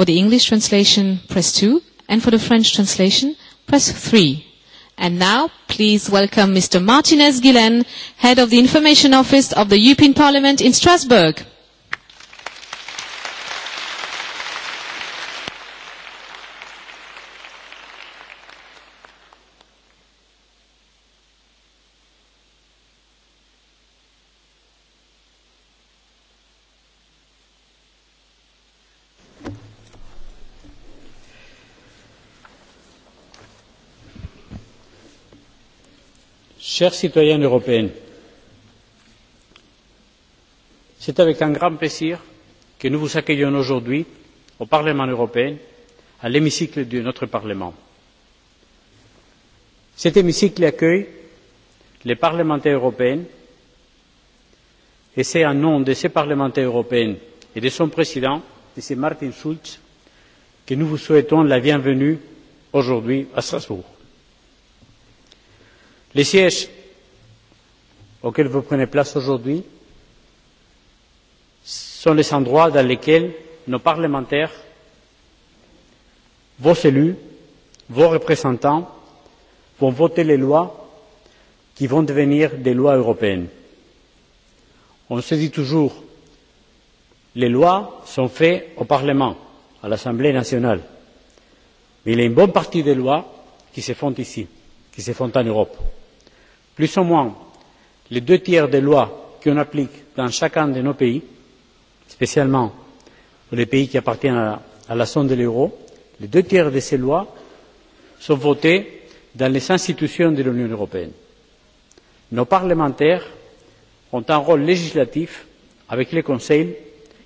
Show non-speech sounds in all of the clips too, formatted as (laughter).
For the English translation, press 2. And for the French translation, press 3. And now, please welcome Mr. Martinez Guillen, Head of the Information Office of the European Parliament in Strasbourg. Chers citoyens européens, c'est avec un grand plaisir que nous vous accueillons aujourd'hui au Parlement européen, à l'hémicycle de notre Parlement. Cet hémicycle accueille les parlementaires européens et c'est en nom de ces parlementaires européens et de son président, M. Martin Schulz, que nous vous souhaitons la bienvenue aujourd'hui à Strasbourg les sièges auxquels vous prenez place aujourd'hui sont les endroits dans lesquels nos parlementaires, vos élus, vos représentants vont voter les lois qui vont devenir des lois européennes. On se dit toujours les lois sont faites au Parlement, à l'Assemblée nationale, mais il y a une bonne partie des lois qui se font ici, qui se font en Europe plus ou moins les deux tiers des lois qu'on applique dans chacun de nos pays spécialement dans les pays qui appartiennent à la, à la zone de l'euro les deux tiers de ces lois sont votées dans les institutions de l'Union européenne. Nos parlementaires ont un rôle législatif avec le Conseil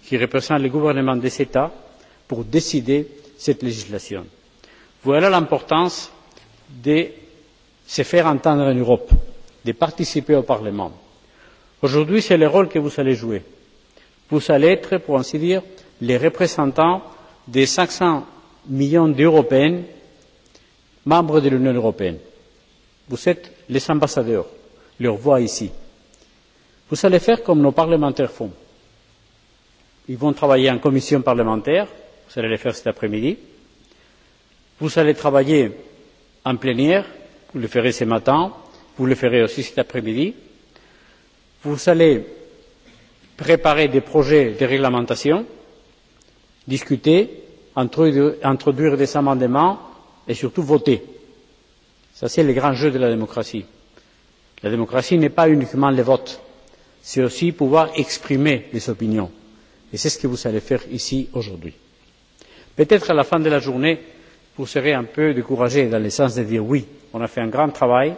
qui représente le gouvernement des États pour décider cette législation. Voilà l'importance de se faire entendre en Europe de participer au Parlement. Aujourd'hui, c'est le rôle que vous allez jouer. Vous allez être, pour ainsi dire, les représentants des 500 millions d'Européens membres de l'Union européenne. Vous êtes les ambassadeurs, leur voix ici. Vous allez faire comme nos parlementaires font. Ils vont travailler en commission parlementaire, vous allez les faire cet après-midi. Vous allez travailler en plénière, vous le ferez ce matin, vous le ferez aussi cet après midi vous allez préparer des projets de réglementation discuter introduire des amendements et surtout voter. Ça, c'est le grand jeu de la démocratie. La démocratie n'est pas uniquement le vote, c'est aussi pouvoir exprimer les opinions. Et c'est ce que vous allez faire ici aujourd'hui. Peut-être à la fin de la journée, vous serez un peu découragé dans le sens de dire oui, on a fait un grand travail,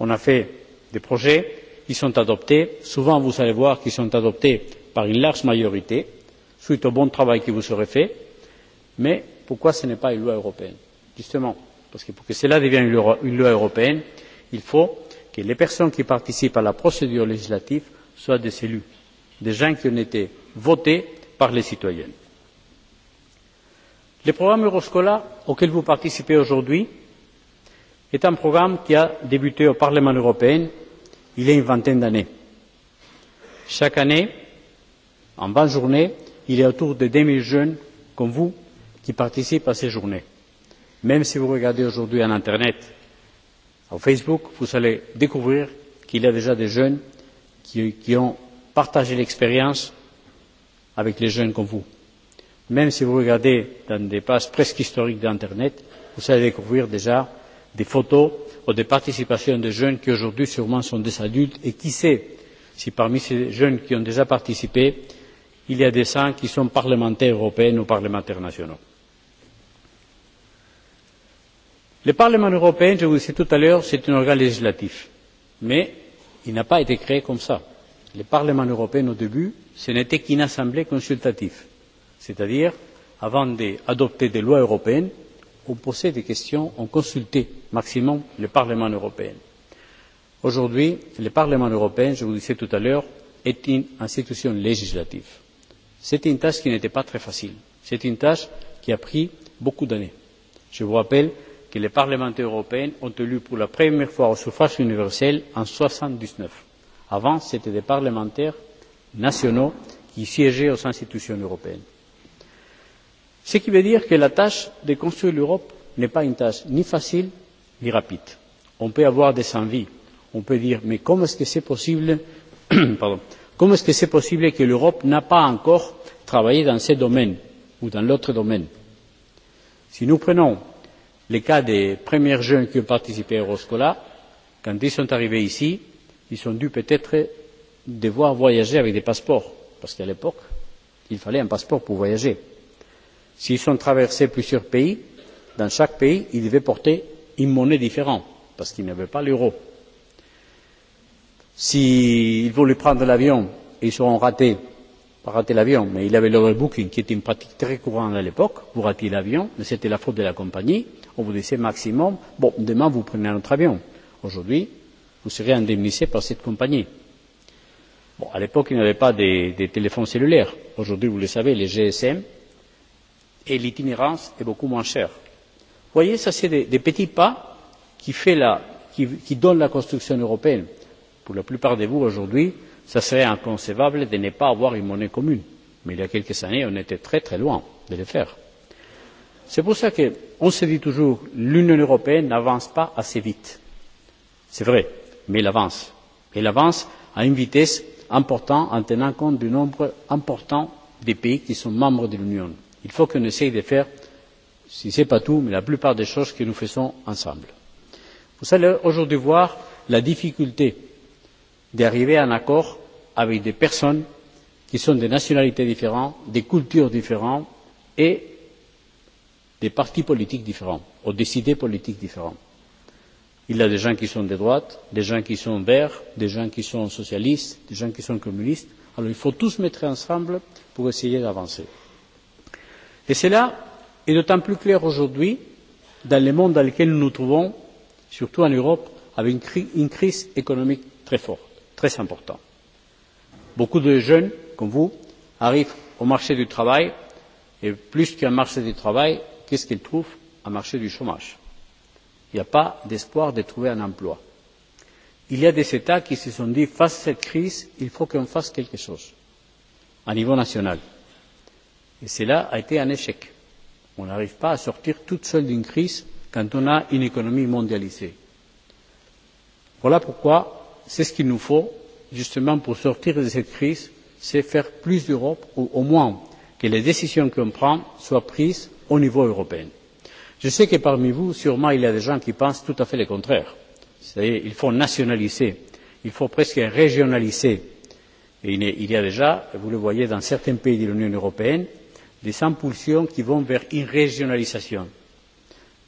on a fait des projets qui sont adoptés souvent vous allez voir qu'ils sont adoptés par une large majorité suite au bon travail qui vous sera fait mais pourquoi ce n'est pas une loi européenne justement parce que pour que cela devienne une loi européenne il faut que les personnes qui participent à la procédure législative soient des élus des gens qui ont été votés par les citoyens. les programmes euroscola auxquels vous participez aujourd'hui est un programme qui a débuté au parlement européen il y a une vingtaine d'années. chaque année en bonne journée il y a autour de deux zéro jeunes comme vous qui participent à ces journées. même si vous regardez aujourd'hui sur internet sur facebook vous allez découvrir qu'il y a déjà des jeunes qui, qui ont partagé l'expérience avec les jeunes comme vous. même si vous regardez dans des pages presque historiques d'internet vous allez découvrir déjà des photos ou des participations de jeunes qui aujourd'hui sûrement sont des adultes et qui sait si parmi ces jeunes qui ont déjà participé il y a des gens qui sont parlementaires européens ou parlementaires nationaux. Le Parlement européen, je vous le disais tout à l'heure, c'est un organe législatif. Mais il n'a pas été créé comme ça. Le Parlement européen, au début, ce n'était qu'une assemblée consultative. C'est-à-dire, avant d'adopter des lois européennes, on posait des questions, on consultait maximum le parlement européen. aujourd'hui le parlement européen je vous le disais tout à l'heure est une institution législative. c'est une tâche qui n'était pas très facile c'est une tâche qui a pris beaucoup d'années. je vous rappelle que les parlementaires européens ont élu pour la première fois au suffrage universel en. mille neuf cent soixante dix neuf avant c'étaient des parlementaires nationaux qui siégeaient aux institutions européennes. ce qui veut dire que la tâche de construire l'europe n'est pas une tâche ni facile l'irapit. On peut avoir des envies, on peut dire mais comment est-ce que c'est possible, (clears throat) comment est-ce que c'est possible que l'Europe n'a pas encore travaillé dans ce domaine ou dans l'autre domaine Si nous prenons le cas des premiers jeunes qui ont participé à Euroscola, quand ils sont arrivés ici, ils ont dû peut-être devoir voyager avec des passeports, parce qu'à l'époque, il fallait un passeport pour voyager. S'ils ont traversé plusieurs pays, dans chaque pays, ils devaient porter une monnaie différente parce qu'ils n'avaient pas l'euro. S'ils voulaient prendre l'avion, ils seront ratés, pas ratés l'avion, mais il avait l'overbooking qui était une pratique très courante à l'époque, vous ratiez l'avion, mais c'était la faute de la compagnie, on vous disait maximum, bon, demain vous prenez un autre avion. Aujourd'hui, vous serez indemnisé par cette compagnie. Bon, à l'époque, il n'y avait pas des, des téléphones cellulaires. Aujourd'hui, vous le savez, les GSM et l'itinérance est beaucoup moins chère voyez ce sont des petits pas qui donnent la construction européenne. pour la plupart de vous aujourd'hui ce serait inconcevable de ne pas avoir une monnaie commune mais il y a quelques années on était très très loin de le faire. c'est pour cela qu'on se dit toujours que l'union européenne n'avance pas assez vite. c'est vrai mais elle avance. elle avance à une vitesse importante en tenant compte du nombre important de pays qui sont membres de l'union. il faut qu'on essaie de faire si ce n'est pas tout, mais la plupart des choses que nous faisons ensemble. Vous allez aujourd'hui voir la difficulté d'arriver à un accord avec des personnes qui sont des nationalités différentes, des cultures différentes et des partis politiques différents, ou des idées politiques différentes. Il y a des gens qui sont de droite, des gens qui sont verts, des gens qui sont socialistes, des gens qui sont communistes. Alors il faut tous mettre ensemble pour essayer d'avancer. Et c'est là est d'autant plus claire aujourd'hui dans le monde dans lequel nous nous trouvons surtout en europe avec une crise économique très forte très importante. beaucoup de jeunes comme vous arrivent au marché du travail et plus qu'un marché du travail qu'est ce qu'ils trouvent? un marché du chômage. il n'y a pas d'espoir de trouver un emploi. il y a des états qui se sont dit face à cette crise il faut qu'on fasse quelque chose à niveau national et cela a été un échec on n'arrive pas à sortir toute seule d'une crise quand on a une économie mondialisée. Voilà pourquoi c'est ce qu'il nous faut justement pour sortir de cette crise, c'est faire plus d'Europe ou au moins que les décisions qu'on prend soient prises au niveau européen. Je sais que parmi vous, sûrement, il y a des gens qui pensent tout à fait le contraire. C'est-à-dire qu'il faut nationaliser, il faut presque régionaliser. Et il y a déjà, vous le voyez, dans certains pays de l'Union européenne, des impulsions qui vont vers une régionalisation,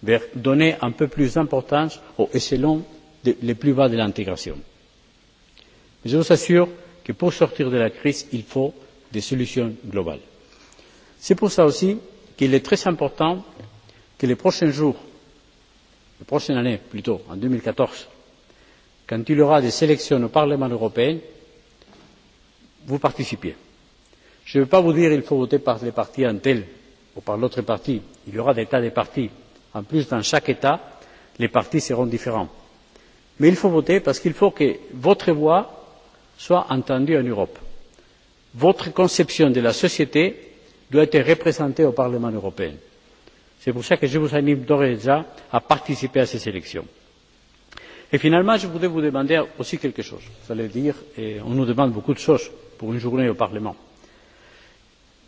vers donner un peu plus d'importance aux échelons de, les plus bas de l'intégration. Je vous assure que pour sortir de la crise, il faut des solutions globales. C'est pour ça aussi qu'il est très important que les prochains jours, les prochaines années plutôt, en 2014, quand il y aura des élections au Parlement européen, vous participiez je ne vais pas vous dire qu'il faut voter par le parti un tel ou par l'autre parti il y aura des tas de partis en plus dans chaque état les partis seront différents mais il faut voter parce qu'il faut que votre voix soit entendue en europe. votre conception de la société doit être représentée au parlement européen. c'est pour cela que je vous invite d'ores et déjà à participer à ces élections. et finalement je voudrais vous demander aussi quelque chose. vous allez dire on nous demande beaucoup de choses pour une journée au parlement.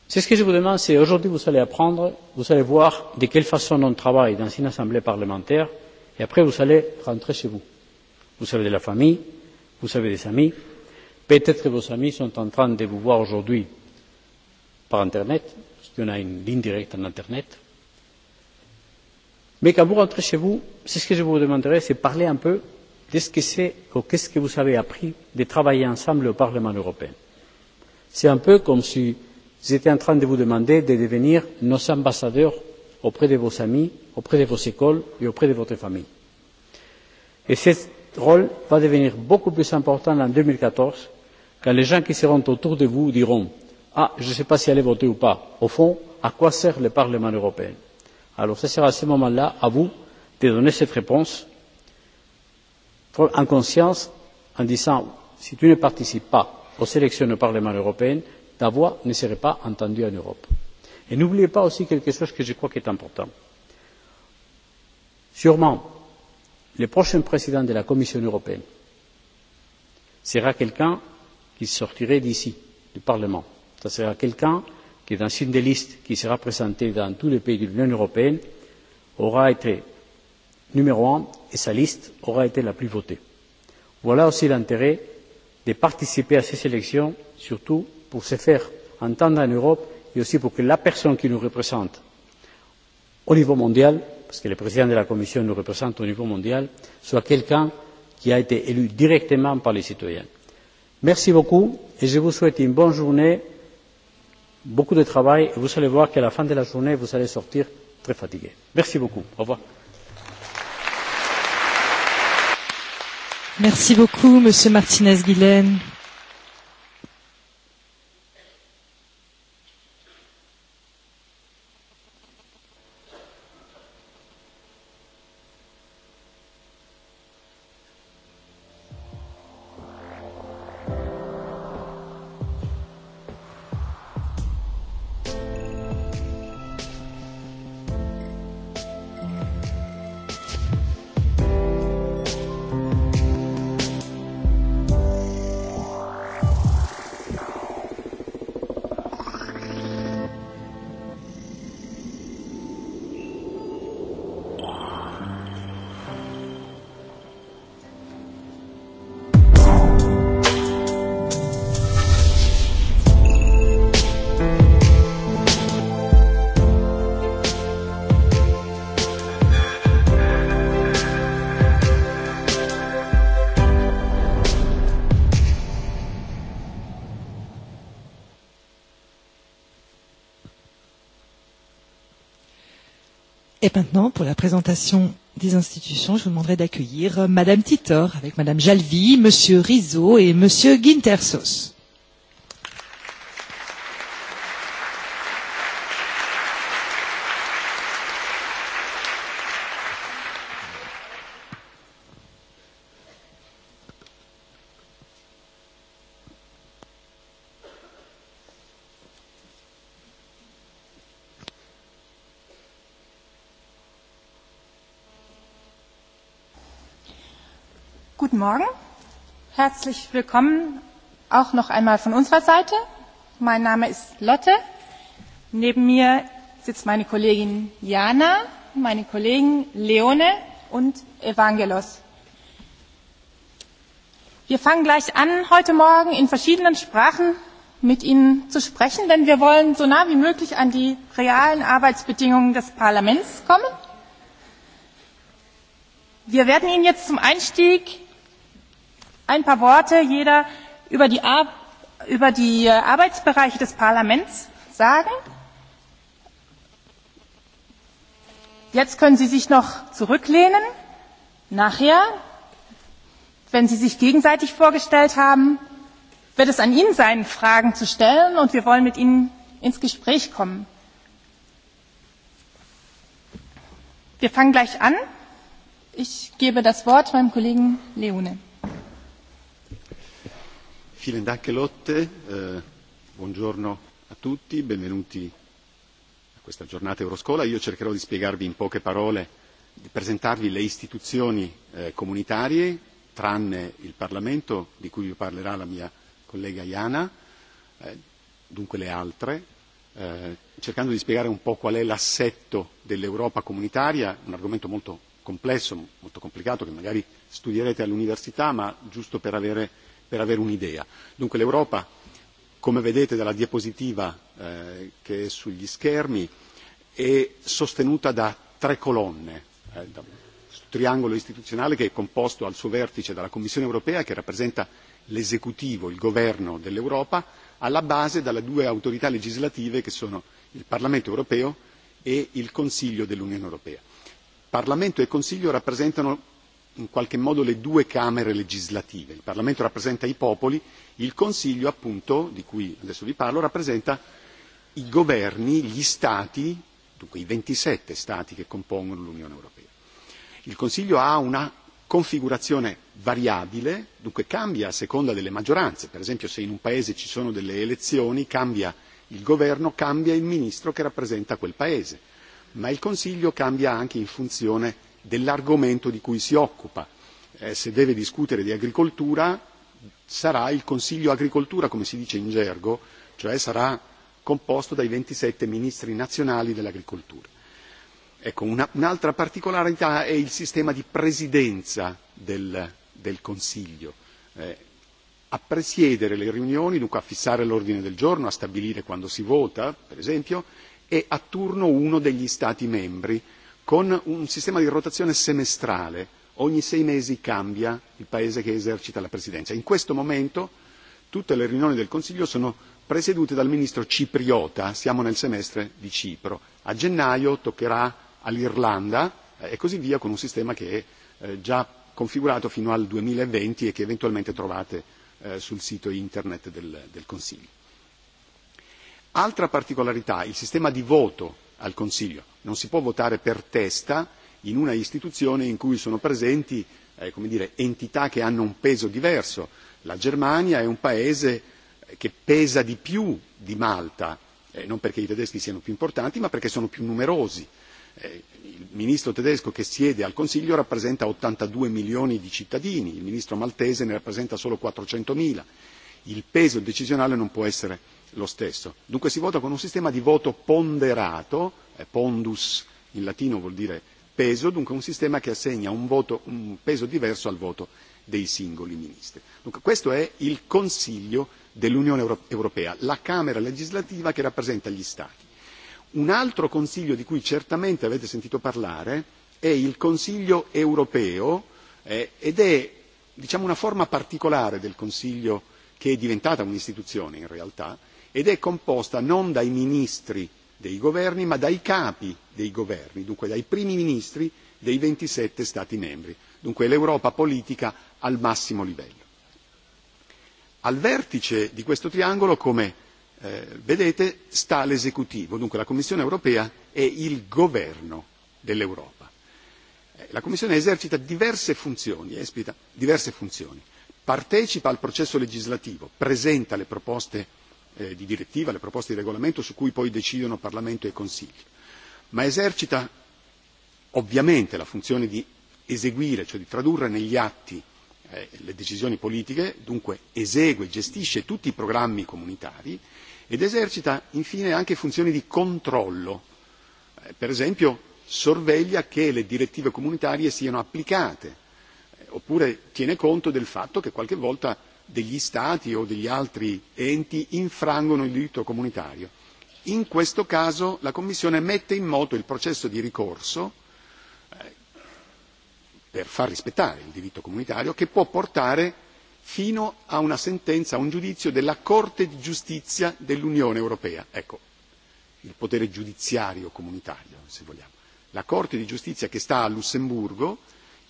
C'est ce que je vous demande, c'est aujourd'hui vous allez apprendre, vous allez voir de quelle façon on travaille dans une assemblée parlementaire, et après vous allez rentrer chez vous. Vous avez de la famille, vous avez des amis, peut-être que vos amis sont en train de vous voir aujourd'hui par Internet, parce qu'on a une ligne directe en Internet. Mais quand vous rentrez chez vous, c'est ce que je vous demanderai, c'est parler un peu de ce que c'est, ou qu'est-ce que vous avez appris de travailler ensemble au Parlement européen. C'est un peu comme si vous étiez en train de vous demander de devenir nos ambassadeurs auprès de vos amis auprès de vos écoles et auprès de votre famille. et ce rôle va devenir beaucoup plus important en deux mille quatorze quand les gens qui seront autour de vous diront ah je ne sais pas si aller voter ou pas au fond à quoi sert le parlement européen? alors ce sera à ce moment là à vous de donner cette réponse en conscience en disant si tu ne participes pas aux élections au parlement européen la voix ne serait pas entendue en Europe. Et n'oubliez pas aussi quelque chose que je crois qui est important. Sûrement, le prochain président de la Commission européenne sera quelqu'un qui sortirait d'ici, du Parlement. Ce sera quelqu'un qui, dans une des listes qui sera présentée dans tous les pays de l'Union européenne, aura été numéro un et sa liste aura été la plus votée. Voilà aussi l'intérêt de participer à ces élections, surtout pour se faire entendre en europe et aussi pour que la personne qui nous représente au niveau mondial parce que le président de la commission nous représente au niveau mondial soit quelqu'un qui a été élu directement par les citoyens. merci beaucoup et je vous souhaite une bonne journée beaucoup de travail et vous allez voir qu'à la fin de la journée vous allez sortir très fatigué. merci beaucoup. au revoir. merci beaucoup monsieur martinez guilaine. présentation des institutions, je vous demanderai d'accueillir euh, Madame Titor avec Madame Jalvi, Monsieur Rizzo et Monsieur Guintersos. Morgen. Herzlich willkommen auch noch einmal von unserer Seite. Mein Name ist Lotte. Neben mir sitzt meine Kollegin Jana, meine Kollegen Leone und Evangelos. Wir fangen gleich an, heute Morgen in verschiedenen Sprachen mit Ihnen zu sprechen, denn wir wollen so nah wie möglich an die realen Arbeitsbedingungen des Parlaments kommen. Wir werden Ihnen jetzt zum Einstieg ein paar Worte jeder über die, Ar über die äh, Arbeitsbereiche des Parlaments sagen. Jetzt können Sie sich noch zurücklehnen. Nachher, wenn Sie sich gegenseitig vorgestellt haben, wird es an Ihnen sein, Fragen zu stellen und wir wollen mit Ihnen ins Gespräch kommen. Wir fangen gleich an. Ich gebe das Wort meinem Kollegen Leone. Vielen Dank, Lotte. Eh, buongiorno a tutti, benvenuti a questa giornata Euroscola. Io cercherò di spiegarvi in poche parole, di presentarvi le istituzioni eh, comunitarie, tranne il Parlamento, di cui vi parlerà la mia collega Iana, eh, dunque le altre, eh, cercando di spiegare un po' qual è l'assetto dell'Europa comunitaria, un argomento molto complesso, molto complicato, che magari studierete all'università, ma giusto per avere per avere un'idea. Dunque l'Europa, come vedete dalla diapositiva eh, che è sugli schermi, è sostenuta da tre colonne. Eh, da triangolo istituzionale che è composto al suo vertice dalla Commissione europea che rappresenta l'esecutivo, il governo dell'Europa, alla base dalle due autorità legislative che sono il Parlamento europeo e il Consiglio dell'Unione europea. Parlamento e Consiglio rappresentano in qualche modo le due camere legislative. Il Parlamento rappresenta i popoli, il Consiglio, appunto, di cui adesso vi parlo, rappresenta i governi, gli Stati, dunque i 27 Stati che compongono l'Unione Europea. Il Consiglio ha una configurazione variabile, dunque cambia a seconda delle maggioranze. Per esempio, se in un Paese ci sono delle elezioni, cambia il governo, cambia il ministro che rappresenta quel Paese. Ma il Consiglio cambia anche in funzione dell'argomento di cui si occupa. Eh, se deve discutere di agricoltura sarà il Consiglio agricoltura, come si dice in gergo, cioè sarà composto dai 27 ministri nazionali dell'agricoltura. Ecco, una, un'altra particolarità è il sistema di presidenza del, del Consiglio. Eh, a presiedere le riunioni, dunque a fissare l'ordine del giorno, a stabilire quando si vota, per esempio, è a turno uno degli Stati membri con un sistema di rotazione semestrale. Ogni sei mesi cambia il paese che esercita la presidenza. In questo momento tutte le riunioni del Consiglio sono presiedute dal ministro cipriota, siamo nel semestre di Cipro. A gennaio toccherà all'Irlanda eh, e così via con un sistema che è eh, già configurato fino al 2020 e che eventualmente trovate eh, sul sito internet del, del Consiglio. Altra particolarità, il sistema di voto al Consiglio non si può votare per testa in una istituzione in cui sono presenti eh, come dire, entità che hanno un peso diverso. La Germania è un paese eh, che pesa di più di Malta, eh, non perché i tedeschi siano più importanti, ma perché sono più numerosi. Eh, il ministro tedesco che siede al Consiglio rappresenta 82 milioni di cittadini, il ministro maltese ne rappresenta solo 400 mila. Il peso decisionale non può essere lo stesso. Dunque si vota con un sistema di voto ponderato, eh, pondus in latino vuol dire peso, dunque un sistema che assegna un, voto, un peso diverso al voto dei singoli ministri. Dunque questo è il Consiglio dell'Unione Europea, la Camera legislativa che rappresenta gli Stati. Un altro Consiglio di cui certamente avete sentito parlare è il Consiglio europeo eh, ed è diciamo, una forma particolare del Consiglio che è diventata un'istituzione in realtà, ed è composta non dai ministri dei governi ma dai capi dei governi, dunque dai primi ministri dei 27 Stati membri, dunque l'Europa politica al massimo livello. Al vertice di questo triangolo, come eh, vedete, sta l'esecutivo, dunque la Commissione europea è il governo dell'Europa. Eh, la Commissione esercita diverse funzioni, esplica diverse funzioni, partecipa al processo legislativo, presenta le proposte eh, di direttiva, le proposte di regolamento su cui poi decidono Parlamento e Consiglio, ma esercita ovviamente la funzione di eseguire, cioè di tradurre negli atti eh, le decisioni politiche, dunque esegue, gestisce tutti i programmi comunitari ed esercita infine anche funzioni di controllo, eh, per esempio sorveglia che le direttive comunitarie siano applicate, eh, oppure tiene conto del fatto che qualche volta degli Stati o degli altri enti infrangono il diritto comunitario. In questo caso la Commissione mette in moto il processo di ricorso eh, per far rispettare il diritto comunitario che può portare fino a una sentenza, a un giudizio della Corte di giustizia dell'Unione europea. Ecco, il potere giudiziario comunitario, se vogliamo. La Corte di giustizia che sta a Lussemburgo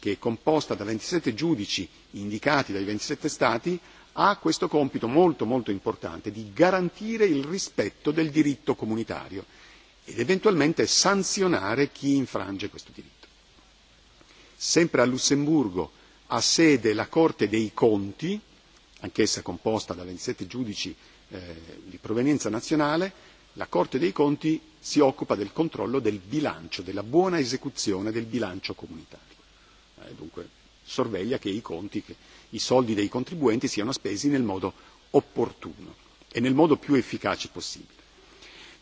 che è composta da 27 giudici indicati dai 27 Stati, ha questo compito molto molto importante di garantire il rispetto del diritto comunitario ed eventualmente sanzionare chi infrange questo diritto. Sempre a Lussemburgo ha sede la Corte dei Conti, anch'essa composta da 27 giudici eh, di provenienza nazionale, la Corte dei Conti si occupa del controllo del bilancio, della buona esecuzione del bilancio comunitario. Eh, dunque sorveglia che i conti, che i soldi dei contribuenti siano spesi nel modo opportuno e nel modo più efficace possibile.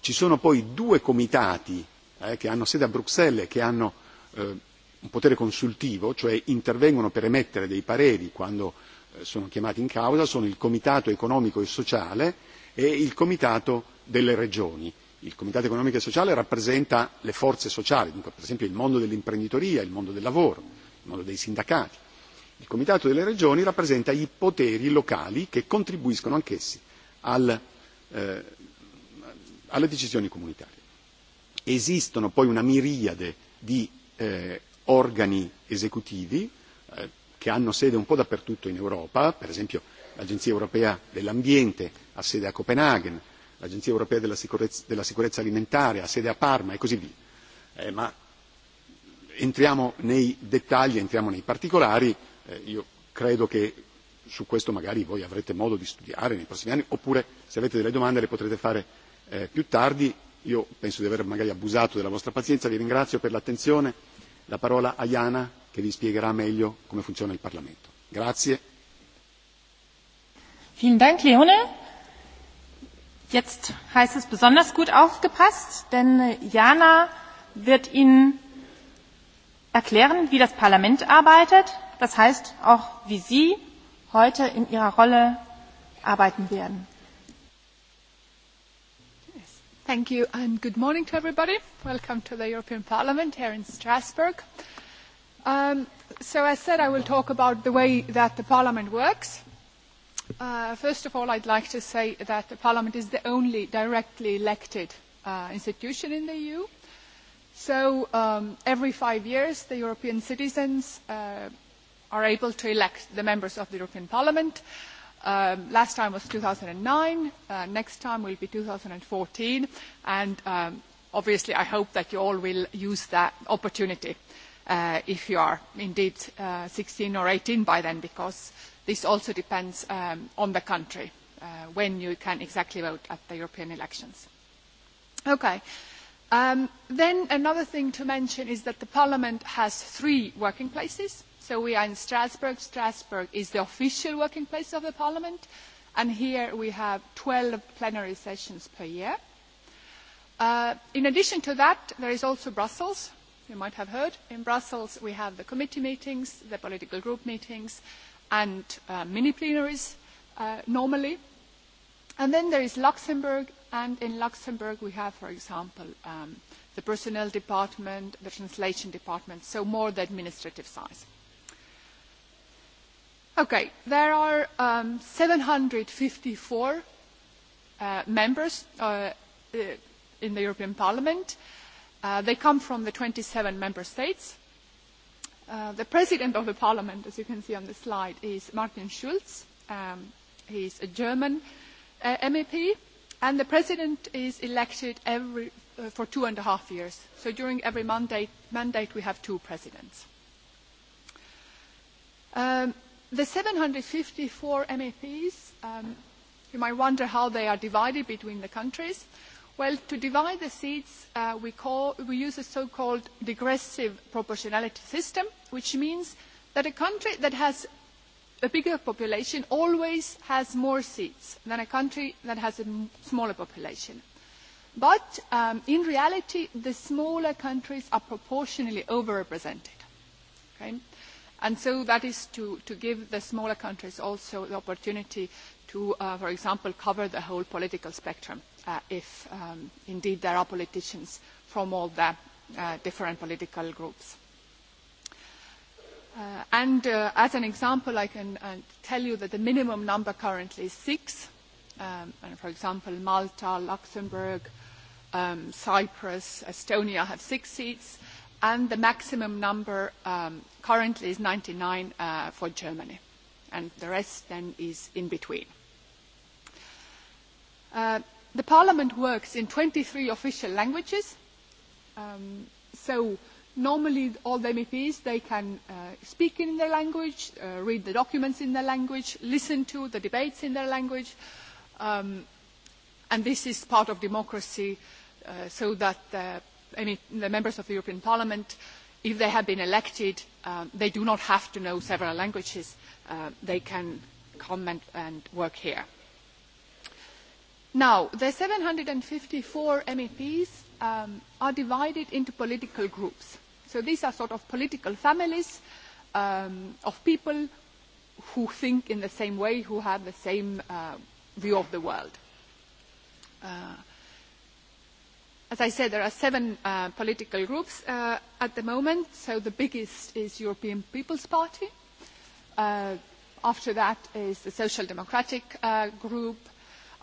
Ci sono poi due comitati eh, che hanno sede a Bruxelles e che hanno eh, un potere consultivo, cioè intervengono per emettere dei pareri quando eh, sono chiamati in causa, sono il Comitato economico e sociale e il Comitato delle regioni. Il Comitato economico e sociale rappresenta le forze sociali, dunque per esempio il mondo dell'imprenditoria, il mondo del lavoro in modo dei sindacati. Il Comitato delle Regioni rappresenta i poteri locali che contribuiscono anch'essi al, eh, alle decisioni comunitarie. Esistono poi una miriade di eh, organi esecutivi eh, che hanno sede un po' dappertutto in Europa, per esempio l'Agenzia Europea dell'Ambiente ha sede a Copenaghen, l'Agenzia Europea della Sicurezza, della sicurezza Alimentare ha sede a Parma e così via. Eh, ma entriamo nei dettagli, entriamo nei particolari, eh, io credo che su questo magari voi avrete modo di studiare nei prossimi anni, oppure se avete delle domande le potrete fare eh, più tardi. Io penso di aver magari abusato della vostra pazienza, vi ringrazio per l'attenzione. La parola a Iana che vi spiegherà meglio come funziona il Parlamento. Grazie. Vielen Dank, Leone. Jetzt heißt es besonders gut aufgepasst, denn Jana äh, wird Ihnen erklären, wie das Parlament arbeitet, das heißt auch, wie Sie heute in Ihrer Rolle arbeiten werden. Thank you and good morning to everybody. Welcome to the European Parliament here in Strasbourg. Um, so as said, I will talk about the way that the Parliament works. Uh, first of all, I'd like to say that the Parliament is the only directly elected uh, institution in the EU. So um, every five years, the European citizens uh, are able to elect the members of the European Parliament. Um, last time was 2009, uh, next time will be 2014, and um, obviously I hope that you all will use that opportunity uh, if you are indeed uh, 16 or 18 by then, because this also depends um, on the country uh, when you can exactly vote at the European elections. Okay. Uh, Um, then another thing to mention is that the Parliament has three working places. So we are in Strasbourg. Strasbourg is the official working place of the Parliament. And here we have 12 plenary sessions per year. Uh, in addition to that, there is also Brussels. You might have heard. In Brussels, we have the committee meetings, the political group meetings, and uh, mini plenaries uh, normally. And then there is Luxembourg And in Luxembourg, we have, for example, um, the personnel department, the translation department, so more the administrative size. Okay, there are um, 754 uh, members uh, uh, in the European Parliament. Uh, they come from the 27 member states. Uh, the president of the parliament, as you can see on the slide, is Martin Schulz. Um, he's a German uh, MEP. And the president is elected every, uh, for two and a half years. So during every mandate, mandate we have two presidents. Um, the 754 MEPs, um, you might wonder how they are divided between the countries. Well, to divide the seats, uh, we, call, we use a so-called digressive proportionality system, which means that a country that has a bigger population always has more seats than a country that has a smaller population. But um, in reality, the smaller countries are proportionally overrepresented. Okay? And so that is to, to give the smaller countries also the opportunity to, uh, for example, cover the whole political spectrum uh, if um, indeed there are politicians from all the uh, different political groups. Uh, and uh, as an example, I can uh, tell you that the minimum number currently is six. Um, and for example, Malta, Luxembourg, um, Cyprus, Estonia have six seats. And the maximum number um, currently is 99 uh, for Germany. And the rest then is in between. Uh, the Parliament works in 23 official languages. Um, so, normally all the MEPs, they can uh, speak in their language, uh, read the documents in their language, listen to the debates in their language. Um, and this is part of democracy uh, so that the, the members of the European Parliament, if they have been elected, um, they do not have to know several languages. Uh, they can comment and work here. Now, the 754 MEPs um, are divided into political groups. So these are sort of political families um, of people who think in the same way, who have the same uh, view of the world. Uh, as I said, there are seven uh, political groups uh, at the moment. So the biggest is European People's Party. Uh, after that is the Social Democratic uh, group.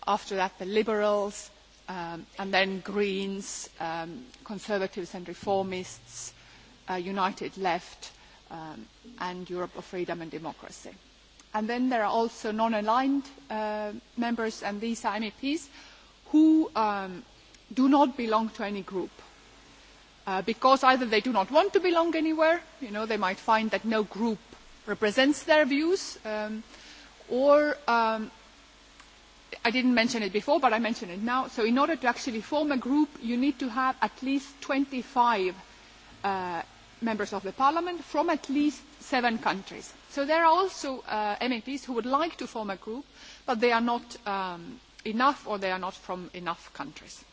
After that, the Liberals. Um, and then Greens, um, Conservatives and Reformists uh, united left um, and Europe of freedom and democracy. And then there are also non-aligned uh, members, and these are MEPs who um, do not belong to any group. Uh, because either they do not want to belong anywhere, you know, they might find that no group represents their views, um, or um, I didn't mention it before, but I mention it now. So in order to actually form a group, you need to have at least 25 uh, members of the parliament from at least seven countries. So there are also uh, MEPs who would like to form a group, but they are not um, enough or they are not from enough countries.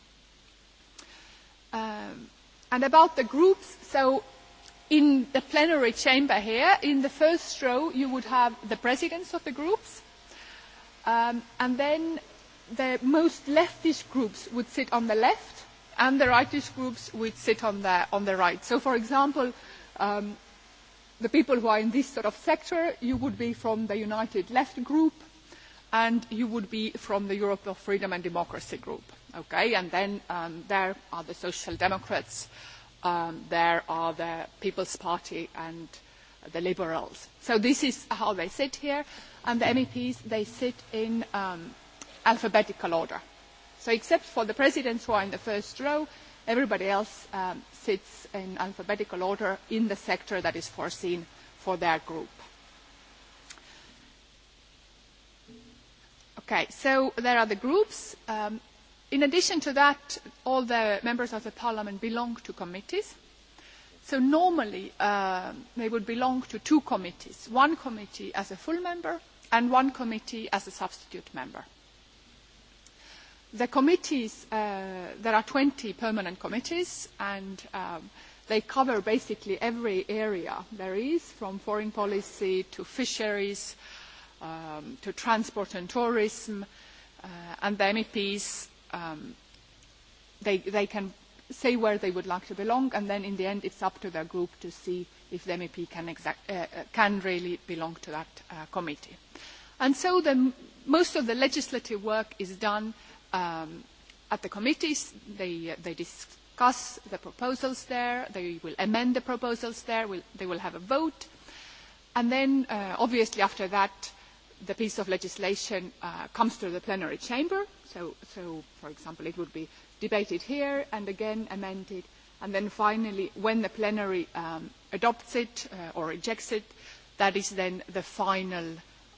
Um, and about the groups, so in the plenary chamber here, in the first row, you would have the presidents of the groups, um, and then the most leftist groups would sit on the left, and the rightist groups which sit on the, on the right. So, for example, um, the people who are in this sort of sector, you would be from the United Left group, and you would be from the Europe of Freedom and Democracy group. Okay, and then um, there are the Social Democrats, um, there are the People's Party and the Liberals. So this is how they sit here, and the MEPs, they sit in um, alphabetical order. So except for the presidents who are in the first row, everybody else um, sits in alphabetical order in the sector that is foreseen for their group. Okay, so there are the groups. Um, in addition to that, all the members of the parliament belong to committees. So normally uh, they would belong to two committees, one committee as a full member and one committee as a substitute member the committees, uh, there are 20 permanent committees, and um, they cover basically every area there is, from foreign policy to fisheries, um, to transport and tourism, uh, and the MEPs, um, they, they can say where they would like to belong, and then in the end it's up to their group to see if the MEP can, exact, uh, uh can really belong to that uh, committee. And so the, most of the legislative work is done um, at the committees, they, uh, they discuss the proposals there, they will amend the proposals there, will, they will have a vote. And then, uh, obviously, after that, the piece of legislation uh, comes to the plenary chamber. So, so, for example, it would be debated here and again amended. And then finally, when the plenary um, adopts it uh, or rejects it, that is then the final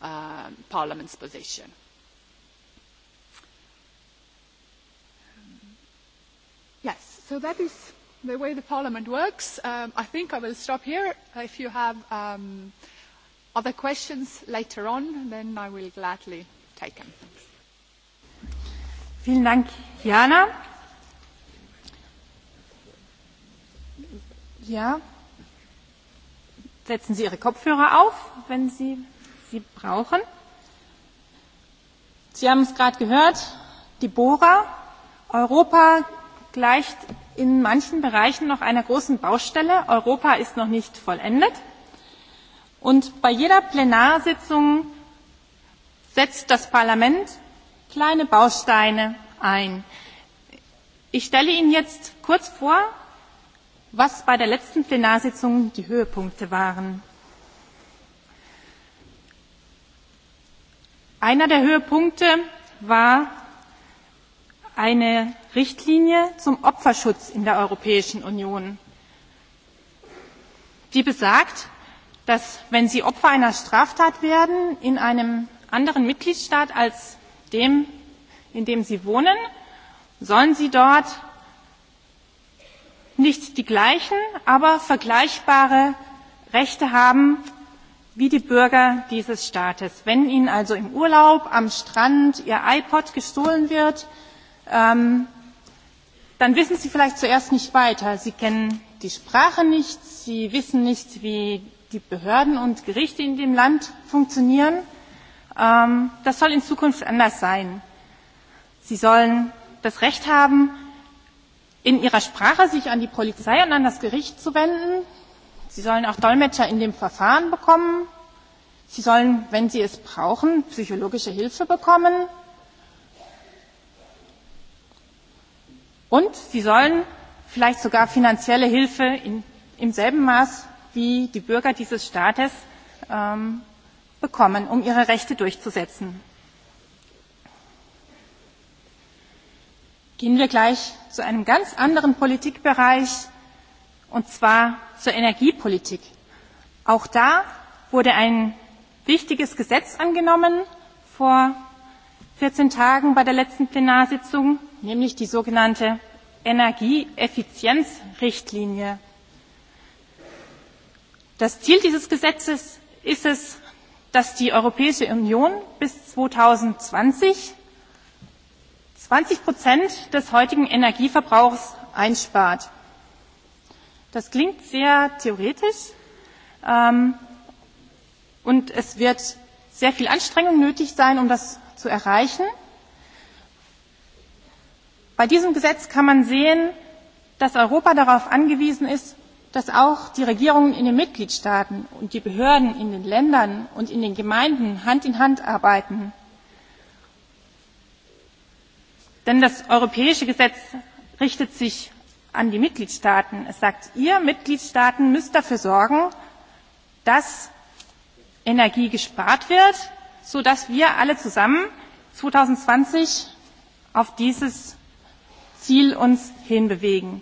um, parliament's position. Yes, so that is the way the Parliament works. Um, I think I will stop here. If you have um, other questions later on, then I will gladly take them. Vielen Dank, Jana. Ja, setzen Sie Ihre Kopfhörer auf, wenn Sie sie brauchen. Sie haben es gerade gehört, Deborah, Europa gleicht in manchen Bereichen noch einer großen Baustelle. Europa ist noch nicht vollendet. Und bei jeder Plenarsitzung setzt das Parlament kleine Bausteine ein. Ich stelle Ihnen jetzt kurz vor, was bei der letzten Plenarsitzung die Höhepunkte waren. Einer der Höhepunkte war eine richtlinie zum opferschutz in der europäischen union die besagt dass wenn sie opfer einer straftat werden in einem anderen mitgliedstaat als dem in dem sie wohnen sollen sie dort nicht die gleichen aber vergleichbare rechte haben wie die bürger dieses staates wenn ihnen also im urlaub am strand ihr ipod gestohlen wird ähm, dann wissen sie vielleicht zuerst nicht weiter. sie kennen die sprache nicht sie wissen nicht wie die behörden und gerichte in dem land funktionieren. Ähm, das soll in zukunft anders sein. sie sollen das recht haben sich in ihrer sprache an die polizei und an das gericht zu wenden. sie sollen auch dolmetscher in dem verfahren bekommen. sie sollen wenn sie es brauchen psychologische hilfe bekommen. Und sie sollen vielleicht sogar finanzielle Hilfe in, im selben Maß wie die Bürger dieses Staates ähm, bekommen, um ihre Rechte durchzusetzen. Gehen wir gleich zu einem ganz anderen Politikbereich, und zwar zur Energiepolitik. Auch da wurde ein wichtiges Gesetz angenommen vor 14 Tagen bei der letzten Plenarsitzung, nämlich die sogenannte Energieeffizienzrichtlinie. Das Ziel dieses Gesetzes ist es, dass die Europäische Union bis 2020 20 Prozent des heutigen Energieverbrauchs einspart. Das klingt sehr theoretisch ähm, und es wird sehr viel Anstrengung nötig sein, um das zu erreichen. Bei diesem Gesetz kann man sehen, dass Europa darauf angewiesen ist, dass auch die Regierungen in den Mitgliedstaaten und die Behörden in den Ländern und in den Gemeinden Hand in Hand arbeiten. Denn das europäische Gesetz richtet sich an die Mitgliedstaaten. Es sagt, ihr Mitgliedstaaten müsst dafür sorgen, dass Energie gespart wird, sodass wir alle zusammen 2020 auf dieses Ziel uns hinbewegen.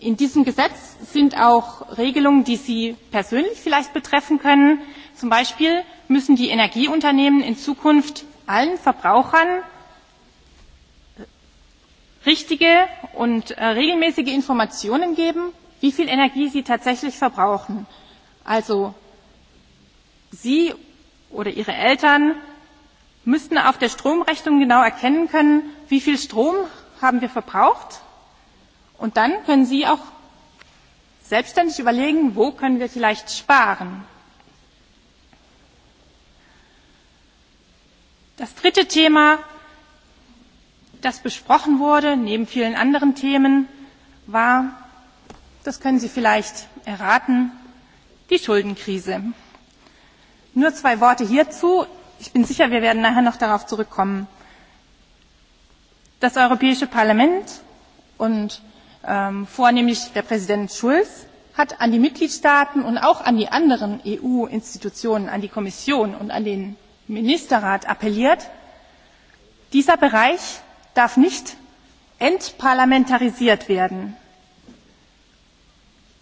In diesem Gesetz sind auch Regelungen, die Sie persönlich vielleicht betreffen können. Zum Beispiel müssen die Energieunternehmen in Zukunft allen Verbrauchern richtige und äh, regelmäßige Informationen geben, wie viel Energie sie tatsächlich verbrauchen. Also Sie oder Ihre Eltern müssten auf der Stromrechnung genau erkennen können, wie viel Strom haben wir verbraucht? Und dann können Sie auch selbstständig überlegen, wo können wir vielleicht sparen? Das dritte Thema, das besprochen wurde, neben vielen anderen Themen, war, das können Sie vielleicht erraten, die Schuldenkrise. Nur zwei Worte hierzu. Ich bin sicher, wir werden nachher noch darauf zurückkommen. Das Europäische Parlament und ähm, vornehmlich der Präsident Schulz hat an die Mitgliedstaaten und auch an die anderen EU Institutionen, an die Kommission und an den Ministerrat appelliert Dieser Bereich darf nicht entparlamentarisiert werden.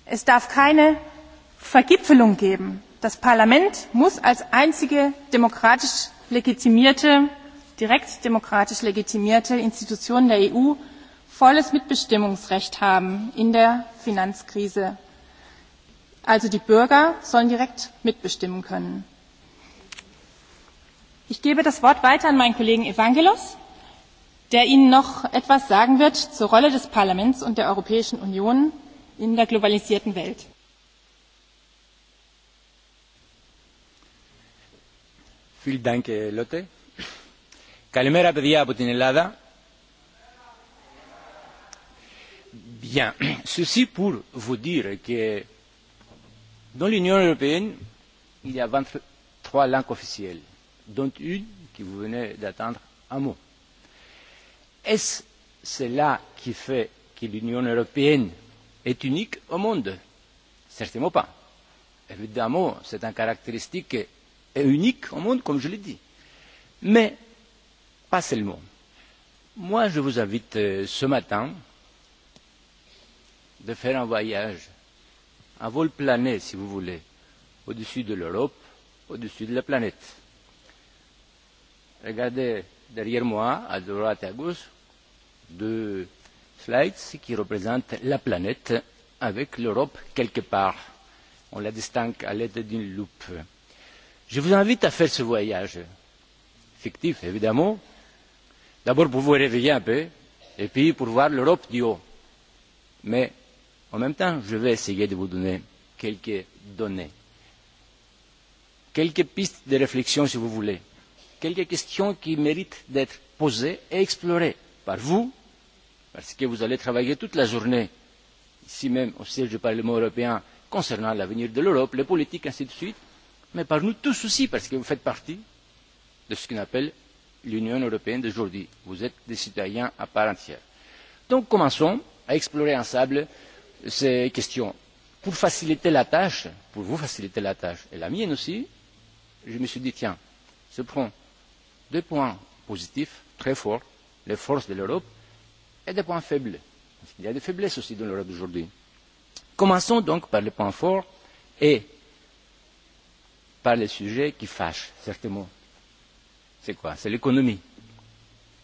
Es darf keine Vergipfelung geben. Das Parlament muss als einzige demokratisch legitimierte direkt demokratisch legitimierte Institutionen der EU volles Mitbestimmungsrecht haben in der Finanzkrise. Also die Bürger sollen direkt mitbestimmen können. Ich gebe das Wort weiter an meinen Kollegen Evangelos, der Ihnen noch etwas sagen wird zur Rolle des Parlaments und der Europäischen Union in der globalisierten Welt. Vielen Dank, Lotte καλημέρα παιδιά από την Ελλάδα. Bien, ceci pour vous dire que dans l'Union européenne, il y a 23 langues officielles, dont une qui vous venez d'attendre un mot. Est-ce cela qui fait que l'Union européenne est unique au monde Certainement pas. Évidemment, c'est une caractéristique unique au monde, comme je l'ai dit. Mais pas seulement. Moi, je vous invite euh, ce matin de faire un voyage, un vol plané, si vous voulez, au-dessus de l'Europe, au-dessus de la planète. Regardez derrière moi, à droite et à gauche, deux slides qui représentent la planète avec l'Europe quelque part. On la distingue à l'aide d'une loupe. Je vous invite à faire ce voyage, fictif évidemment, d'abord pour vous réveiller un peu et puis pour voir l'Europe du haut. Mais en même temps, je vais essayer de vous donner quelques données, quelques pistes de réflexion si vous voulez, quelques questions qui méritent d'être posées et explorées par vous, parce que vous allez travailler toute la journée, ici même au siège du Parlement européen, concernant l'avenir de l'Europe, les politiques, ainsi de suite, mais par nous tous aussi, parce que vous faites partie de ce qu'on appelle l'Union européenne d'aujourd'hui. Vous êtes des citoyens à part entière. Donc commençons à explorer ensemble ces questions. Pour faciliter la tâche, pour vous faciliter la tâche et la mienne aussi, je me suis dit tiens, je prends deux points positifs très forts, les forces de l'Europe, et des points faibles. Il y a des faiblesses aussi dans l'Europe d'aujourd'hui. Commençons donc par les points forts et par les sujets qui fâchent, certainement c'est quoi C'est l'économie.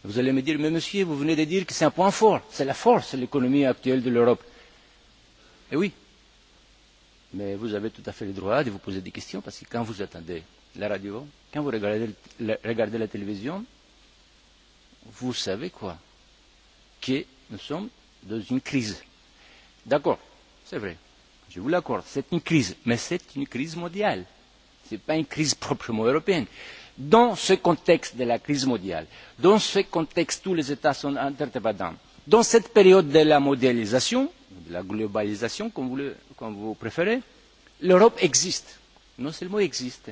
Vous allez me dire, mais monsieur, vous venez de dire que c'est un point fort, c'est la force, l'économie actuelle de l'Europe. Eh oui. Mais vous avez tout à fait le droit de vous poser des questions, parce que quand vous attendez la radio, quand vous regardez, regardez la télévision, vous savez quoi Que nous sommes dans une crise. D'accord, c'est vrai, je vous l'accorde, c'est une crise, mais c'est une crise mondiale. Ce n'est pas une crise proprement européenne dans ce contexte de la crise mondiale, dans ce contexte où les États sont interdépendants, dans cette période de la mondialisation, de la globalisation, comme vous, le, comme vous préférez, l'Europe existe. Non seulement existe,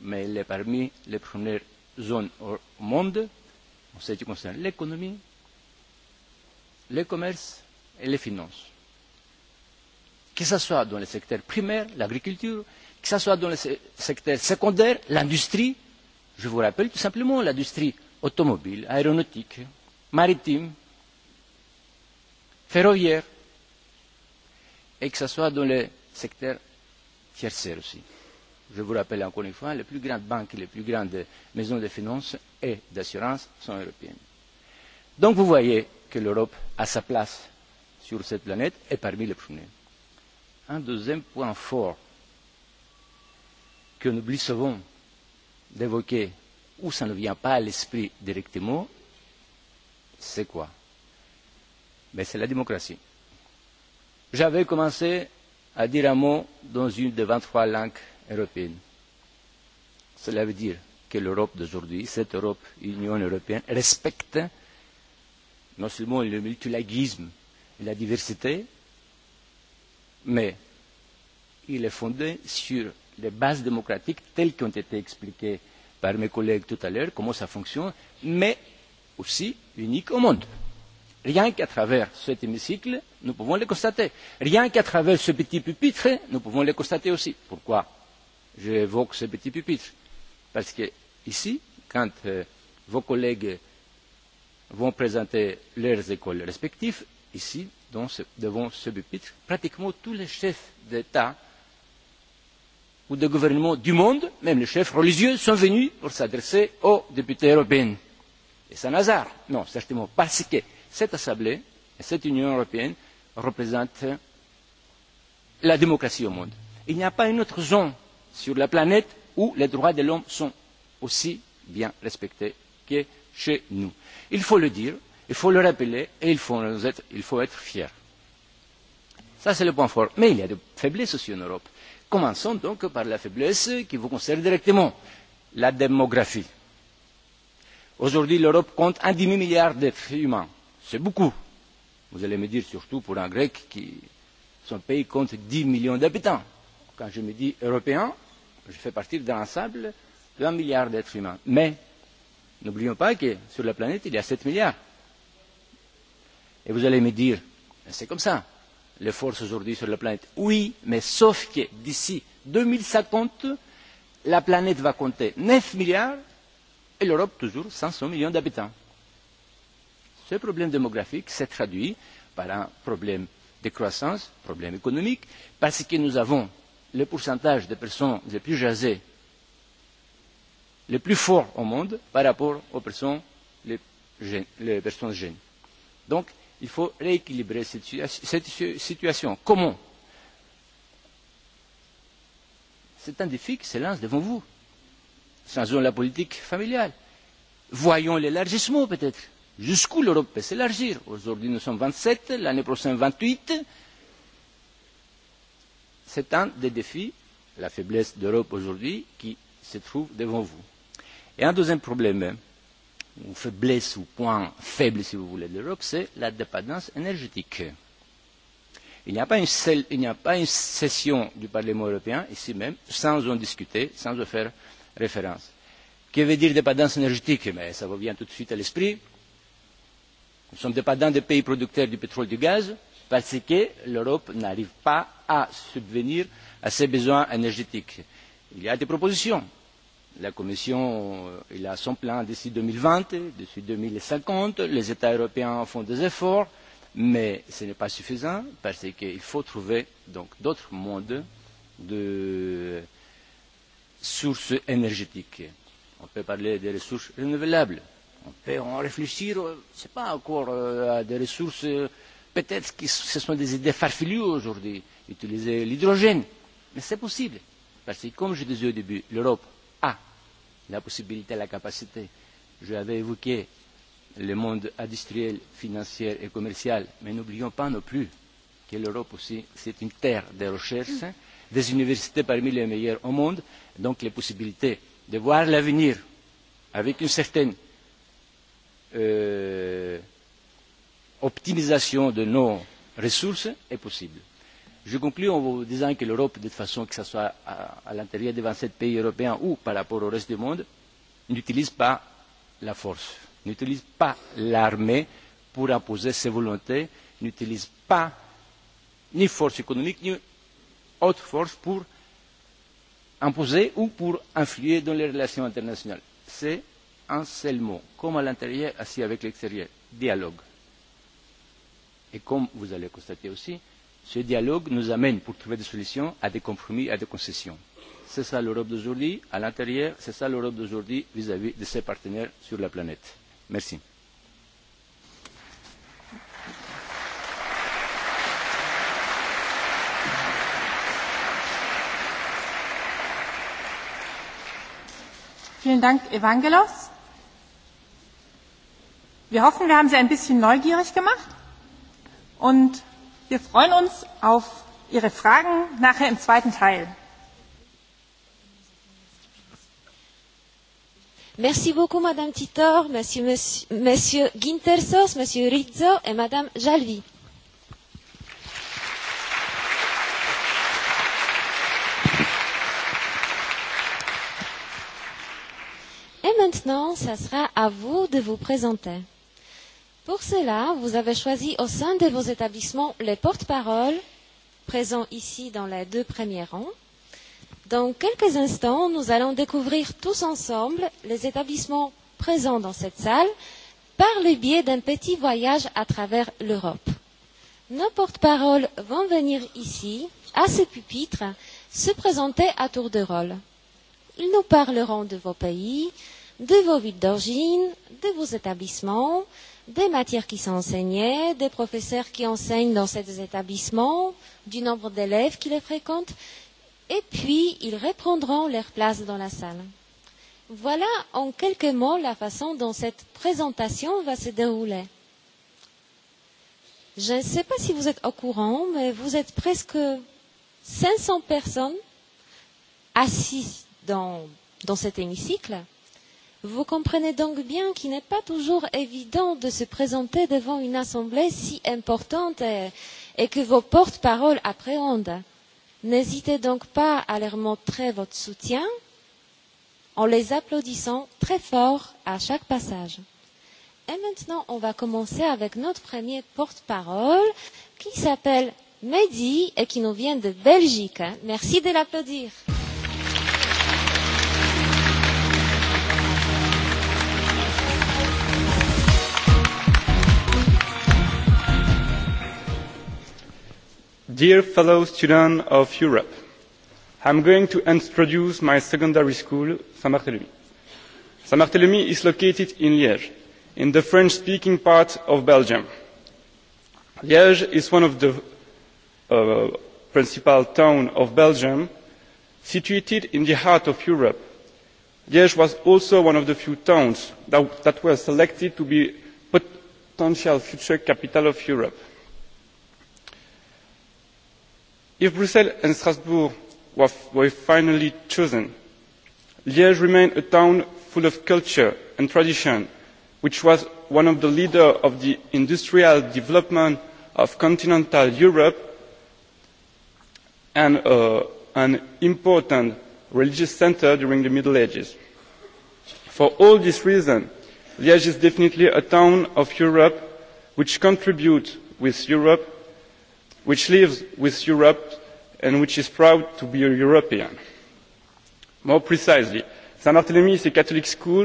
mais elle est parmi les premières zones au monde en ce qui concerne l'économie, le commerce et les finances. Que ce soit dans le secteur primaire, l'agriculture, que ce soit dans le secteur secondaire, l'industrie, je vous rappelle tout simplement l'industrie automobile aéronautique maritime ferroviaire et que ce soit dans le secteur tertiaire aussi. Je vous rappelle encore une fois, les plus grandes banques, les plus grandes maisons de finances et d'assurance sont européennes. Donc vous voyez que l'Europe a sa place sur cette planète et parmi les premiers. Un deuxième point fort que nous oublions souvent d'évoquer où ça ne vient pas à l'esprit directement, c'est quoi Mais c'est la démocratie. J'avais commencé à dire un mot dans une des 23 langues européennes. Cela veut dire que l'Europe d'aujourd'hui, cette Europe, l'Union européenne, respecte non seulement le multilinguisme et la diversité, mais il est fondé sur les bases démocratiques telles qu'elles ont été expliquées par mes collègues tout à l'heure, comment ça fonctionne, mais aussi unique au monde. Rien qu'à travers cet hémicycle, nous pouvons le constater. Rien qu'à travers ce petit pupitre, nous pouvons le constater aussi. Pourquoi j'évoque ce petit pupitre Parce que ici, quand euh, vos collègues vont présenter leurs écoles respectives, ici, donc, devant ce pupitre, pratiquement tous les chefs d'État ou des gouvernements du monde, même les chefs religieux, sont venus pour s'adresser aux députés européens. Et c'est un hasard. Non, certainement, parce que cette Assemblée et cette Union européenne représentent la démocratie au monde. Il n'y a pas une autre zone sur la planète où les droits de l'homme sont aussi bien respectés que chez nous. Il faut le dire, il faut le rappeler et il faut, être, il faut être fier. Ça, c'est le point fort. Mais il y a des faiblesses aussi en Europe. Commençons donc par la faiblesse qui vous concerne directement, la démographie. Aujourd'hui, l'Europe compte un demi-milliard d'êtres humains. C'est beaucoup. Vous allez me dire surtout pour un Grec qui, son pays compte 10 millions d'habitants. Quand je me dis européen, je fais partir d'un ensemble d'un milliard d'êtres humains. Mais n'oublions pas que sur la planète, il y a 7 milliards. Et vous allez me dire, c'est comme ça, les forces aujourd'hui sur la planète. Oui, mais sauf que d'ici 2050, la planète va compter 9 milliards et l'Europe toujours 500 millions d'habitants. Ce problème démographique s'est traduit par un problème de croissance, problème économique, parce que nous avons le pourcentage des personnes les plus jasées, les plus forts au monde par rapport aux personnes les, gênes, les personnes jeunes. Donc, Il faut rééquilibrer cette situation. Comment C'est un défi qui s'élance devant vous. Changeons la politique familiale. Voyons l'élargissement peut-être. Jusqu'où l'Europe peut s'élargir Aujourd'hui nous sommes 27, l'année prochaine 28. C'est un des défis, la faiblesse d'Europe aujourd'hui, qui se trouve devant vous. Et un deuxième problème ou faiblesse ou point faible, si vous voulez, de l'Europe, c'est la dépendance énergétique. Il n'y a, a pas une session du Parlement européen ici même sans en discuter, sans en faire référence. Que veut dire dépendance énergétique Mais ça vous vient tout de suite à l'esprit. Nous sommes dépendants des pays producteurs du pétrole et du gaz parce que l'Europe n'arrive pas à subvenir à ses besoins énergétiques. Il y a des propositions, la commission euh, a son plan d'ici 2020, d'ici 2050. Les États européens font des efforts, mais ce n'est pas suffisant parce qu'il faut trouver donc d'autres modes de sources énergétiques. On peut parler des ressources renouvelables. On peut en réfléchir, c'est euh, pas encore euh, à des ressources. Peut-être que ce sont des idées farfelues aujourd'hui, utiliser l'hydrogène. Mais c'est possible. Parce que, comme je disais au début, l'Europe la possibilité, la capacité. J'avais évoqué le monde industriel, financier et commercial, mais n'oublions pas non plus que l'Europe aussi, c'est une terre de recherche, mm. des universités parmi les meilleures au monde, donc les possibilités de voir l'avenir avec une certaine euh, optimisation de nos ressources est possible. Je conclue en vous disant que l'Europe, de toute façon, que ce soit à, à l'intérieur des 27 pays européens ou par rapport au reste du monde, n'utilise pas la force, n'utilise pas l'armée pour imposer ses volontés, n'utilise pas ni force économique ni autre force pour imposer ou pour influer dans les relations internationales. C'est un seul mot, comme à l'intérieur, ainsi avec l'extérieur, dialogue. Et comme vous allez constater aussi, Ce dialogue nous amène, pour trouver des solutions, à des compromis, à des concessions. C'est ça l'Europe d'aujourd'hui, à l'intérieur, c'est ça l'Europe d'aujourd'hui vis-à-vis de ses partenaires sur la planète. Merci. Vielen Dank, Evangelos. Wir hoffen, wir haben Sie ein bisschen neugierig gemacht und Wir freuen uns auf Ihre Fragen nachher im zweiten Teil. Merci beaucoup, Madame Titor, Monsieur, Monsieur Gintersos, Monsieur Rizzo et Madame Jalvi. Et maintenant, ça sera à vous de vous présenter. Pour cela, vous avez choisi au sein de vos établissements les porte-paroles présents ici dans les deux premiers rangs. Dans quelques instants, nous allons découvrir tous ensemble les établissements présents dans cette salle par le biais d'un petit voyage à travers l'Europe. Nos porte-paroles vont venir ici, à ce pupitre, se présenter à tour de rôle. Ils nous parleront de vos pays, de vos villes d'origine, de vos établissements, des matières qui sont enseignées, des professeurs qui enseignent dans ces établissements, du nombre d'élèves qui les fréquentent, et puis ils reprendront leur place dans la salle. Voilà en quelques mots la façon dont cette présentation va se dérouler. Je ne sais pas si vous êtes au courant, mais vous êtes presque 500 personnes assises dans, dans cet hémicycle. Vous comprenez donc bien qu'il n'est pas toujours évident de se présenter devant une assemblée si importante et, et que vos porte-paroles appréhendent. N'hésitez donc pas à leur montrer votre soutien en les applaudissant très fort à chaque passage. Et maintenant, on va commencer avec notre premier porte-parole qui s'appelle Mehdi et qui nous vient de Belgique. Merci de l'applaudir. dear fellow students of europe i am going to introduce my secondary school saint barthelemy. saint barthelemy is located in liege in the french speaking part of belgium. liege is one of the uh, principal towns of belgium situated in the heart of europe. liege was also one of the few towns that, that were selected to be potential future capital of europe if brussels and strasbourg were finally chosen liege remains a town full of culture and tradition which was one of the leaders of the industrial development of continental europe and uh, an important religious centre during the middle ages. for all these reasons liege is definitely a town of europe which contributes with europe which lives with europe and which is proud to be a european. more precisely saint barthlemy is a catholic school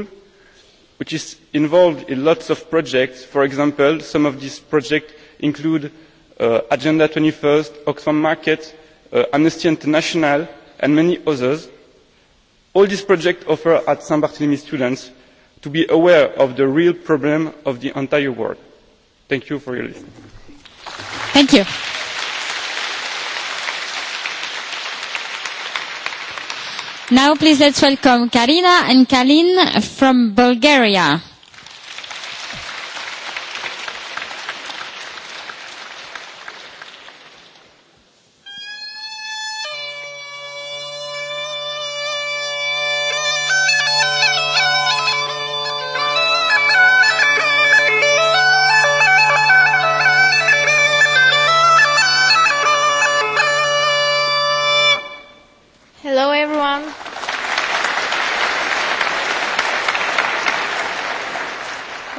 which is involved in lots of projects for example some of these projects include uh, agenda twenty first oxfam market uh, amnesty international and many others. all these projects offer at saint barthlemy students to be aware of the real problems of the entire world. thank you for your attention. Now please let's welcome Karina and Kalin from Bulgaria.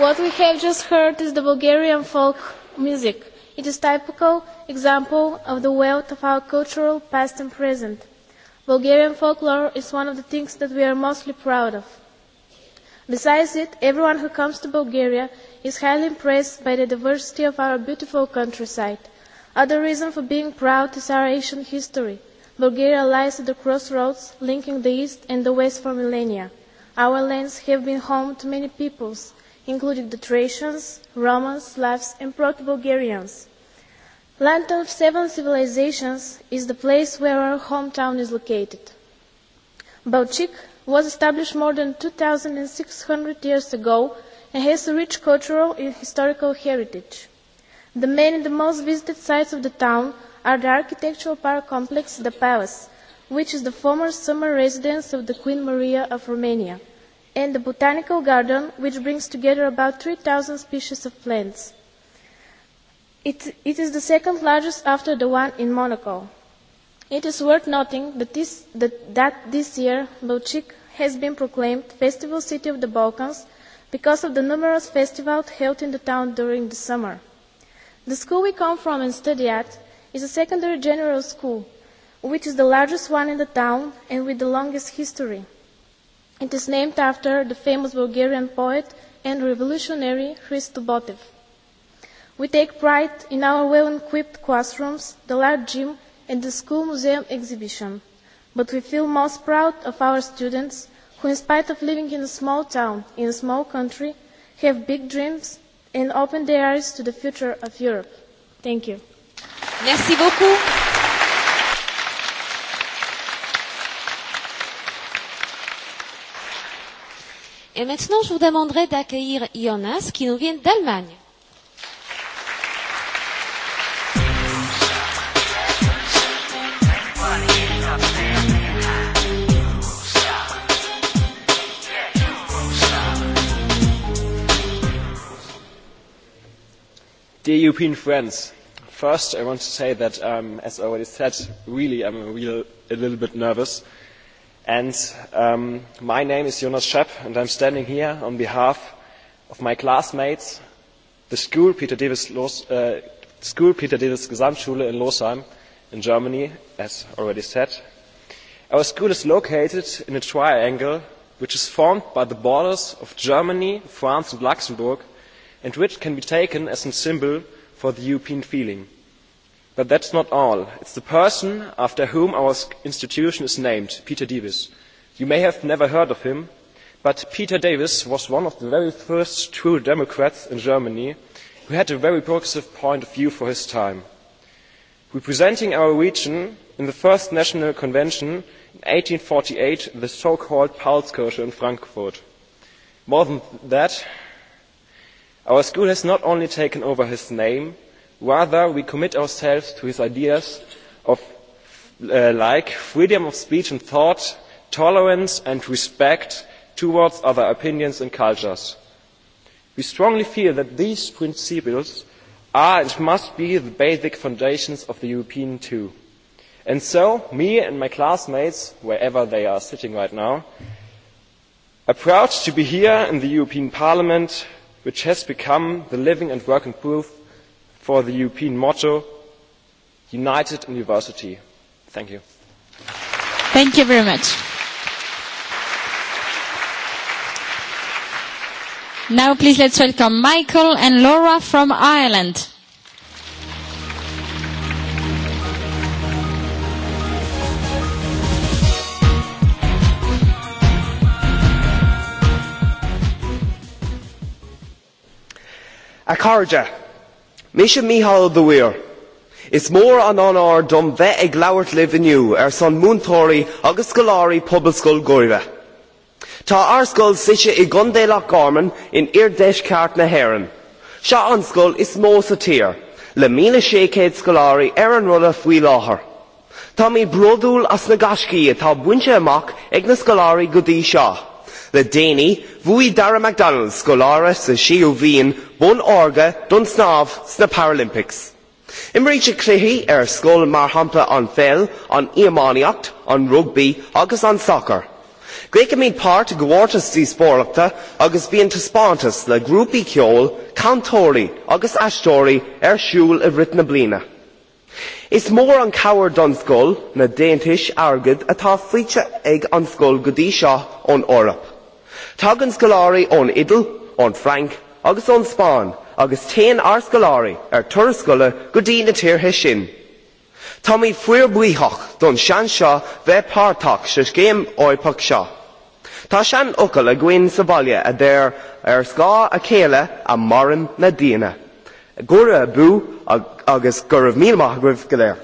What we have just heard is the Bulgarian folk music. It is a typical example of the wealth of our cultural past and present. Bulgarian folklore is one of the things that we are mostly proud of. Besides it, everyone who comes to Bulgaria is highly impressed by the diversity of our beautiful countryside. Other reason for being proud is our ancient history. Bulgaria lies at the crossroads linking the East and the West for millennia. Our lands have been home to many peoples, including the thracians roma slavs and proto bulgarians land of seven civilizations is the place where our hometown is located balchik was established more than 2600 years ago and has a rich cultural and historical heritage the main and the most visited sites of the town are the architectural park complex the palace which is the former summer residence of the queen maria of romania and the botanical garden, which brings together about 3,000 species of plants. It, it is the second largest after the one in Monaco. It is worth noting that this, that, that this year, Belchik has been proclaimed Festival City of the Balkans because of the numerous festivals held in the town during the summer. The school we come from and study at is a secondary general school, which is the largest one in the town and with the longest history. It is named after the famous Bulgarian poet and revolutionary Christo Botev. We take pride in our well equipped classrooms, the large gym, and the school museum exhibition. But we feel most proud of our students, who, in spite of living in a small town, in a small country, have big dreams and open their eyes to the future of Europe. Thank you. Merci beaucoup. Et maintenant, je vous demanderai d'accueillir Jonas qui nous vient d'Allemagne. Dear European friends, first I want to say that, um, as already said, really I'm a, real, a little bit nervous and um, my name is Jonas Schepp and I'm standing here on behalf of my classmates, the school Peter Davis, Los uh, school Peter Davis Gesamtschule in Losheim in Germany, as already said. Our school is located in a triangle which is formed by the borders of Germany, France and Luxembourg and which can be taken as a symbol for the European feeling but that is not all. it is the person after whom our institution is named peter davies. you may have never heard of him but peter davies was one of the very first true democrats in germany who had a very progressive point of view for his time. representing our region in the first national convention in one thousand eight hundred and forty eight the so called paulskirche in frankfurt. more than that our school has not only taken over his name rather we commit ourselves to his ideas of uh, like freedom of speech and thought, tolerance and respect towards other opinions and cultures. We strongly feel that these principles are and must be the basic foundations of the European too. And so, me and my classmates, wherever they are sitting right now, are proud to be here in the European Parliament, which has become the living and working proof for the European motto United University. Thank you. Thank you very much. Now, please let's welcome Michael and Laura from Ireland. A courager, Misha Mihal the Weir. Is more an honor dum ve e glauert live in you, er son moonthori, agus galari, pubble skull goriva. Ta ar skull sitcha i gonde lach garmen in ir desh cart na heren. Sha an skull is mo satir, le mila shekhead skullari eran rulla fwi lahar. Ta mi brodul as nagashki e, ta buncha amak egna skullari gudi shah le déine bhuaí dara McDonalds go láras sa siú bhíon bun orga don snáb sna Paralympics. Imréte cléhí ar scóil mar hampa an fel, an iamáníocht, an rugby agus an soccer. Gréca míad pát a gwaartas tí spórachta agus bíon tispántas le grúpi ceol, cantóri agus astóri ar siúl a bhrit na blina. Is mór an cawr don scóil na déintis argad atá fleite ag an scóil godí seo ón Orop. Tugan Scolari on Idle, on Frank, agus on Spawn, agus ten ar Scolari, ar er Tur Scola, godina tir hishin. Tommy fwyr bwyhoch, don shan sha, ve partach, shish game oi puk sha. Ta shan ukala gwyn sabalia a der, ar ska a keela a marin na dina. Gura bu, agus gura vmeel mahagwyf gilair.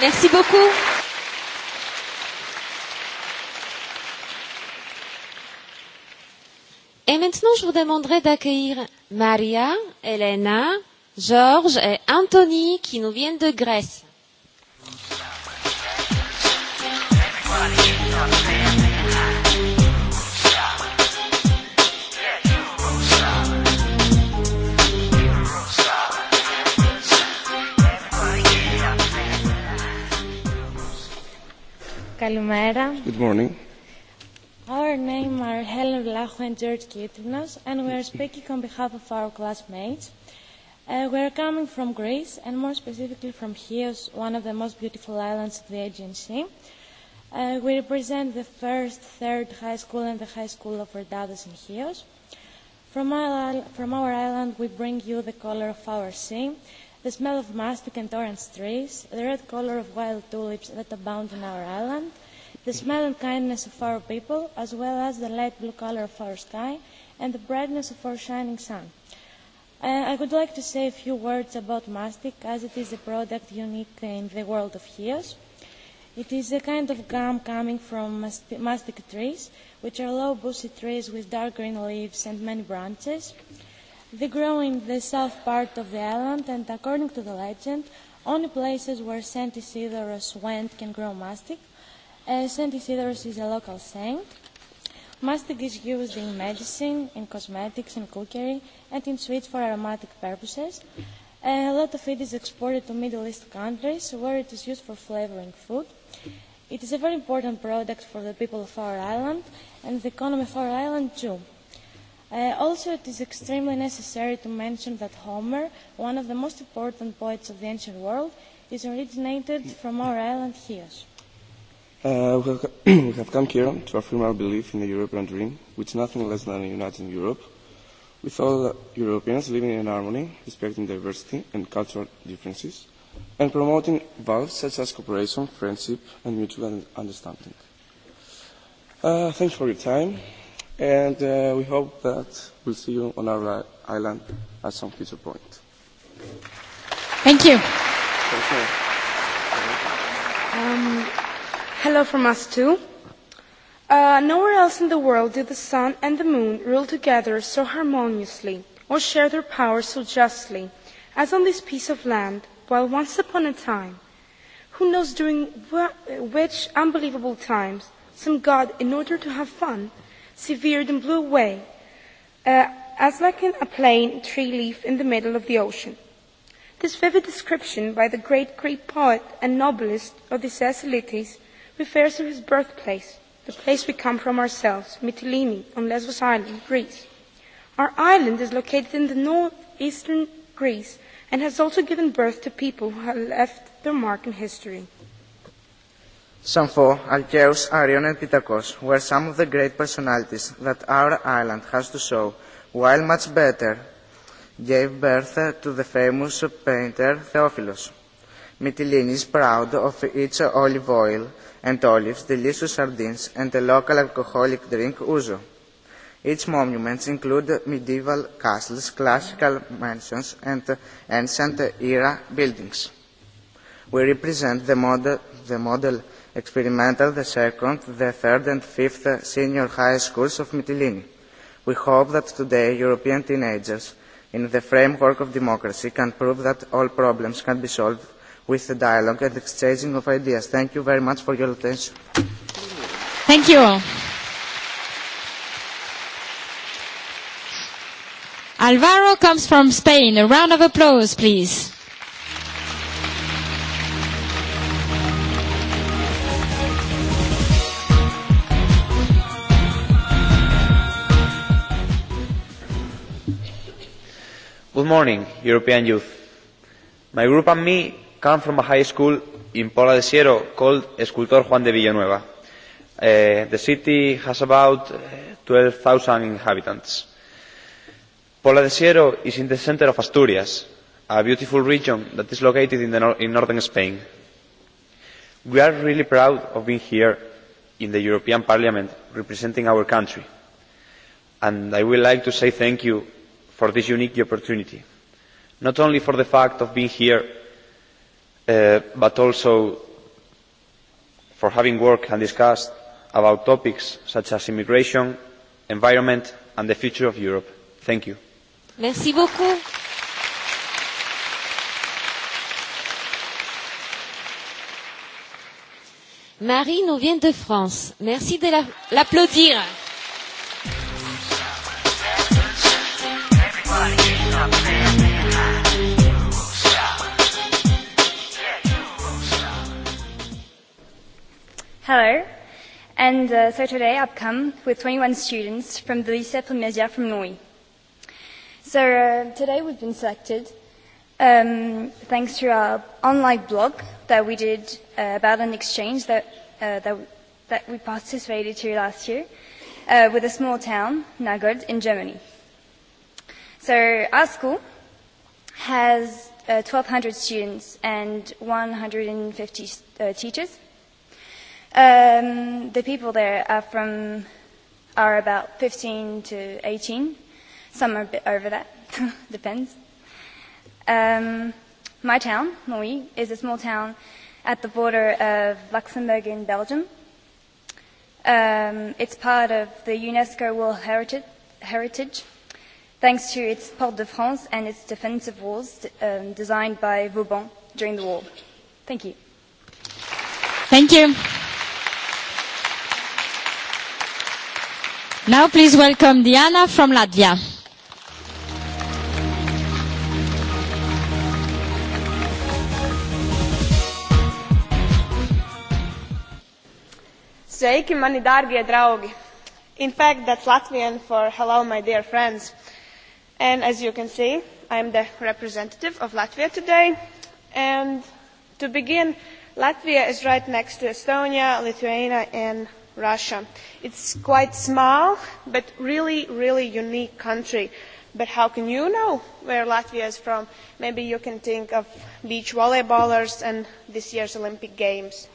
Merci beaucoup. Et maintenant, je vous demanderai d'accueillir Maria, Elena, Georges et Anthony qui nous viennent de Grèce. Good morning. Our names are Helen Vlachou and George Kitrinos, and we are speaking on behalf of our classmates. Uh, we are coming from Greece, and more specifically from Chios, one of the most beautiful islands of the Aegean Sea. Uh, we represent the first, third high school and the high school of Rhodades in Chios. From our, from our island, we bring you the color of our sea, the smell of mastic and orange trees, the red color of wild tulips that abound in our island, the smell and kindness of our people, as well as the light blue color of our sky and the brightness of our shining sun. Uh, I would like to say a few words about mastic, as it is a product unique in the world of HEOS. It is a kind of gum coming from mastic trees, which are low bushy trees with dark green leaves and many branches. They grow in the south part of the island, and according to the legend, only places where Saint Isidorus went can grow mastic. Uh, Saint Isidorus is a local saint. Master is used in medicine, in cosmetics, in cookery, and in sweets for aromatic purposes. Uh, a lot of it is exported to Middle East countries, where it is used for flavoring food. It is a very important product for the people of our island and the economy of our island too. Uh, also, it is extremely necessary to mention that Homer, one of the most important poets of the ancient world, is originated from our island, Chios. Uh, we have come here to affirm our belief in the European dream, which is nothing less than a united Europe, with all Europeans living in harmony, respecting diversity and cultural differences, and promoting values such as cooperation, friendship, and mutual understanding. Uh, thanks for your time, and uh, we hope that we'll see you on our island at some future point. Thank you. Thank you. Hello from us too. Uh, nowhere else in the world do the sun and the moon rule together so harmoniously or share their power so justly as on this piece of land, while once upon a time, who knows during wh- which unbelievable times, some god, in order to have fun, severed and blew away, uh, as like in a plain tree leaf in the middle of the ocean. This vivid description by the great Greek poet and novelist Odysseus Elites refers to his birthplace, the place we come from ourselves, Mytilene, on Lesbos Island, Greece. Our island is located in the northeastern Greece and has also given birth to people who have left their mark in history. Sampho, Alkeus, Arion, and Pitakos were some of the great personalities that our island has to show, while much better gave birth to the famous painter Theophilus. Mytilene's proud of its olive oil and olives, delicious sardines, and the local alcoholic drink Ouzo. Its monuments include medieval castles, classical mansions, and ancient era buildings. We represent the model, the model experimental, the second, the third, and fifth senior high schools of Mytilene. We hope that today European teenagers, in the framework of democracy, can prove that all problems can be solved with the dialogue and exchanging of ideas. Thank you very much for your attention. Thank you. Alvaro comes from Spain. A round of applause, please. Good morning, European youth. My group and me come from a high school in Pola de Siero called Escultor Juan de Villanueva. Uh, the city has about 12,000 eh, inhabitants. Pola de Siero is in the center of Asturias, a beautiful region that is located in, the nor in northern Spain. We are really proud of being here in the European Parliament representing our country. And I would like to say thank you for this unique opportunity, not only for the fact of being here Uh, but also for having worked and discussed topics such as immigration the environment and the future of europe. thank you. marie nous vient de france. merci de l'applaudir. applaudissements Hello. And uh, so today I've come with 21 students from the Lycée Plumesia from Norway. So uh, today we've been selected um, thanks to our online blog that we did uh, about an exchange that, uh, that, that we participated to last year uh, with a small town, Nagod, in Germany. So our school has uh, 1,200 students and 150 uh, teachers. Um, the people there are from are about 15 to 18. Some are a bit over that, (laughs) depends. Um, my town, Moui, is a small town at the border of Luxembourg and Belgium. Um, it's part of the UNESCO World Heritage, Heritage thanks to its Port de France and its defensive walls um, designed by Vauban during the war. Thank you. Thank you. Now please welcome Diana from Latvia. Sveiki, mani dārgie draugi. In fact, that's Latvian for hello, my dear friends. And as you can see, I'm the representative of Latvia today. And to begin, Latvia is right next to Estonia, Lithuania and russia. it is quite a small but really really unique country but how can you know where latvia is from? maybe you can think of beach volleyballers and this year's olympic games.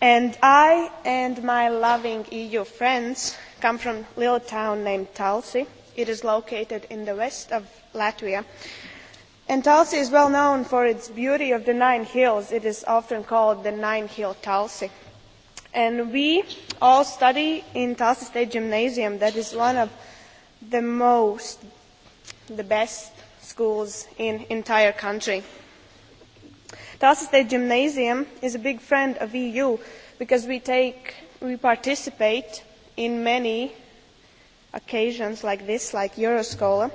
and i and my loving eu friends come from a little town named talsi. it is located in the west of latvia. and talsi is well known for its beauty of the nine hills. it is often called the nine hill talsi and we all study in Tulsa State Gymnasium. That is one of the most, the best schools in entire country. Tulsa State Gymnasium is a big friend of EU because we take, we participate in many occasions like this, like Euroscola.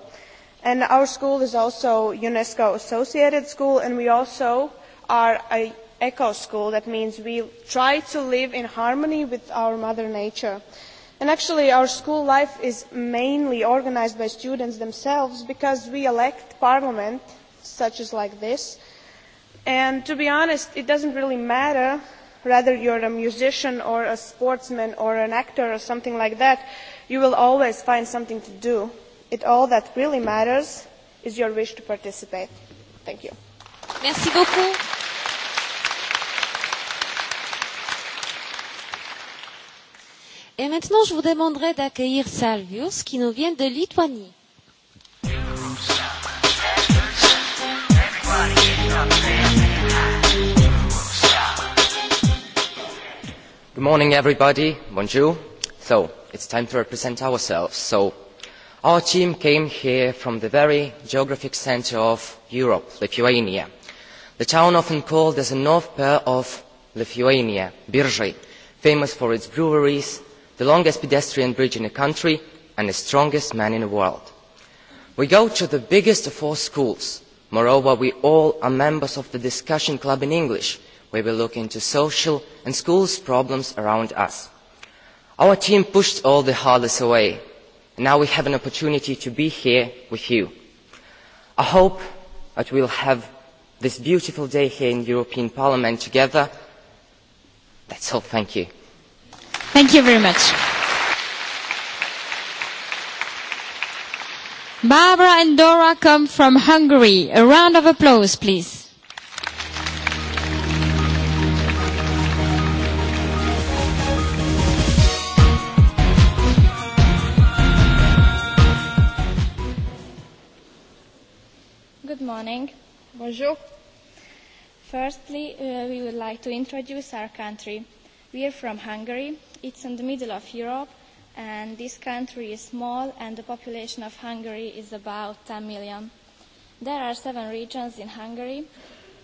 And our school is also UNESCO Associated School and we also are a eco school. That means we try to live in harmony with our mother nature. And actually, our school life is mainly organized by students themselves because we elect parliament, such as like this. And to be honest, it doesn't really matter whether you're a musician or a sportsman or an actor or something like that. You will always find something to do. It all that really matters is your wish to participate. Thank you. Merci beaucoup. Et maintenant, je vous demanderai d'accueillir Salvius qui nous vient de Lituanie. Good morning, everybody. Bonjour. So, it's time to represent ourselves. So, our team came here from the very geographic center of Europe, Lithuania. The town often called as the North Pearl of Lithuania, Birzhai, famous for its breweries, the longest pedestrian bridge in the country and the strongest man in the world. We go to the biggest of all schools. Moreover, we all are members of the discussion club in English, where we look into social and schools problems around us. Our team pushed all the hardest away, and now we have an opportunity to be here with you. I hope that we'll have this beautiful day here in the European Parliament together. That's all. Thank you. Thank you very much. Barbara and Dora come from Hungary. A round of applause, please. Good morning. Bonjour. Firstly, uh, we would like to introduce our country. We are from Hungary, it's in the middle of Europe, and this country is small, and the population of Hungary is about 10 million. There are seven regions in Hungary,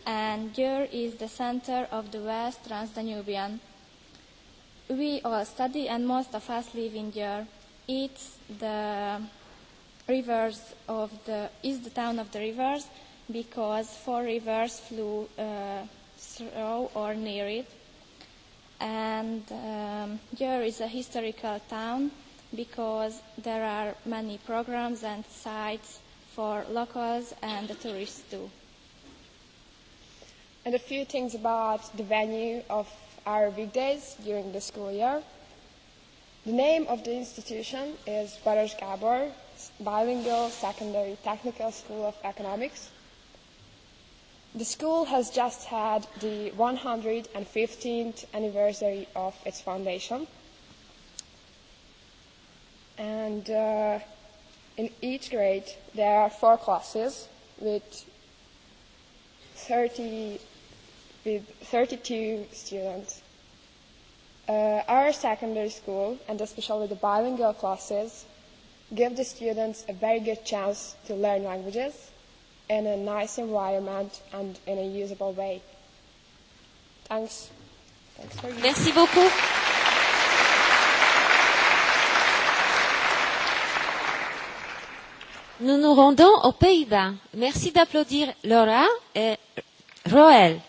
and Győr is the center of the West Transdanubian. We all study, and most of us live in Győr. It's the rivers of the is the town of the rivers because four rivers flew uh, through or near it and um, Gyor is a historical town because there are many programs and sites for locals and the tourists too. And a few things about the venue of our weekdays during the school year. The name of the institution is Baraj Gabor, Bilingual Secondary Technical School of Economics. The school has just had the 115th anniversary of its foundation. And uh, in each grade, there are four classes with, 30, with 32 students. Uh, our secondary school, and especially the bilingual classes, give the students a very good chance to learn languages in a nice environment and in a usable way. Thanks. Thanks for you. Merci beaucoup. Nous nous rendons aux Pays-Bas. Merci d'applaudir Laura et Roel.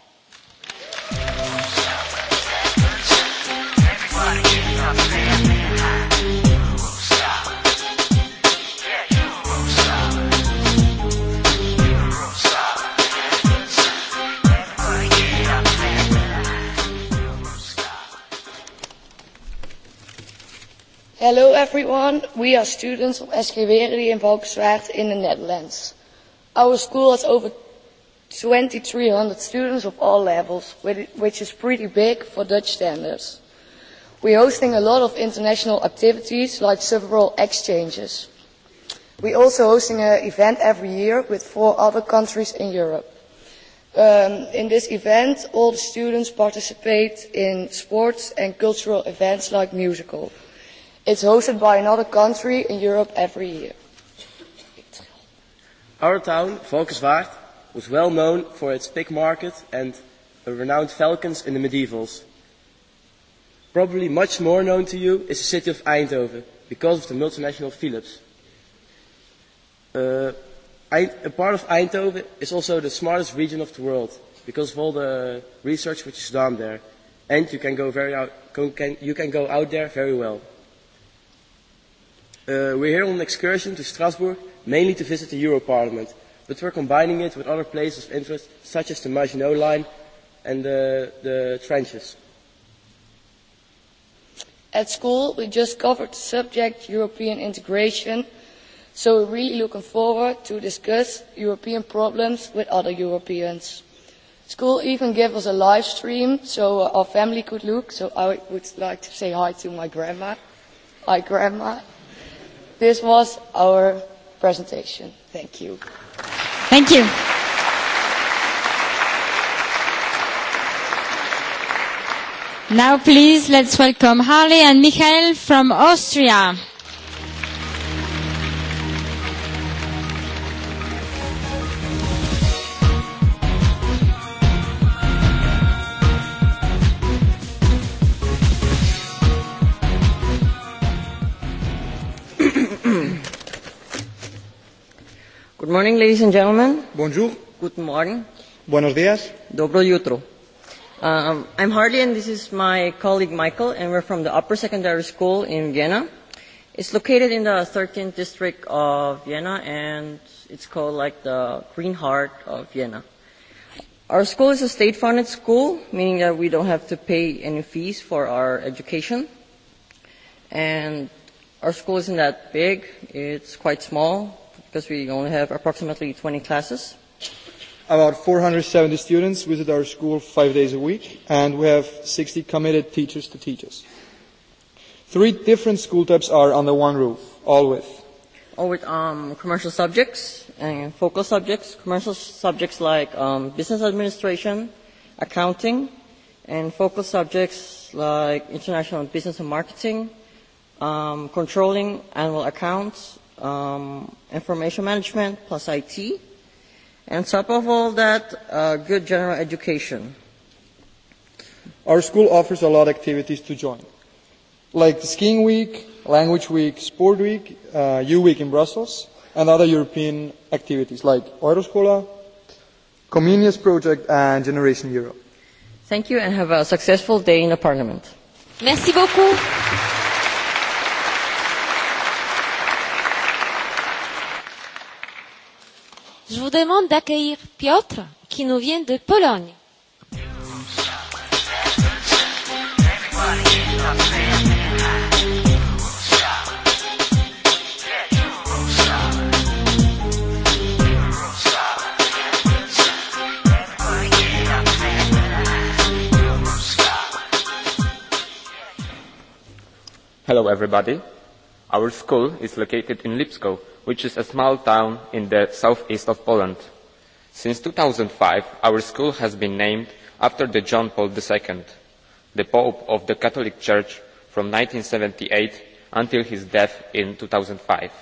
Hello everyone, we are students from SK Verdi in Volkswagen in the Netherlands. Our school has over 2,300 students of all levels, which is pretty big for Dutch standards. We are hosting a lot of international activities, like several exchanges. We are also hosting an event every year with four other countries in Europe. Um, in this event, all the students participate in sports and cultural events like musicals it is hosted by another country in Europe every year. Our town, Volkenswaard, was well known for its pig market and a renowned falcons in the medievals. Probably much more known to you is the city of Eindhoven because of the multinational Philips. Uh, a part of Eindhoven is also the smartest region of the world because of all the research which is done there. And you can go, very out, can, you can go out there very well. Uh, eh, we're here on an excursion to Strasbourg, mainly to visit the Europarlament, but we're combining it with other places of interest, such as the Maginot Line and the, the trenches. At school, we just covered the subject European integration, so we're really looking forward to discuss European problems with other Europeans. School even gave us a live stream so our family could look, so I would like to say hi to my grandma. Hi, grandma this was our presentation. Thank you. Thank you. Now please let's welcome Harley and Michael from Austria. ladies and gentlemen. Bonjour. Guten Morgen. Buenos días. Dobro jutro. Um, I'm Hardy, and this is my colleague Michael, and we're from the Upper Secondary School in Vienna. It's located in the 13th district of Vienna, and it's called like the Green Heart of Vienna. Our school is a state-funded school, meaning that we don't have to pay any fees for our education. And our school isn't that big; it's quite small, because we only have approximately 20 classes. About 470 students visit our school five days a week, and we have 60 committed teachers to teach us. Three different school types are under one roof, all with? All with um, commercial subjects and focal subjects. Commercial subjects like um, business administration, accounting, and focal subjects like international business and marketing, um, controlling annual accounts, um, information management plus IT, and top of all that, uh, good general education. Our school offers a lot of activities to join, like skiing week, language week, sport week, uh, U week in Brussels, and other European activities like Euroscola, Comenius Project, and Generation Europe. Thank you, and have a successful day in the Parliament. Merci beaucoup. Je vous demande d'accueillir Piotr, qui nous vient de Pologne. Hello everybody. Our school is located in Lipsko, which is a small town in the southeast of Poland. Since 2005, our school has been named after the John Paul II, the Pope of the Catholic Church from 1978 until his death in 2005.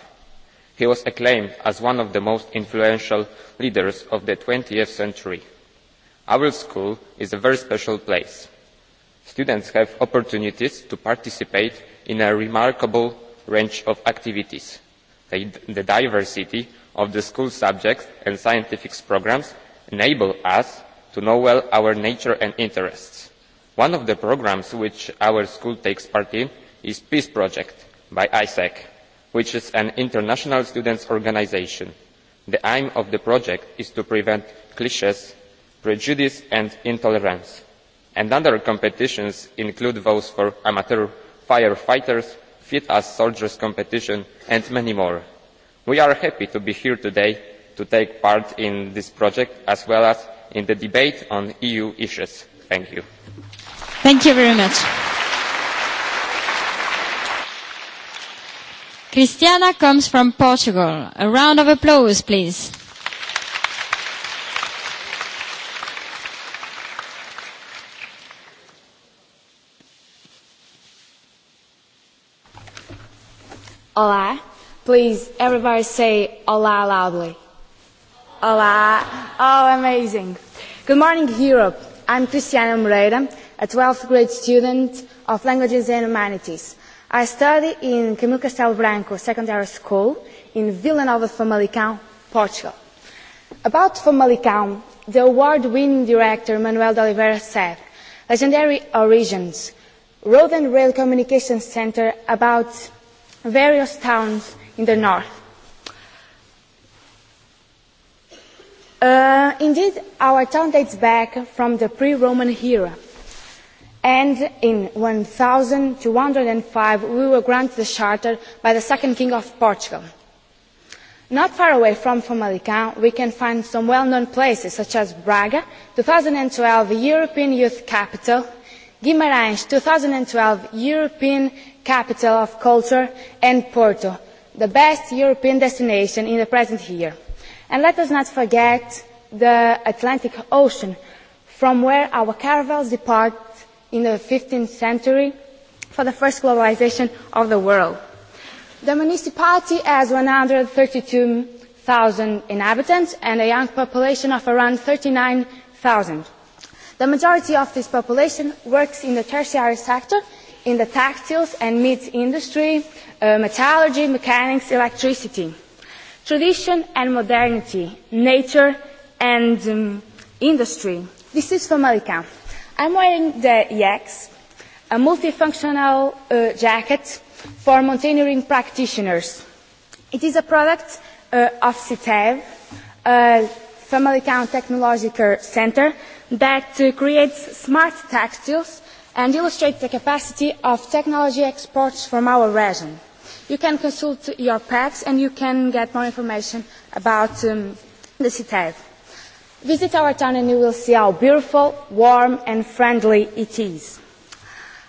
He was acclaimed as one of the most influential leaders of the 20th century. Our school is a very special place. Students have opportunities to participate in a remarkable range of activities. The diversity of the school subjects and scientific programmes enable us to know well our nature and interests. One of the programmes which our school takes part in is Peace Project by ISEC, which is an international students' organisation. The aim of the project is to prevent cliches, prejudice and intolerance. And other competitions include those for amateur firefighters, fit as soldiers competition and many more. we are happy to be here today to take part in this project as well as in the debate on eu issues. thank you. thank you very much. cristiana comes from portugal. a round of applause please. Olá. Please, everybody say Olá loudly. Olá. Oh, amazing. Good morning, Europe. I'm Cristiana Moreira, a 12th grade student of Languages and Humanities. I study in Camilo Castelo Branco Secondary School in Vila Nova Famalicão, Portugal. About Famalicão, the award-winning director Manuel de Oliveira said, legendary origins, road and rail communication center about various towns in the north. Uh, indeed, our town dates back from the pre-Roman era. And in 1205, we were granted the charter by the second king of Portugal. Not far away from Famalicão, we can find some well-known places, such as Braga, 2012 European Youth Capital, Guimarães, 2012 European capital of culture and porto the best european destination in the present year. and let us not forget the atlantic ocean from where our caravels depart in the fifteenth century for the first globalisation of the world. the municipality has one hundred and thirty two thousand inhabitants and a young population of around thirty nine thousand. the majority of this population works in the tertiary sector in the textiles and meat industry, uh, metallurgy, mechanics, electricity. Tradition and modernity, nature and um, industry. This is for Malika. I'm wearing the EX, a multifunctional uh, jacket for mountaineering practitioners. It is a product uh, of CITEV, a Family Count Technological Center that uh, creates smart textiles and illustrate the capacity of technology exports from our region. You can consult your PACs and you can get more information about um, the CITEV. Visit our town and you will see how beautiful, warm and friendly it is.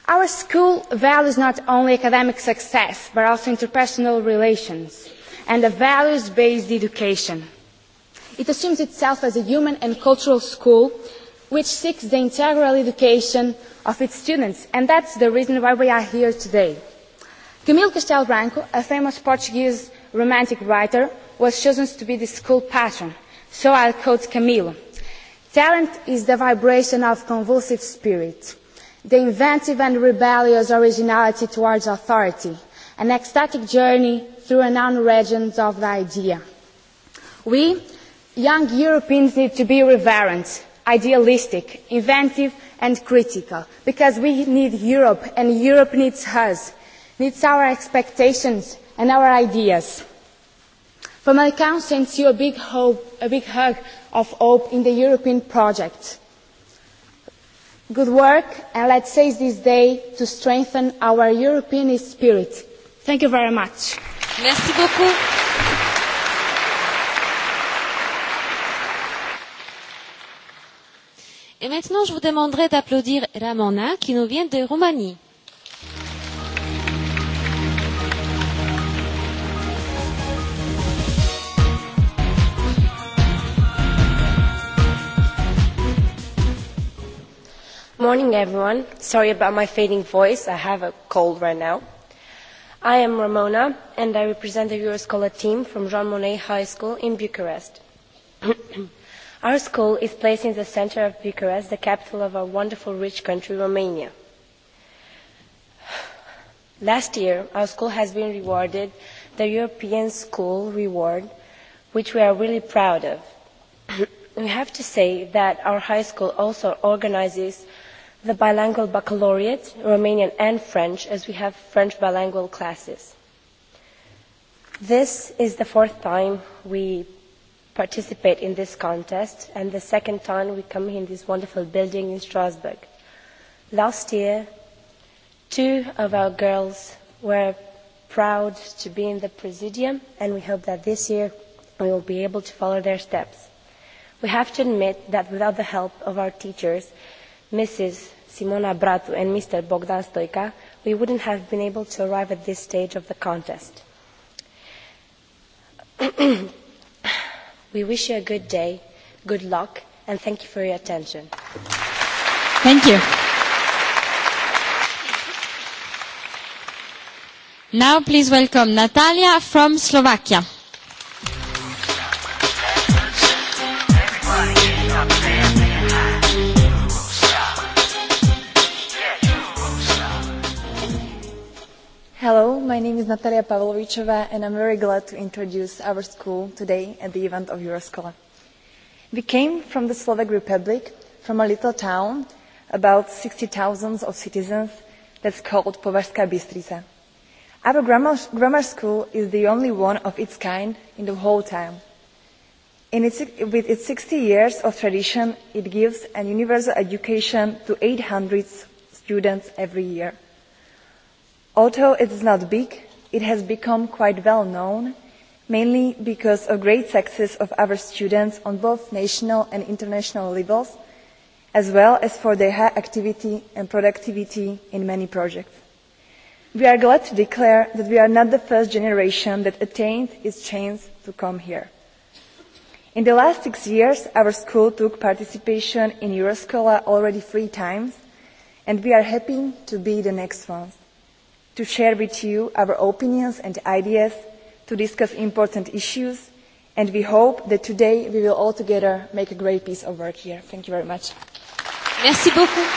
Our school values not only academic success but also interpersonal relations and a values-based education. It assumes itself as a human and cultural school which seeks the integral education of its students, and that's the reason why we are here today. Camille Castel Branco, a famous Portuguese romantic writer, was chosen to be the school patron. So I'll quote Camille. Talent is the vibration of convulsive spirit, the inventive and rebellious originality towards authority, an ecstatic journey through an unknown region of the idea. We, young Europeans, need to be reverent, idealistic, inventive, and critical because we need Europe and Europe needs us, needs our expectations and our ideas. For my account sends you a big hope a big hug of hope in the European project. Good work and let's seize this day to strengthen our European spirit. Thank you very much. Merci beaucoup. Et maintenant, je vous demanderai d'applaudir Ramona qui nous vient de Roumanie. Morning everyone. Sorry about my fading voice. I have a cold right now. I am Ramona and I represent the Euroscola team from Jean Monnet High School in Bucharest. (clears throat) Our school is placed in the center of Bucharest, the capital of our wonderful rich country, Romania. Last year, our school has been rewarded the European School Reward, which we are really proud of. (coughs) we have to say that our high school also organizes the bilingual baccalaureate, Romanian and French, as we have French bilingual classes. This is the fourth time we participate in this contest and the second time we come in this wonderful building in Strasbourg. Last year, two of our girls were proud to be in the Presidium and we hope that this year we will be able to follow their steps. We have to admit that without the help of our teachers, Mrs. Simona Bratu and Mr. Bogdan Stoika, we wouldn't have been able to arrive at this stage of the contest. (clears throat) We wish you a good day, good luck, and thank you for your attention. Thank you. Now please welcome Natalia from Slovakia. name is Natalia Pavlovicheva, and I'm very glad to introduce our school today at the event of Euroscholar. We came from the Slovak Republic, from a little town, about 60,000 of citizens, that's called Povarska Bystrica. Our grammar, grammar school is the only one of its kind in the whole town. In its, with its 60 years of tradition, it gives an universal education to 800 students every year. Although it is not big, it has become quite well known, mainly because of great success of our students on both national and international levels, as well as for their high activity and productivity in many projects. We are glad to declare that we are not the first generation that attained its chance to come here. In the last six years, our school took participation in Euroscola already three times, and we are happy to be the next ones to share with you our opinions and ideas, to discuss important issues, and we hope that today we will all together make a great piece of work here. Thank you very much. Merci beaucoup.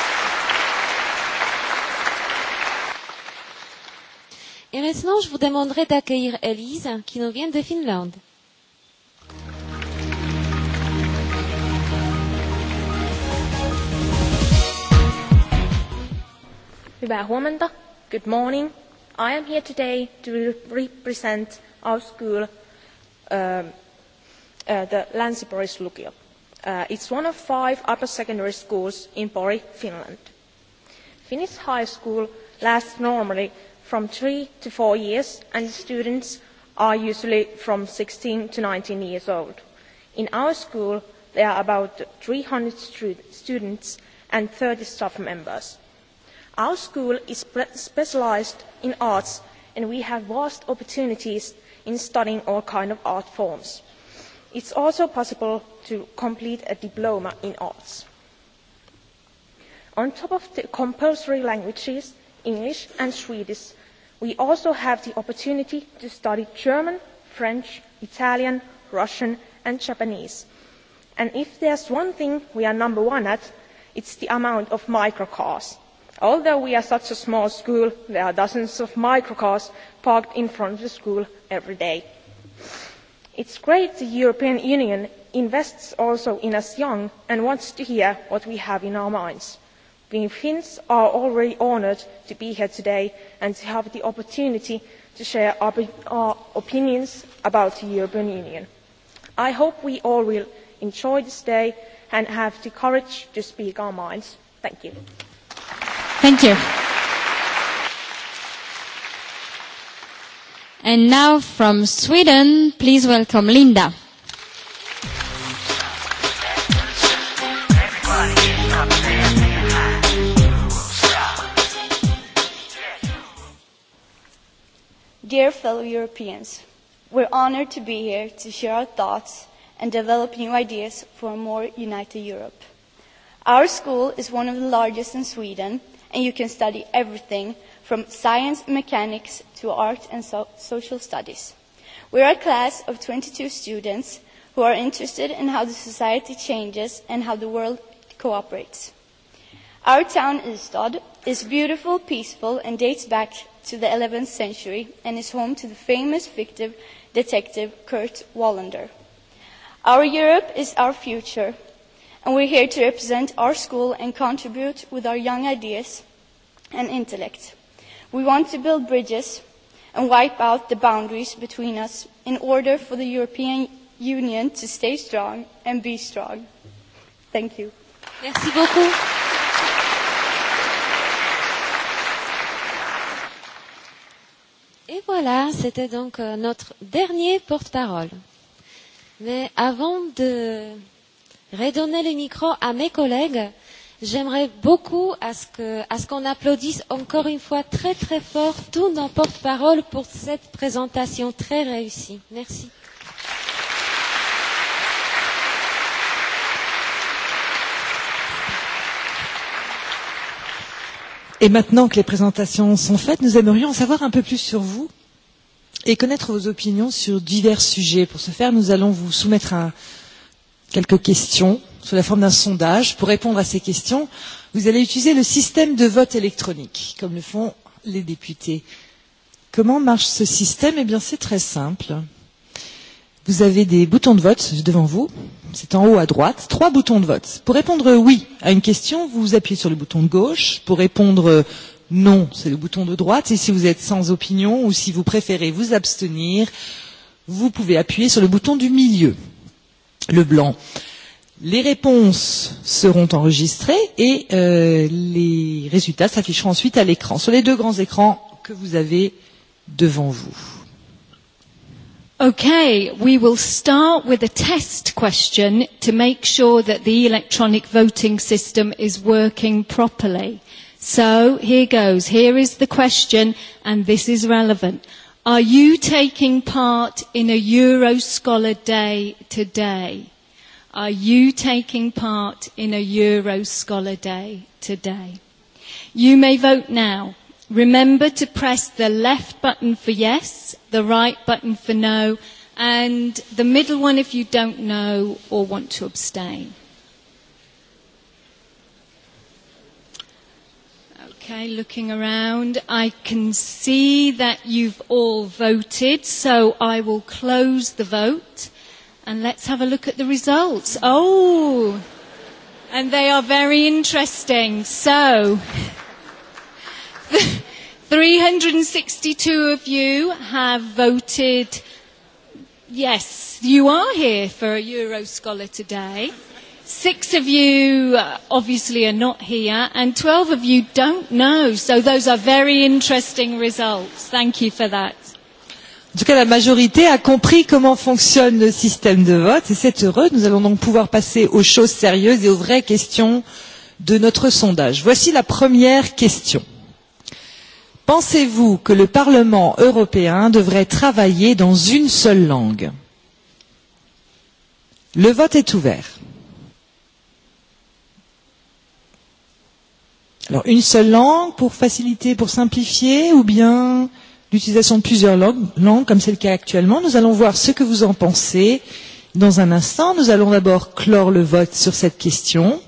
Et maintenant, je vous demanderai d'accueillir Elise, qui nous vient de Finlande. Hyvää huomenta good morning. I am here today to represent our school, um, uh, the Länsi-Pori uh, It's one of five upper secondary schools in Pori, Finland. Finnish high school lasts normally from three to four years, and students are usually from 16 to 19 years old. In our school, there are about 300 stu students and 30 staff members. Our school is specialized in arts, and we have vast opportunities in studying all kinds of art forms. It's also possible to complete a diploma in arts. On top of the compulsory languages, English and Swedish, we also have the opportunity to study German, French, Italian, Russian and Japanese. And if there's one thing we are number one at, it's the amount of microcars although we are such a small school there are dozens of microcars parked in front of the school every day. it is great the european union invests also in us young and wants to hear what we have in our minds. we finns are already honoured to be here today and to have the opportunity to share our opinions about the european union. i hope we all will enjoy this day and have the courage to speak our minds. thank you. Thank you. And now from Sweden, please welcome Linda. Dear fellow Europeans, we're honored to be here to share our thoughts and develop new ideas for a more united Europe. Our school is one of the largest in Sweden and you can study everything from science, mechanics to art and so- social studies. We are a class of 22 students who are interested in how the society changes and how the world cooperates. Our town, Istad, is beautiful, peaceful, and dates back to the 11th century and is home to the famous fictive detective Kurt Wallander. Our Europe is our future, and we are here to represent our school and contribute with our young ideas and intellect. We want to build bridges and wipe out the boundaries between us in order for the European Union to stay strong and be strong. Thank you. Merci beaucoup. Et voilà, c'était donc euh, notre dernier porte-parole. Mais avant de redonner le micro à mes collègues. J'aimerais beaucoup à ce qu'on qu applaudisse encore une fois très très fort tous nos porte-parole pour cette présentation très réussie. Merci. Et maintenant que les présentations sont faites, nous aimerions en savoir un peu plus sur vous et connaître vos opinions sur divers sujets. Pour ce faire, nous allons vous soumettre un, quelques questions sous la forme d'un sondage. Pour répondre à ces questions, vous allez utiliser le système de vote électronique, comme le font les députés. Comment marche ce système Eh bien, c'est très simple. Vous avez des boutons de vote devant vous. C'est en haut à droite. Trois boutons de vote. Pour répondre oui à une question, vous appuyez sur le bouton de gauche. Pour répondre non, c'est le bouton de droite. Et si vous êtes sans opinion ou si vous préférez vous abstenir, vous pouvez appuyer sur le bouton du milieu. Leblanc. Les réponses seront enregistrées et euh, les résultats s'afficheront ensuite à l'écran, sur les deux grands écrans que vous avez devant vous. Okay, we will start with a test question to make sure that the electronic voting system is working properly. So, here goes. Here is the question and this is relevant. Are you taking part in a Euroscholar Day today? Are you taking part in a Euroscholar Day today? You may vote now. Remember to press the left button for yes, the right button for no, and the middle one if you don't know or want to abstain. Okay, looking around, I can see that you've all voted, so I will close the vote and let's have a look at the results. Oh, and they are very interesting. So, 362 (laughs) of you have voted, yes, you are here for a Euroscholar today six of you uh, obviously are not here, and 12 of you don't know. So those are very interesting results. Thank you for that. En tout cas, la majorité a compris comment fonctionne le système de vote et c'est heureux. Nous allons donc pouvoir passer aux choses sérieuses et aux vraies questions de notre sondage. Voici la première question. Pensez-vous que le Parlement européen devrait travailler dans une seule langue Le vote est ouvert. Alors, une seule langue pour faciliter, pour simplifier, ou bien l'utilisation de plusieurs langues, langues comme c'est le cas actuellement. Nous allons voir ce que vous en pensez dans un instant. Nous allons d'abord clore le vote sur cette question.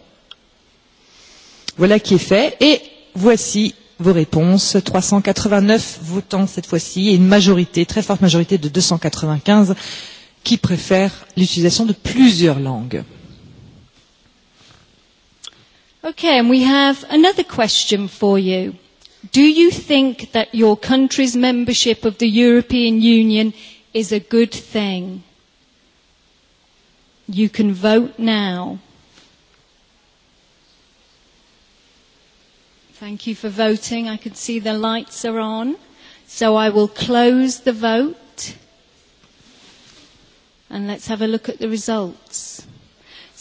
Voilà qui est fait. Et voici vos réponses. 389 votants cette fois-ci et une majorité, très forte majorité de 295 qui préfèrent l'utilisation de plusieurs langues. Okay, and we have another question for you. Do you think that your country's membership of the European Union is a good thing? You can vote now. Thank you for voting. I can see the lights are on. So I will close the vote. And let's have a look at the results.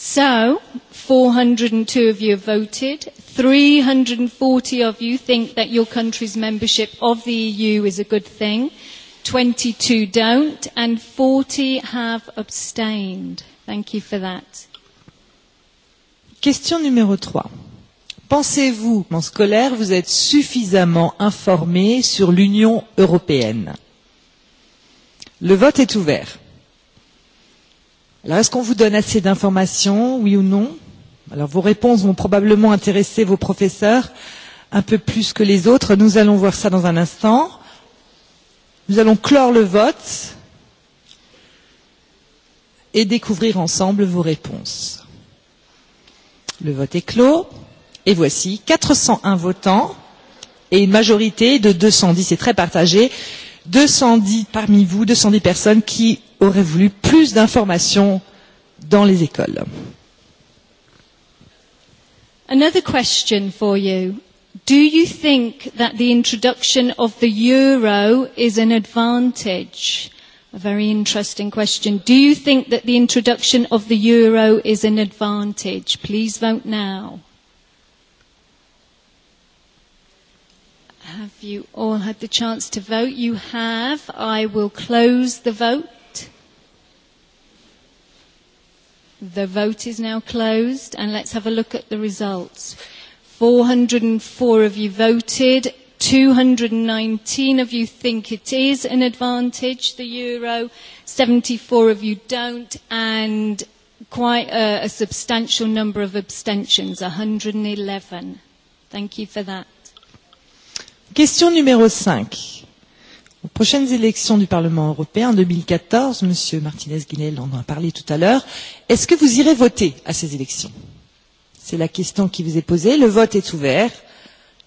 So, 402 of you have voted. 340 of you think that your country's membership of the EU is a good thing. 22 don't. And 40 have abstained. Thank you for that. Question numéro 3. Pensez-vous, mon scolaire, vous êtes suffisamment informé sur l'Union européenne Le vote est ouvert. Alors, est-ce qu'on vous donne assez d'informations, oui ou non Alors, vos réponses vont probablement intéresser vos professeurs un peu plus que les autres. Nous allons voir ça dans un instant. Nous allons clore le vote et découvrir ensemble vos réponses. Le vote est clos. Et voici 401 votants et une majorité de 210. C'est très partagé. 210 parmi vous, 210 personnes qui auraient voulu plus d'informations dans les écoles. Another question for you. Do you think that the introduction of the euro is an advantage? A very interesting question. Do you think that the introduction of the euro is an advantage? Please vote now. Have you all had the chance to vote? You have. I will close the vote. The vote is now closed, and let's have a look at the results. 404 of you voted. 219 of you think it is an advantage, the euro. 74 of you don't. And quite a, a substantial number of abstentions, 111. Thank you for that. Question numéro 5. Aux prochaines élections du Parlement européen en 2014, Monsieur Martinez-Guinel en a parlé tout à l'heure, est-ce que vous irez voter à ces élections C'est la question qui vous est posée. Le vote est ouvert.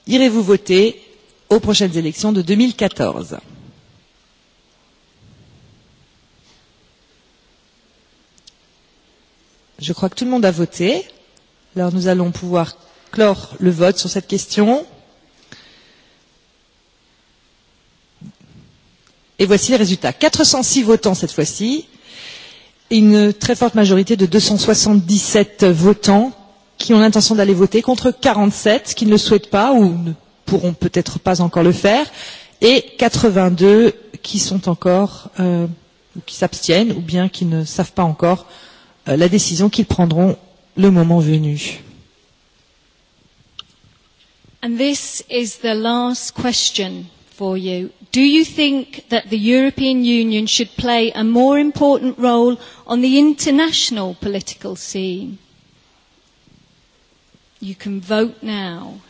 Irez-vous voter aux prochaines élections de 2014 Je crois que tout le monde a voté. Alors nous allons pouvoir clore le vote sur cette question. Et voici les résultats. 406 votants cette fois-ci. Une très forte majorité de 277 votants qui ont l'intention d'aller voter contre 47 qui ne le souhaitent pas ou ne pourront peut-être pas encore le faire et 82 qui sont encore euh, ou euh, qui s'abstiennent ou bien qui ne savent pas encore euh, la décision qu'ils prendront le moment venu. And this is the last question for you. Do you think that the European Union should play a more important role on the international political scene? You can vote now.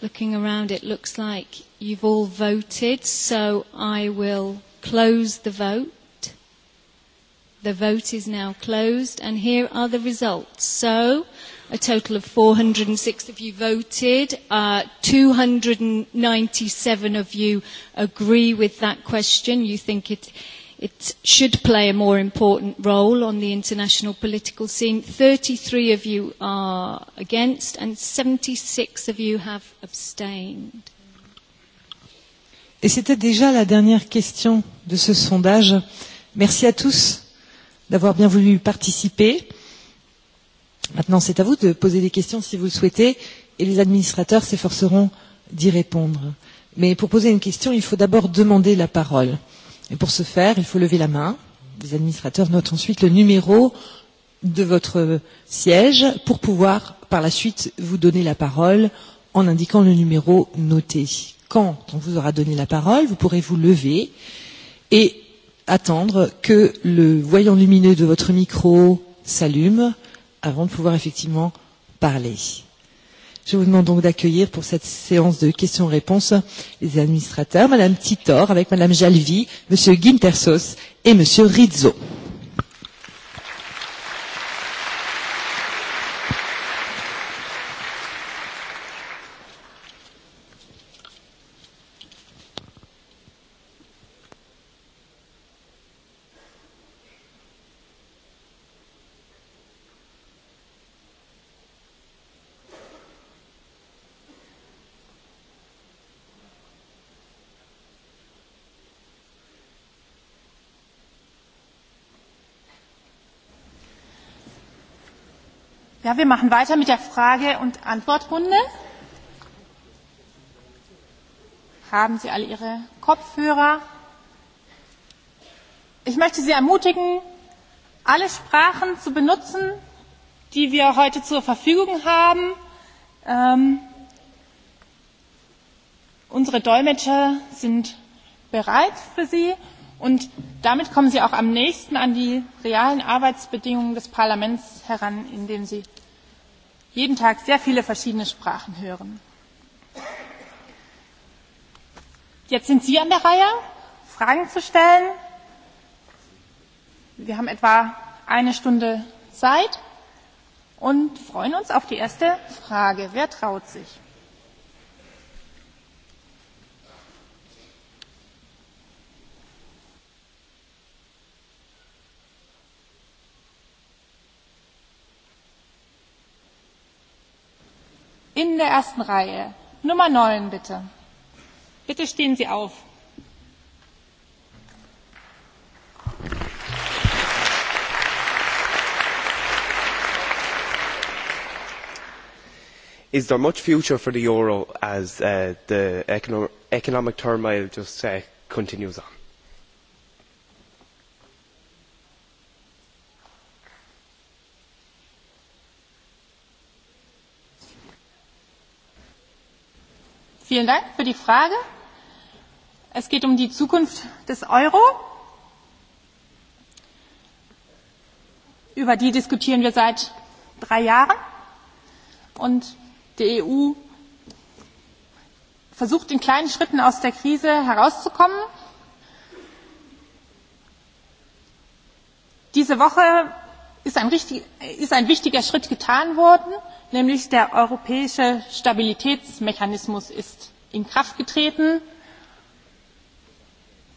Looking around, it looks like you've all voted, so I will close the vote. The vote is now closed, and here are the results. So, a total of 406 of you voted. Uh, 297 of you agree with that question. You think it, it should play a more important role on the international political scene. 33 of you are against, and 76 of you have abstained. Et c'était déjà la dernière question de ce sondage. Merci à tous d'avoir bien voulu participer. Maintenant, c'est à vous de poser des questions si vous le souhaitez, et les administrateurs s'efforceront d'y répondre. Mais pour poser une question, il faut d'abord demander la parole. Et pour ce faire, il faut lever la main. Les administrateurs notent ensuite le numéro de votre siège pour pouvoir, par la suite, vous donner la parole en indiquant le numéro noté. Quand on vous aura donné la parole, vous pourrez vous lever et attendre que le voyant lumineux de votre micro s'allume avant de pouvoir effectivement parler. Je vous demande donc d'accueillir pour cette séance de questions-réponses les administrateurs, Madame Titor avec Madame Jalvi, Monsieur Gintersos et Monsieur Rizzo. Ja, wir machen weiter mit der Frage- und Antwortrunde. Haben Sie alle Ihre Kopfhörer? Ich möchte Sie ermutigen, alle Sprachen zu benutzen, die wir heute zur Verfügung haben. Ähm, unsere Dolmetscher sind bereit für Sie und damit kommen Sie auch am nächsten an die realen Arbeitsbedingungen des Parlaments heran, indem Sie jeden Tag sehr viele verschiedene Sprachen hören. Jetzt sind Sie an der Reihe, Fragen zu stellen. Wir haben etwa eine Stunde Zeit und freuen uns auf die erste Frage. Wer traut sich? in der ersten Reihe, Nummer 9 bitte. Bitte stehen Sie auf. Is there much future for the euro as uh, the economic, economic turmoil just uh, continues on? Vielen Dank für die Frage. Es geht um die Zukunft des Euro. Über die diskutieren wir seit drei Jahren. Und die EU versucht in kleinen Schritten aus der Krise herauszukommen. Diese Woche ist ein, richtig, ist ein wichtiger Schritt getan worden nämlich der europäische stabilitätsmechanismus ist in kraft getreten.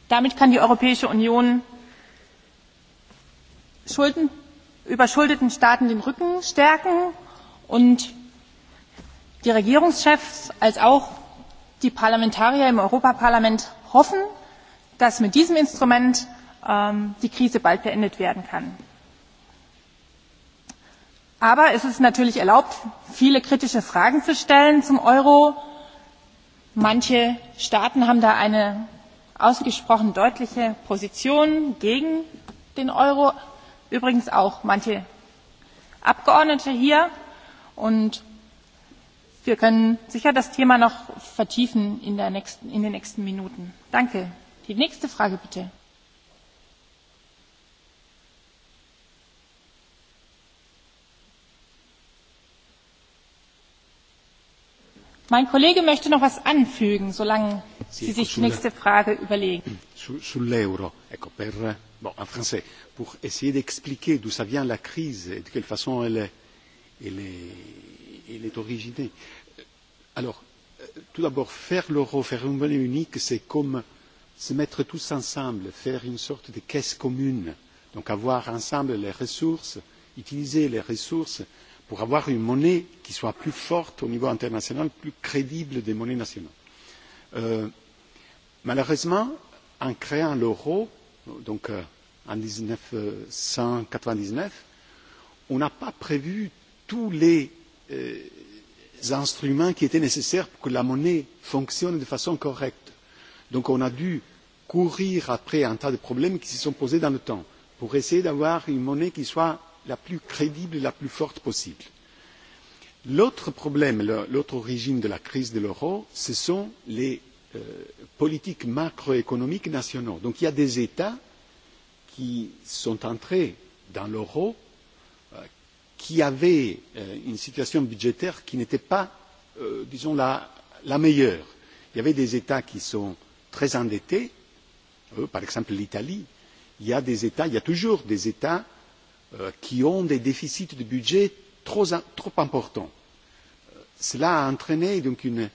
damit kann die europäische union überschuldeten staaten den rücken stärken und die regierungschefs als auch die parlamentarier im europäischen parlament hoffen dass mit diesem instrument ähm, die krise bald beendet werden kann. Aber es ist natürlich erlaubt, viele kritische Fragen zu stellen zum Euro. Manche Staaten haben da eine ausgesprochen deutliche Position gegen den Euro, übrigens auch manche Abgeordnete hier. Und wir können sicher das Thema noch vertiefen in, der nächsten, in den nächsten Minuten. Danke. Die nächste Frage bitte. mein kollege möchte noch etwas anfügen solange sie sich die nächste frage überlegen. sull'euro ecco per en français pour essayer d'expliquer d'où ça vient la crise et de quelle façon elle est elle est elle est originée. alors tout d'abord faire l'euro faire une monnaie unique c'est comme se mettre tous ensemble faire une sorte de caisse commune donc avoir ensemble les ressources utiliser les ressources pour avoir une monnaie qui soit plus forte au niveau international, plus crédible des monnaies nationales. Euh, malheureusement, en créant l'euro, donc euh, en 1999, on n'a pas prévu tous les euh, instruments qui étaient nécessaires pour que la monnaie fonctionne de façon correcte. Donc on a dû courir après un tas de problèmes qui se sont posés dans le temps pour essayer d'avoir une monnaie qui soit la plus crédible et la plus forte possible. L'autre problème, l'autre origine de la crise de l'euro, ce sont les euh, politiques macroéconomiques nationaux. Donc il y a des États qui sont entrés dans l'euro euh, qui avaient euh, une situation budgétaire qui n'était pas, euh, disons, la, la meilleure. Il y avait des États qui sont très endettés, euh, par exemple l'Italie. Il y a des États, il y a toujours des États Euh, qui ont des déficits de budget trop, trop importants. Euh, cela a entraîné donc une,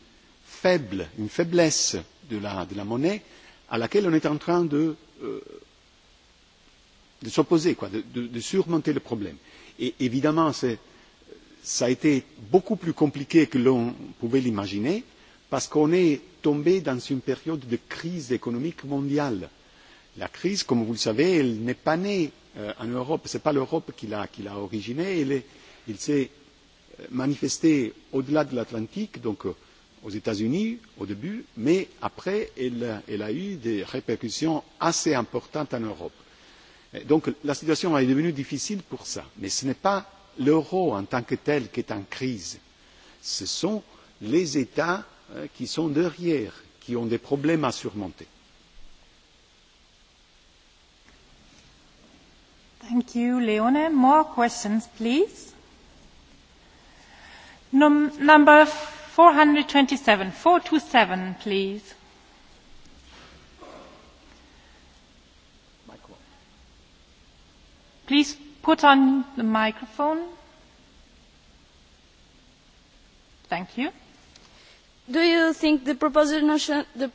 faible, une faiblesse de la, de la monnaie à laquelle on est en train de, euh, de s'opposer, quoi, de, de, de surmonter le problème. Et évidemment, c'est, ça a été beaucoup plus compliqué que l'on pouvait l'imaginer parce qu'on est tombé dans une période de crise économique mondiale. La crise, comme vous le savez, elle n'est pas née Euh, en Europe. Ce n'est pas l'Europe qui l'a, qui l'a originé. Il, est, il s'est euh, manifesté au-delà de l'Atlantique, donc euh, aux États-Unis au début, mais après, elle, elle a eu des répercussions assez importantes en Europe. Donc la situation est devenue difficile pour ça. Mais ce n'est pas l'euro en tant que tel qui est en crise. Ce sont les États qui sont derrière, qui ont des problèmes à surmonter. Thank you, Leone. More questions, please. Number 427. 427, please. Microphone. Please put on the microphone. Thank you. Do you think the proportional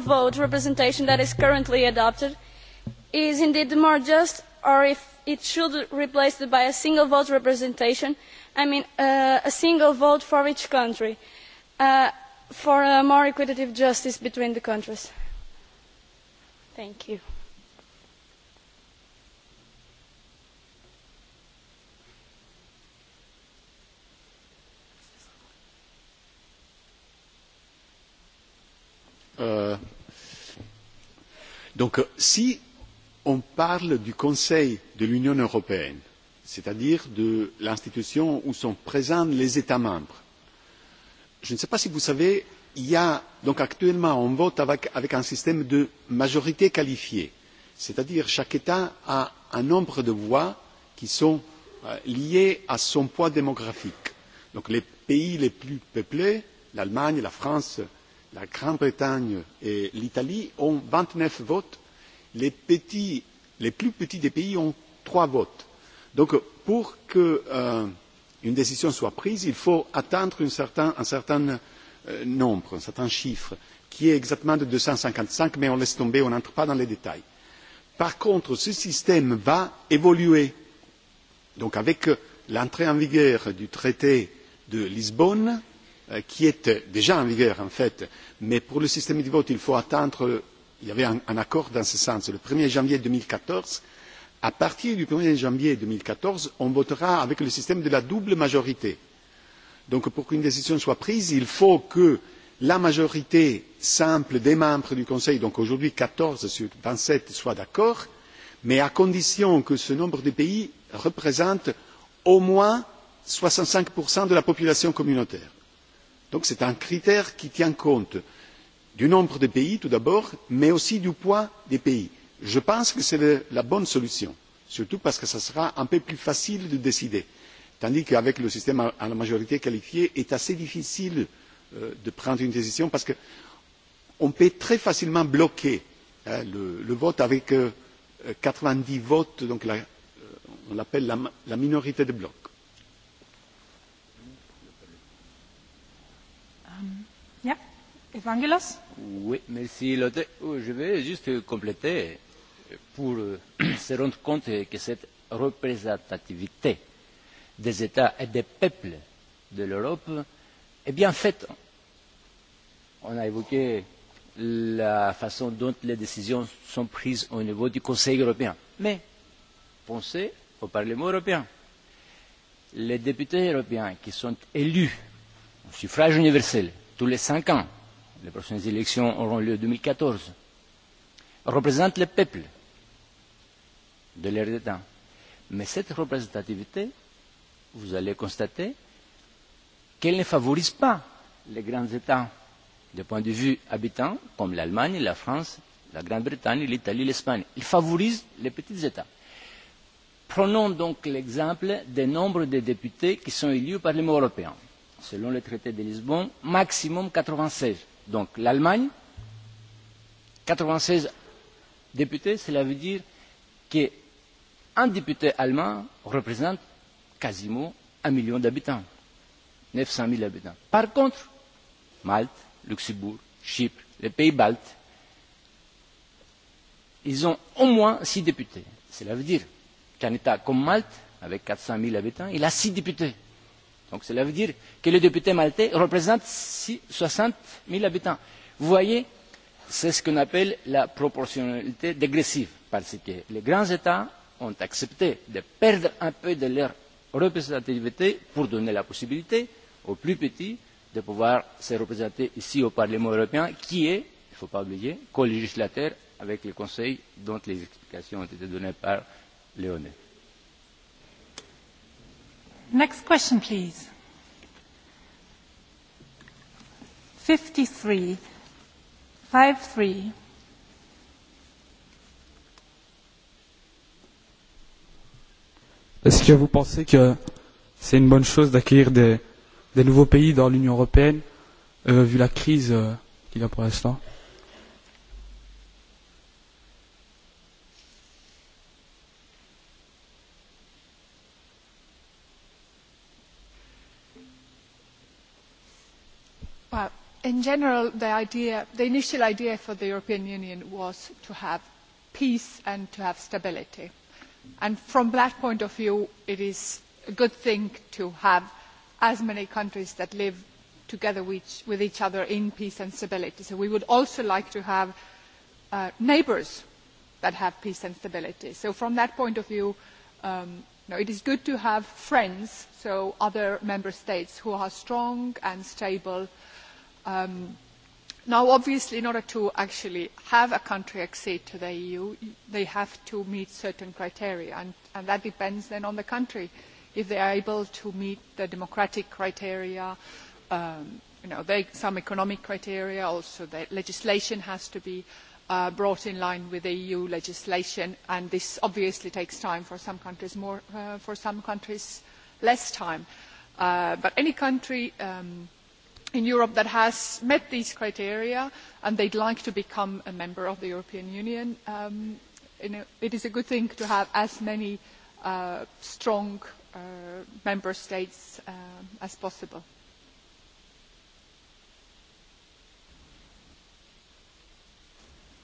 vote representation that is currently adopted is indeed more just or if it should be replaced by a single vote representation i mean uh, a single vote for each country uh, for a more equitable justice between the countries. thank you. Euh, donc euh, si on parle du Conseil de l'Union européenne, c'est-à-dire de l'institution où sont présents les États membres. Je ne sais pas si vous savez, il y a donc actuellement un vote avec, avec un système de majorité qualifiée, c'est-à-dire chaque État a un nombre de voix qui sont euh, liées à son poids démographique. Donc les pays les plus peuplés, l'Allemagne, la France, la Grande-Bretagne et l'Italie ont 29 votes les plus petits des pays ont trois votes. donc pour qu'une euh, décision soit prise il faut atteindre un certain euh, nombre un certain chiffre qui est exactement de deux cent cinquante cinq mais on laisse tomber on n'entre pas dans les détails. par contre ce système va évoluer donc avec euh, l'entrée en vigueur du traité de lisbonne qui est déjà en vigueur en fait mais pour le système de vote il faut atteindre il y avait un, un accord dans ce sens. Le 1er janvier 2014, à partir du 1er janvier 2014, on votera avec le système de la double majorité. Donc pour qu'une décision soit prise, il faut que la majorité simple des membres du Conseil, donc aujourd'hui 14 sur 27, soit d'accord, mais à condition que ce nombre de pays représente au moins 65% de la population communautaire. Donc c'est un critère qui tient compte du nombre de pays tout d'abord mais aussi du poids des pays. je pense que c'est la bonne solution surtout parce que ce sera un peu plus facile de décider tandis qu'avec le système à la majorité qualifiée il est assez difficile euh, de prendre une décision parce qu'on peut très facilement bloquer le vote avec euh, quatre vingt dix votes euh, on appelle la minorité de Evangelos. Oui, merci. Oh, je vais juste compléter pour euh, (clears throat) se rendre compte que cette représentativité des États et des peuples de l'Europe est bien faite. On a évoqué la façon dont les décisions sont prises au niveau du Conseil européen. Mais pensez au Parlement européen. Les députés européens qui sont élus au suffrage universel tous les cinq ans, les prochaines élections auront lieu en 2014, représente le peuple de l'Erdétan. Mais cette représentativité, vous allez constater qu'elle ne favorise pas les grands États du point de vue habitant, comme l'Allemagne, la France, la Grande-Bretagne, l'Italie, l'Espagne. Il favorise les petits États. Prenons donc l'exemple des nombres de députés qui sont élus au Parlement européen. Selon le traité de Lisbonne, maximum 96 donc l'Allemagne, 96 députés, cela veut dire qu'un député allemand représente quasiment un million d'habitants, 900 000 habitants. Par contre, Malte, Luxembourg, Chypre, les Pays-Baltes, ils ont au moins 6 députés. Cela veut dire qu'un État comme Malte, avec 400 000 habitants, il a 6 députés. Donc cela veut dire que le député maltais représente 60 000 habitants. Vous voyez, c'est ce qu'on appelle la proportionnalité dégressive, parce que les grands États ont accepté de perdre un peu de leur représentativité pour donner la possibilité aux plus petits de pouvoir se représenter ici au Parlement européen, qui est, il ne faut pas oublier, co-législateur avec le Conseil, dont les explications ont été données par Léonet next question please 53 53 Est-ce que vous pensez que c'est une bonne chose d'accueillir des, des nouveaux pays dans l'Union européenne euh, vu la crise euh, qu'il y a pour l'instant general, the idea, the initial idea for the European Union was to have peace and to have stability. And from that point of view, it is a good thing to have as many countries that live together with, with each other in peace and stability. So we would also like to have uh, neighbours that have peace and stability. So from that point of view, um, no, it is good to have friends, so other member states who are strong and stable. Um, now, obviously, in order to actually have a country accede to the EU, they have to meet certain criteria, and, and that depends then on the country. If they are able to meet the democratic criteria, um, you know, they, some economic criteria, also the legislation has to be uh, brought in line with the EU legislation, and this obviously takes time for some countries more, uh, for some countries less time. Uh, but any country. Um, in Europe that has met these criteria and they'd like to become a member of the European Union. Um, in a, it is a good thing to have as many uh, strong uh, member states um, as possible.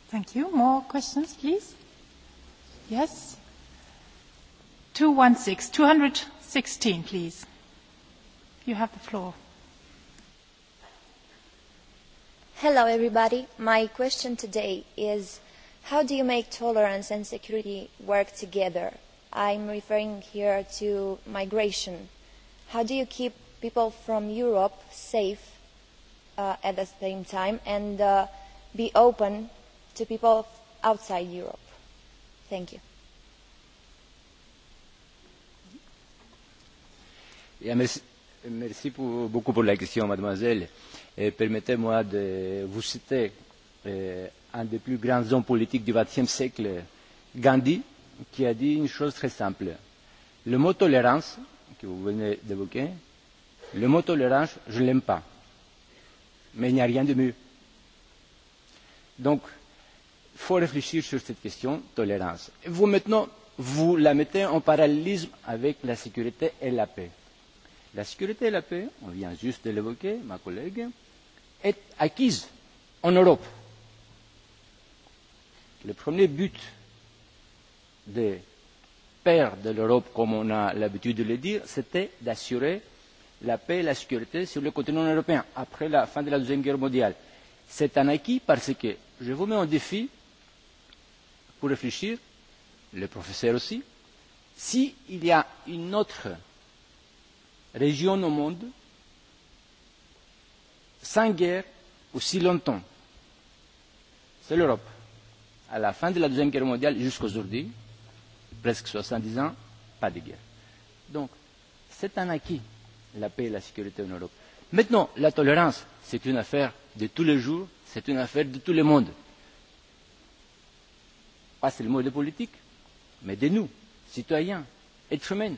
Thank you. More questions, please? Yes? 216, 216, please. You have the floor. Hello, everybody. My question today is how do you make tolerance and security work together? I'm referring here to migration. How do you keep people from Europe safe uh, at the same time and uh, be open to people outside Europe? Thank you. Yeah, merci, merci beaucoup pour la question, mademoiselle. Uh, Et permettez-moi de vous citer euh, un des plus grands hommes politiques du XXe siècle, Gandhi, qui a dit une chose très simple. Le mot tolérance, que vous venez d'évoquer, le mot tolérance, je ne l'aime pas. Mais il n'y a rien de mieux. Donc, il faut réfléchir sur cette question, tolérance. Et vous, maintenant, vous la mettez en parallélisme avec la sécurité et la paix. La sécurité et la paix, on vient juste de l'évoquer, ma collègue, est acquise en Europe. Le premier but des pères de l'Europe, comme on a l'habitude de le dire, c'était d'assurer la paix et la sécurité sur le continent européen après la fin de la Deuxième Guerre mondiale. C'est un acquis parce que je vous mets en défi pour réfléchir, le professeur aussi, s'il si y a une autre région au monde sans guerre aussi longtemps. C'est l'Europe. À la fin de la Deuxième Guerre mondiale jusqu'à aujourd'hui, presque 70 ans, pas de guerre. Donc, c'est un acquis, la paix et la sécurité en Europe. Maintenant, la tolérance, c'est une affaire de tous les jours, c'est une affaire de tout le monde. Pas seulement des politiques, mais de nous, citoyens, êtres humains.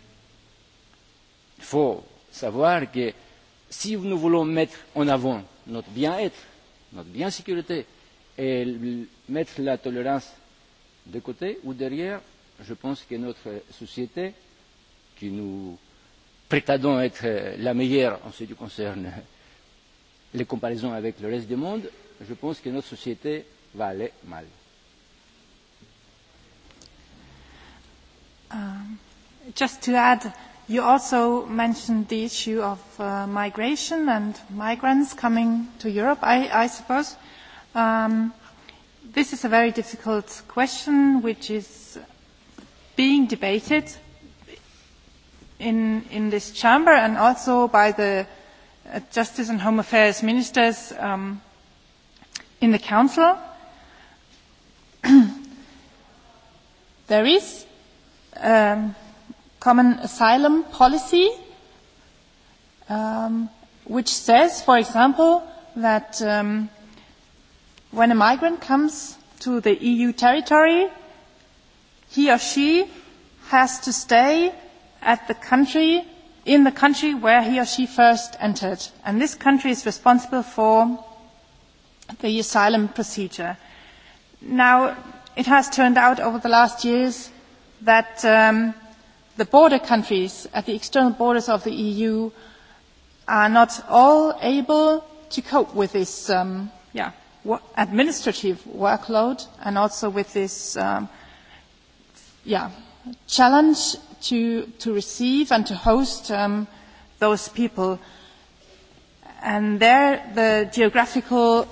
Il faut savoir que si nous voulons mettre en avant notre bien-être, notre bien-sécurité, et mettre la tolérance de côté ou derrière, je pense que notre société, qui nous prétendons être la meilleure en ce qui concerne les comparaisons avec le reste du monde, je pense que notre société va aller mal. Uh, just to add, You also mentioned the issue of uh, migration and migrants coming to Europe, I, I suppose. Um, this is a very difficult question which is being debated in, in this chamber and also by the uh, Justice and Home Affairs Ministers um, in the Council. (clears throat) there is um, common asylum policy, um, which says, for example, that um, when a migrant comes to the EU territory, he or she has to stay at the country, in the country where he or she first entered. And this country is responsible for the asylum procedure. Now, it has turned out over the last years that um, the border countries at the external borders of the EU are not all able to cope with this um, yeah, w- administrative workload and also with this um, yeah, challenge to, to receive and to host um, those people. And there, the geographical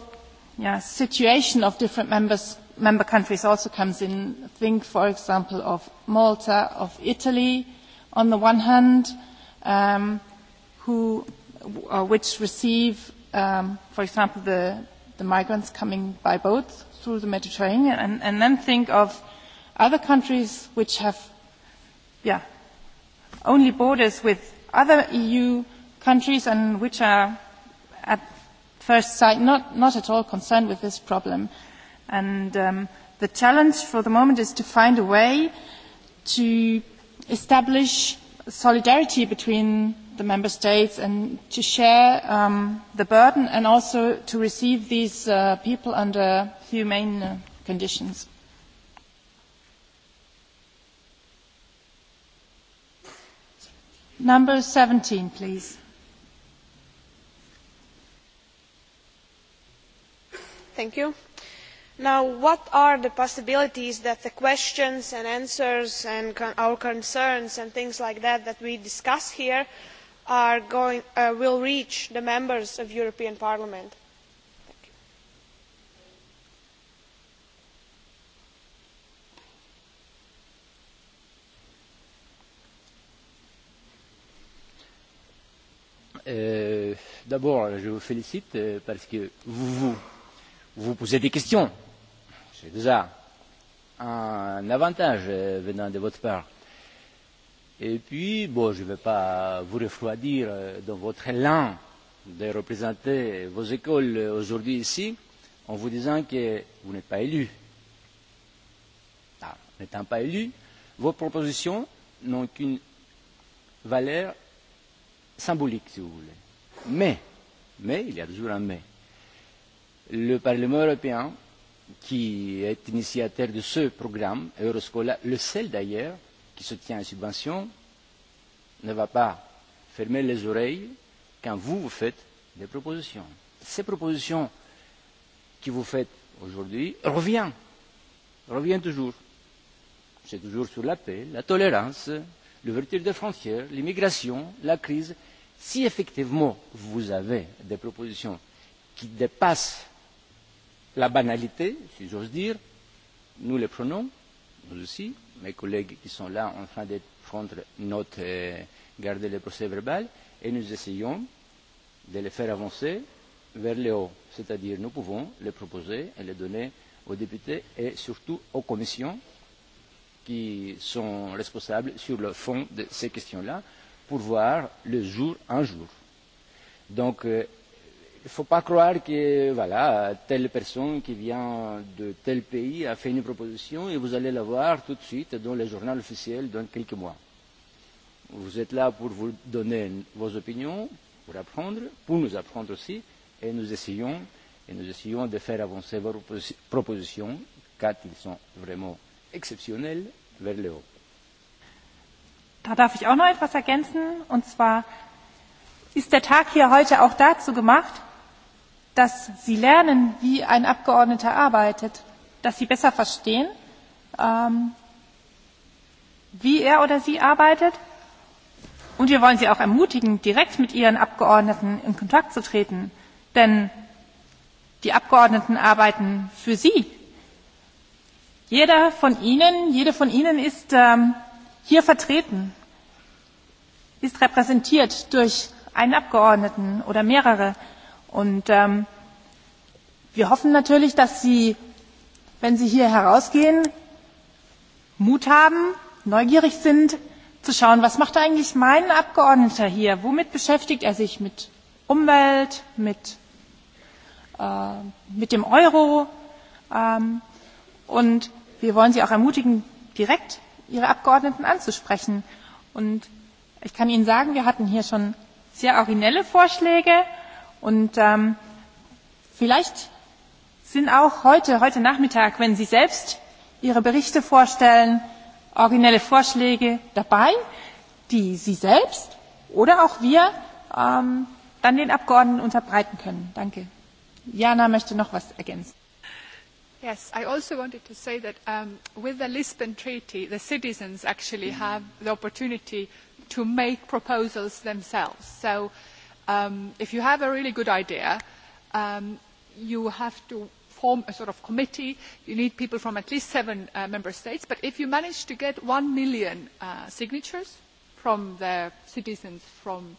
yeah, situation of different members member countries also comes in. Think, for example, of Malta, of Italy, on the one hand, um, who, uh, which receive, um, for example, the, the migrants coming by boat through the Mediterranean, and, and then think of other countries which have, yeah, only borders with other EU countries and which are at first sight not, not at all concerned with this problem and um, the challenge for the moment is to find a way to establish solidarity between the member states and to share um, the burden and also to receive these uh, people under humane uh, conditions. Number 17, please. Thank you what are the possibilities that the questions and answers and our concerns and things like that that we discuss here uh, will reach the members of the european parliament? Euh, d'abord je vous félicite euh, parce que vous vous posez des questions c'est déjà un avantage venant de votre part. Et puis, bon, je ne vais pas vous refroidir euh, dans votre élan de représenter vos écoles euh, aujourd'hui ici en vous disant que vous n'êtes pas élu. Ah, n'étant pas élu, vos propositions n'ont qu'une valeur symbolique, si vous voulez. Mais, mais, il y a toujours un mais, le Parlement européen qui est initiateur de ce programme Euroscola, le seul d'ailleurs qui se tient à subvention, ne va pas fermer les oreilles quand vous vous faites des propositions. Ces propositions que vous faites aujourd'hui reviennent, reviennent toujours. C'est toujours sur la paix, la tolérance, l'ouverture des frontières, l'immigration, la crise. Si effectivement vous avez des propositions qui dépassent la banalité si j'ose dire nous les prenons nous aussi mes collègues qui sont là en train de prendre note et garder le procès verbal et nous essayons de les faire avancer vers le haut c'est à dire nous pouvons les proposer et les donner aux députés et surtout aux commissions qui sont responsables sur le fond de ces questions là pour voir le jour un jour. donc euh, il ne faut pas croire que voilà, telle personne qui vient de tel pays a fait une proposition et vous allez la voir tout de suite dans le journal officiel dans quelques mois. Vous êtes là pour vous donner vos opinions, pour apprendre, pour nous apprendre aussi, et nous essayons, et nous essayons de faire avancer vos propositions, quand ils sont vraiment exceptionnels, vers le haut. Da darf ich auch noch etwas ergänzen, und zwar ist der Tag hier heute auch dazu gemacht, dass sie lernen wie ein abgeordneter arbeitet dass sie besser verstehen ähm, wie er oder sie arbeitet und wir wollen sie auch ermutigen direkt mit ihren abgeordneten in kontakt zu treten denn die abgeordneten arbeiten für sie. jeder von ihnen jede von ihnen ist ähm, hier vertreten ist repräsentiert durch einen abgeordneten oder mehrere und ähm, wir hoffen natürlich, dass Sie, wenn Sie hier herausgehen, Mut haben, neugierig sind, zu schauen, was macht eigentlich mein Abgeordneter hier? Womit beschäftigt er sich mit Umwelt, mit, äh, mit dem Euro? Ähm, und wir wollen Sie auch ermutigen, direkt Ihre Abgeordneten anzusprechen. Und ich kann Ihnen sagen, wir hatten hier schon sehr originelle Vorschläge. Und ähm, vielleicht sind auch heute, heute Nachmittag, wenn Sie selbst Ihre Berichte vorstellen, originelle Vorschläge dabei, die Sie selbst oder auch wir ähm, dann den Abgeordneten unterbreiten können. Danke. Jana möchte noch was ergänzen. Yes, I also wanted to say that um, with the Lisbon Treaty, the citizens actually have the opportunity to make proposals themselves. So, um, if you have a really good idea, um, you have to form a sort of committee. You need people from at least seven uh, member states. But if you manage to get one million uh, signatures from the citizens from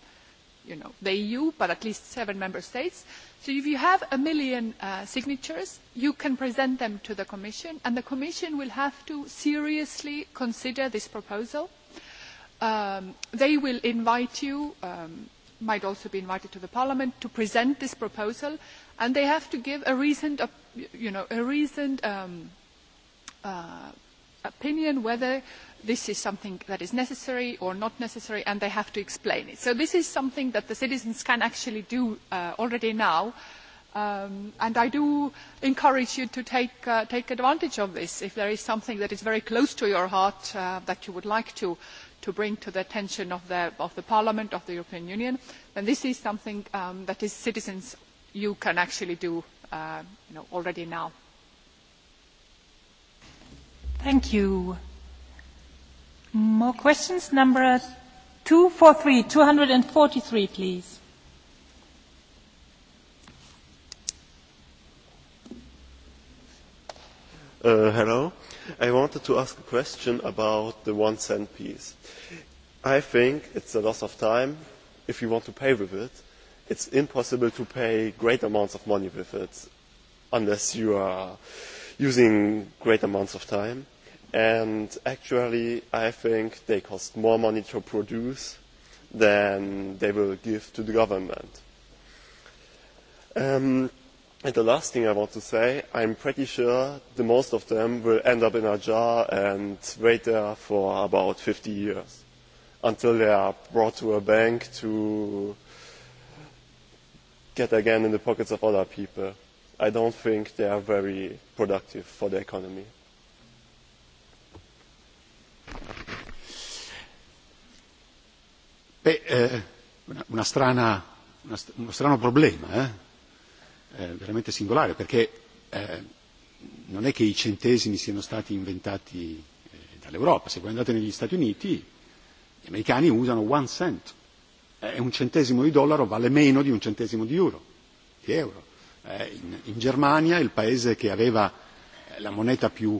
you know, the EU, but at least seven member states, so if you have a million uh, signatures, you can present them to the Commission, and the Commission will have to seriously consider this proposal. Um, they will invite you um, might also be invited to the parliament to present this proposal and they have to give a reasoned you know a reasoned um, uh, opinion whether this is something that is necessary or not necessary and they have to explain it so this is something that the citizens can actually do uh, already now um, and I do encourage you to take, uh, take advantage of this if there is something that is very close to your heart uh, that you would like to uh, to bring to the attention of the, of the Parliament, of the European Union. And this is something um, that is citizens, you can actually do uh, you know, already now. Thank you. More questions? Number 243, 243, please. Uh, hello. Uh, I wanted to ask a question about the one cent piece. I think it's a loss of time if you want to pay with it. It's impossible to pay great amounts of money with it unless you are using great amounts of time. And actually, I think they cost more money to produce than they will give to the government. Um, the last thing i want to say i am pretty sure that most of them will end up in a jar and wait there for about 50 years until they are brought to a bank to get again in the pockets of other people i don't think they are very productive for the economy Beh, eh, una strana, una, uno strano problema, eh? Eh, veramente singolare perché eh, non è che i centesimi siano stati inventati eh, dall'Europa. Se voi andate negli Stati Uniti, gli americani usano one cent. Eh, un centesimo di dollaro vale meno di un centesimo di euro. Di euro. Eh, in, in Germania, il paese che aveva eh, la moneta più,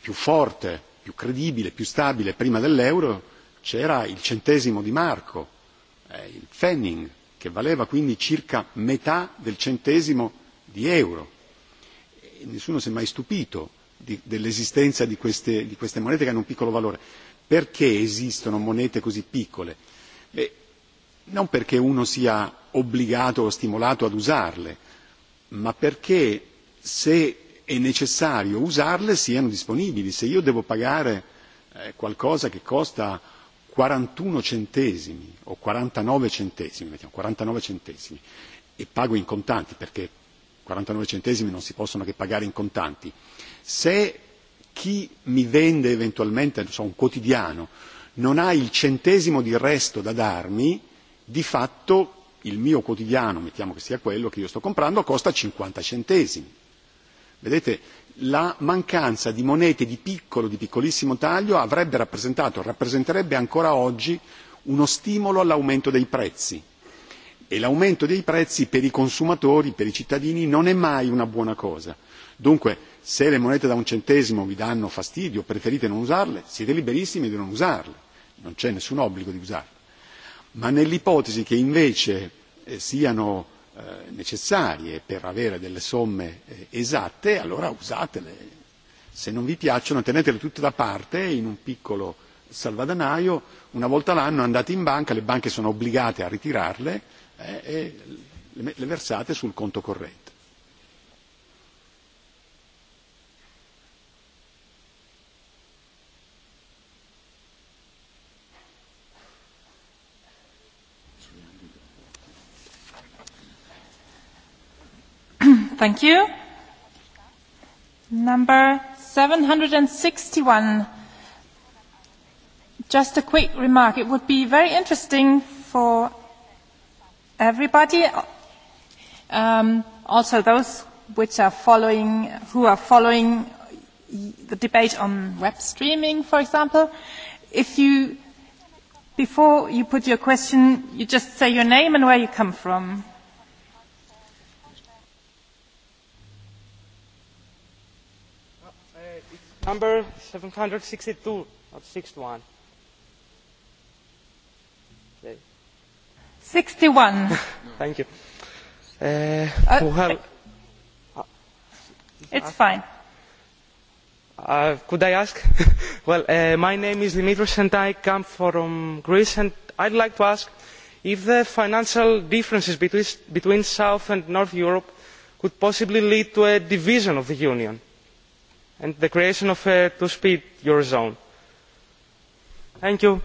più forte, più credibile, più stabile prima dell'euro, c'era il centesimo di Marco, eh, il Pfennig che valeva quindi circa metà del centesimo di euro. E nessuno si è mai stupito di, dell'esistenza di queste, di queste monete che hanno un piccolo valore. Perché esistono monete così piccole? Beh, non perché uno sia obbligato o stimolato ad usarle, ma perché se è necessario usarle siano disponibili. Se io devo pagare eh, qualcosa che costa 41 centesimi o 49 centesimi, mettiamo 49 centesimi, e pago in contanti perché 49 centesimi non si possono che pagare in contanti, se chi mi vende eventualmente so, un quotidiano non ha il centesimo di resto da darmi, di fatto il mio quotidiano, mettiamo che sia quello che io sto comprando, costa 50 centesimi vedete la mancanza di monete di piccolo di piccolissimo taglio avrebbe rappresentato rappresenterebbe ancora oggi uno stimolo all'aumento dei prezzi e l'aumento dei prezzi per i consumatori per i cittadini non è mai una buona cosa dunque se le monete da un centesimo vi danno fastidio preferite non usarle siete liberissimi di non usarle non c'è nessun obbligo di usarle ma nell'ipotesi che invece eh, siano Eh, necessarie per avere delle somme eh, esatte, allora usatele. Se non vi piacciono, tenetele tutte da parte in un piccolo salvadanaio. Una volta l'anno andate in banca, le banche sono obbligate a ritirarle eh, e le versate sul conto corrente. thank you. Number 761. Just a quick remark. It would be very interesting for everybody, um, also those which are following, who are following the debate on web streaming, for example, if you, before you put your question, you just say your name and where you come from. number seven hundred sixty two not sixty one sixty one (laughs) thank you uh, uh, well, it's uh, fine uh, could I ask? (laughs) well, uh, my name is Dimitris and I come from Greece and I'd like to ask if the financial differences between, between South and North Europe could possibly lead to a division of the Union and the creation of a uh, two speed eurozone. Thank you.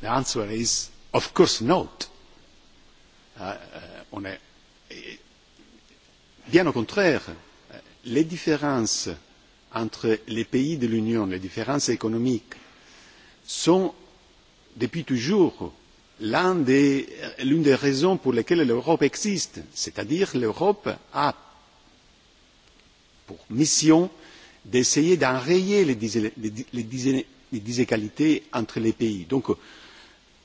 The answer is, of course, not. Uh, uh, on est eh, bien au contraire. Eh, les différences entre les pays de l'Union, les différences économiques, sont depuis toujours l'une des raisons pour lesquelles l'europe existe c'est à dire que l'europe a pour mission d'essayer d'enrayer les inégalités entre les pays donc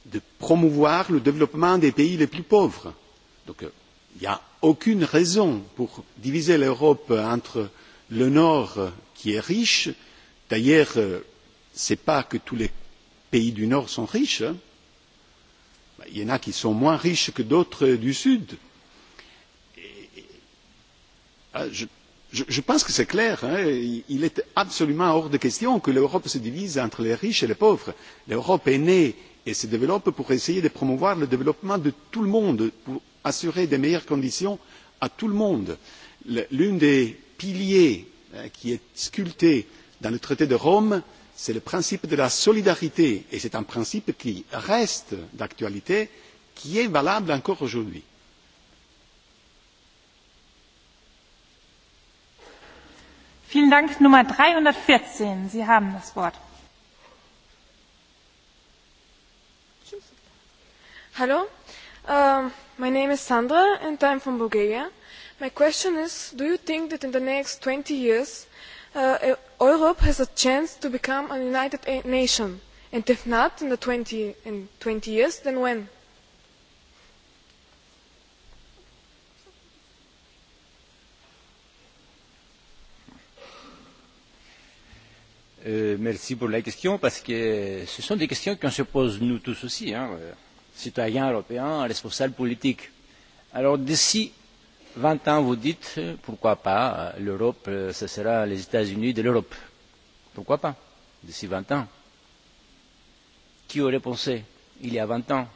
de promouvoir le développement des pays les plus pauvres. il n'y a aucune raison de diviser l'europe entre le nord qui est riche d'ailleurs ce n'est pas que tous les pays du nord sont riches Il y en a qui sont moins riches que d'autres euh, du Sud. Ah, je, je, je pense que c'est clair. Hein. Il est absolument hors de question que l'Europe se divise entre les riches et les pauvres. L'Europe est née et se développe pour essayer de promouvoir le développement de tout le monde, pour assurer des meilleures conditions à tout le monde. L'une des piliers qui est sculpté dans le traité de Rome, euh, c'est le principe de la solidarité et c'est un principe qui reste d'actualité qui est valable encore aujourd'hui. Vielen Dank Nummer 314 Sie haben das Wort. Hello. Um, uh, my name is Sandra and I'm from Bulgaria. My question is do you think that in the next 20 years Uh, e- europe has a chance to become a united nation and if not in twenty years then when? Euh, merci pour la question parce que ce sont des questions qu'on se pose nous tous aussi, hein, euh, citoyens européens, responsables politiques. Alors d'ici 20 ans, vous dites, pourquoi pas, l'Europe, euh, ce sera les États-Unis de l'Europe. Pourquoi pas, d'ici 20 ans Qui aurait pensé, il y a 20 ans,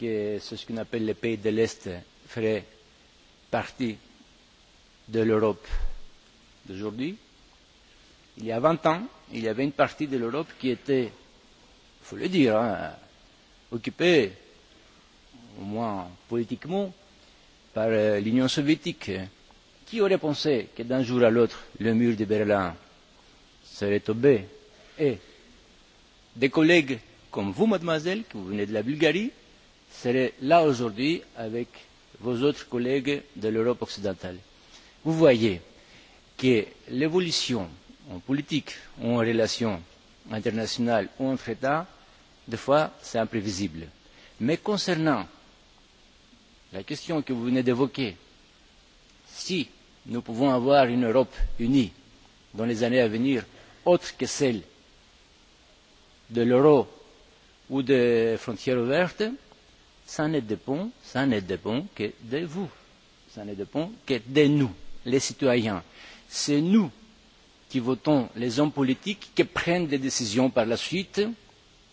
que ce qu'on appelle les pays de l'Est ferait partie de l'Europe d'aujourd'hui Il y a 20 ans, il y avait une partie de l'Europe qui était, il faut le dire, hein, occupée, au moins politiquement, par euh, l'Union soviétique. Qui aurait pensé que d'un jour à l'autre, le mur de Berlin serait tombé Et des collègues comme vous, mademoiselle, qui venez de la Bulgarie, seraient là aujourd'hui avec vos autres collègues de l'Europe occidentale. Vous voyez que l'évolution en politique ou en relation internationale ou entre États, des fois, c'est imprévisible. Mais concernant la question que vous venez d'évoquer, si nous pouvons avoir une Europe unie dans les années à venir, autre que celle de l'euro ou des frontières ouvertes, ça ne dépend, ça ne dépend que de vous, ça ne dépend que de nous, les citoyens. C'est nous qui votons les hommes politiques qui prennent des décisions par la suite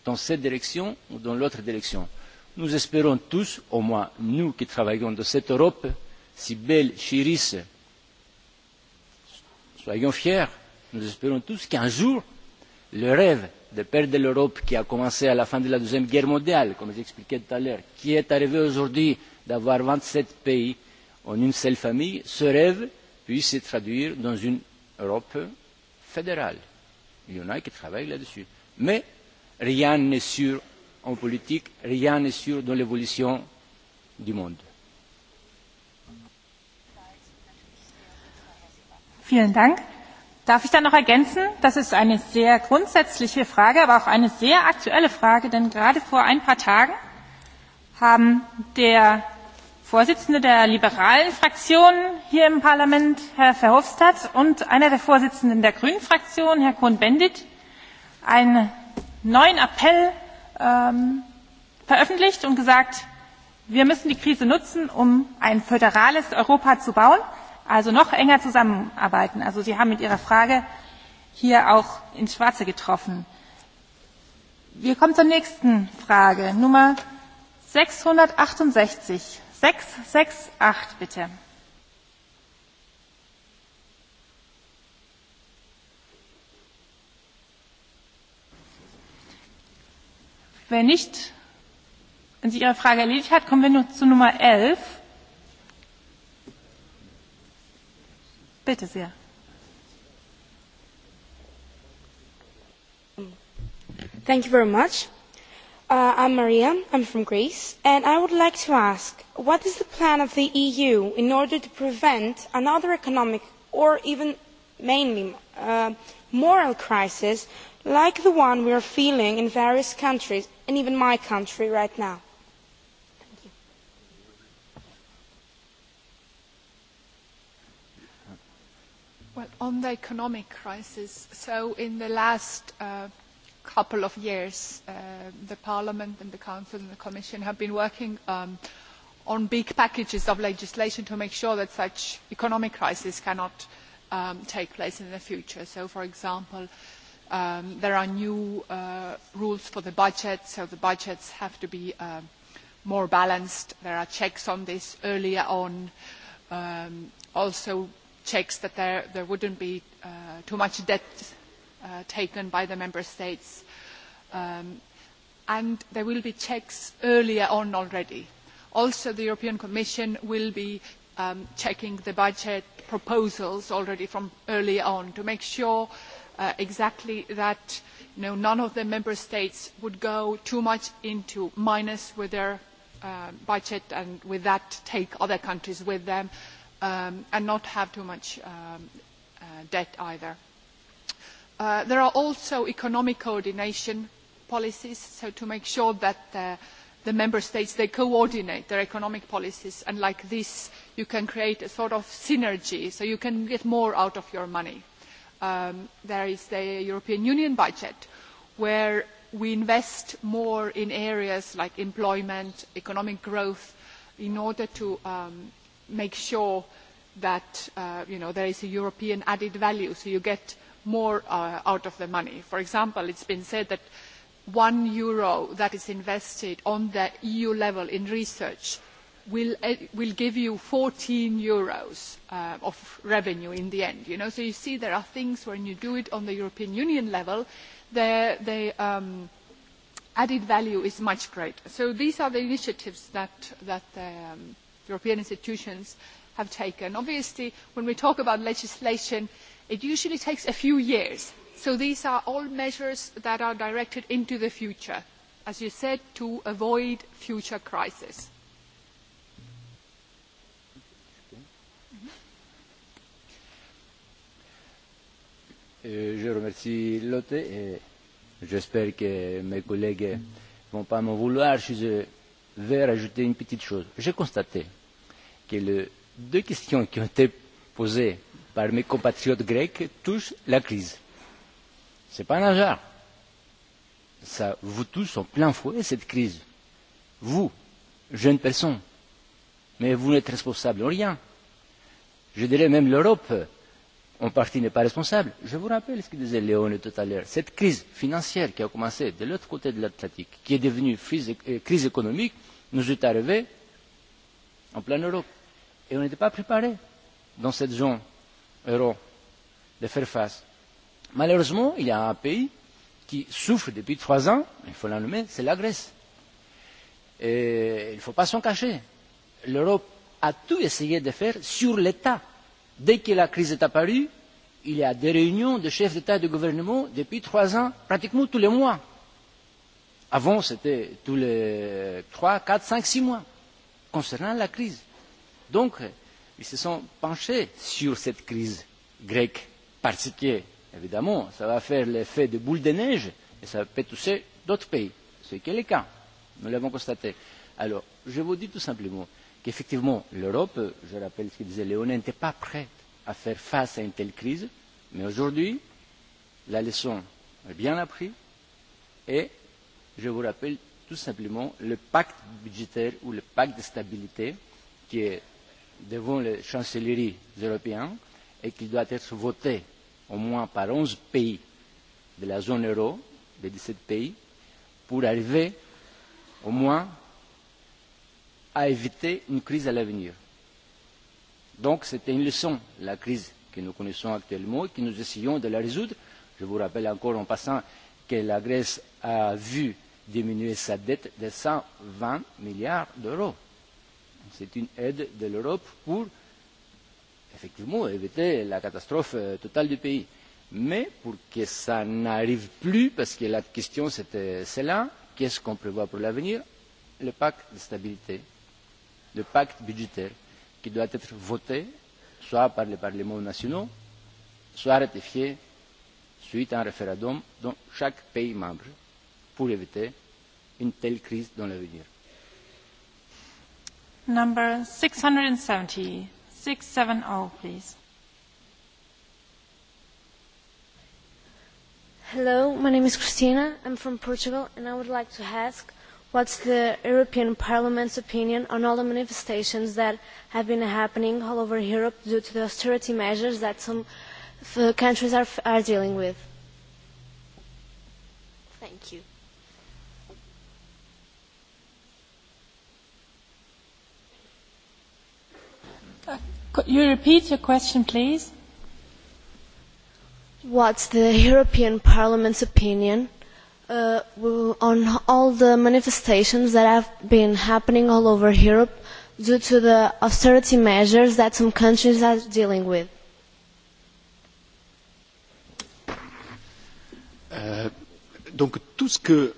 dans cette direction ou dans l'autre direction nous espérons tous, au moins nous qui travaillons dans cette Europe, si belle, chérisse, soyons fiers, nous espérons tous qu'un jour, le rêve de père de l'Europe qui a commencé à la fin de la Deuxième Guerre mondiale, comme j'expliquais tout à l'heure, qui est arrivé aujourd'hui d'avoir 27 pays en une seule famille, ce rêve puisse se traduire dans une Europe fédérale. Il y en a qui travaillent là-dessus. Mais rien n'est sûr en politique, rien n'est sûr dans l'évolution du monde. Vielen Dank. Darf ich da noch ergänzen? Das ist eine sehr grundsätzliche Frage, aber auch eine sehr aktuelle Frage, denn gerade vor ein paar Tagen haben der Vorsitzende der liberalen Fraktion hier im Parlament, Herr Verhofstadt, und einer der Vorsitzenden der Grünen Fraktion, Herr Cohn-Bendit, einen neuen Appell ähm, veröffentlicht und gesagt, wir müssen die Krise nutzen, um ein föderales Europa zu bauen, also noch enger zusammenarbeiten. Also Sie haben mit Ihrer Frage hier auch ins Schwarze getroffen. Wir kommen zur nächsten Frage, Nummer 668. 668 bitte. Wenn nicht, wenn sich Ihre Frage erledigt hat, kommen wir nun zu Nummer 11. Bitte sehr. Thank you very much. Uh, I'm Maria. I'm from Greece, and I would like to ask: What is the plan of the EU in order to prevent another economic, or even mainly uh, moral crisis like the one we are feeling in various countries and even my country right now. Well, on the economic crisis, so in the last uh, couple of years, uh, the Parliament and the Council and the Commission have been working um, on big packages of legislation to make sure that such economic crisis cannot um, take place in the future. So, for example, um, there are new uh, rules for the budget, so the budgets have to be uh, more balanced. There are checks on this earlier on, um, also checks that there, there wouldn't be uh, too much debt uh, taken by the member states. Um, and there will be checks earlier on already. Also, the European Commission will be um, checking the budget proposals already from early on to make sure uh, exactly that you know, none of the member states would go too much into minus with their uh, budget and with that take other countries with them um, and not have too much um, uh, debt either. Uh, there are also economic coordination policies, so to make sure that the, the member states, they coordinate their economic policies and like this you can create a sort of synergy so you can get more out of your money um, there is the European Union budget, where we invest more in areas like employment, economic growth, in order to um, make sure that uh, you know, there is a European added value, so you get more uh, out of the money. For example, it's been said that one euro that is invested on the EU level in research will uh, will give you 14 euros uh, of revenue in the end. You know, so you see there are things when you do it on the European Union level, the the um, added value is much greater. So these are the initiatives that that the um, European institutions have taken. Obviously, when we talk about legislation, it usually takes a few years. So these are all measures that are directed into the future, as you said, to avoid future crises. je remercie l'hôte et j'espère que mes collègues ne vont pas m'en vouloir si je vais rajouter une petite chose. J'ai constaté que les deux questions qui ont été posées par mes compatriotes grecs touchent la crise. Ce n'est pas un hasard. Ça vous touche en plein fouet, cette crise. Vous, jeune personne, mais vous n'êtes responsable en rien. Je dirais même l'Europe en partie n'est pas responsable. Je vous rappelle ce que disait Léone tout à l'heure. Cette crise financière qui a commencé de l'autre côté de l'Atlantique, qui est devenue euh, crise économique, nous est arrivée en pleine Europe. Et on n'était pas préparé dans cette zone euro de faire face. Malheureusement, il y a un pays qui souffre depuis trois ans, il faut la nommer, c'est la Grèce. Et il ne faut pas s'en cacher. L'Europe a tout essayé de faire sur l'État dès que la crise est apparue il y a des réunions de chefs d'état et de gouvernement depuis trois ans pratiquement tous les mois. avant c'était tous les trois quatre cinq six mois concernant la crise. donc ils se sont penchés sur cette crise grecque parce que évidemment ça va faire l'effet de boule de neige et ça peut toucher d'autres pays ce qui est le cas nous l'avons constaté. alors je vous dis tout simplement qu'effectivement l'europe je rappelle ce que disait léonie n'était pas prête à faire face à une telle crise mais aujourd'hui la leçon est bien apprise et je vous rappelle tout simplement le pacte budgétaire ou le pacte de stabilité qui est devant les chancelleries européennes et qui doit être voté au moins par onze pays de la zone euro des dix sept pays pour arriver au moins à éviter une crise à l'avenir. Donc c'était une leçon, la crise que nous connaissons actuellement et que nous essayons de la résoudre. Je vous rappelle encore en passant que la Grèce a vu diminuer sa dette de 120 milliards d'euros. C'est une aide de l'Europe pour effectivement éviter la catastrophe euh, totale du pays. Mais pour que ça n'arrive plus, parce que la question c'était celle-là, qu'est-ce qu'on prévoit pour l'avenir Le pacte de stabilité de pacte budgétaire qui doit être voté soit par les parlements nationaux, soit ratifié suite à un référendum dans chaque pays membre pour éviter une telle crise dans l'avenir. Number 670, 670, please. Hello, my name is Christina. I'm from Portugal and I would like to ask what is the european parliament's opinion on all the manifestations that have been happening all over europe due to the austerity measures that some countries are dealing with? Uh, Could you repeat your question, please? What's the European Parliament's opinion Uh, on all the manifestations that have been happening all over Europe due to the austerity measures that some countries are dealing with. Uh, donc tout ce que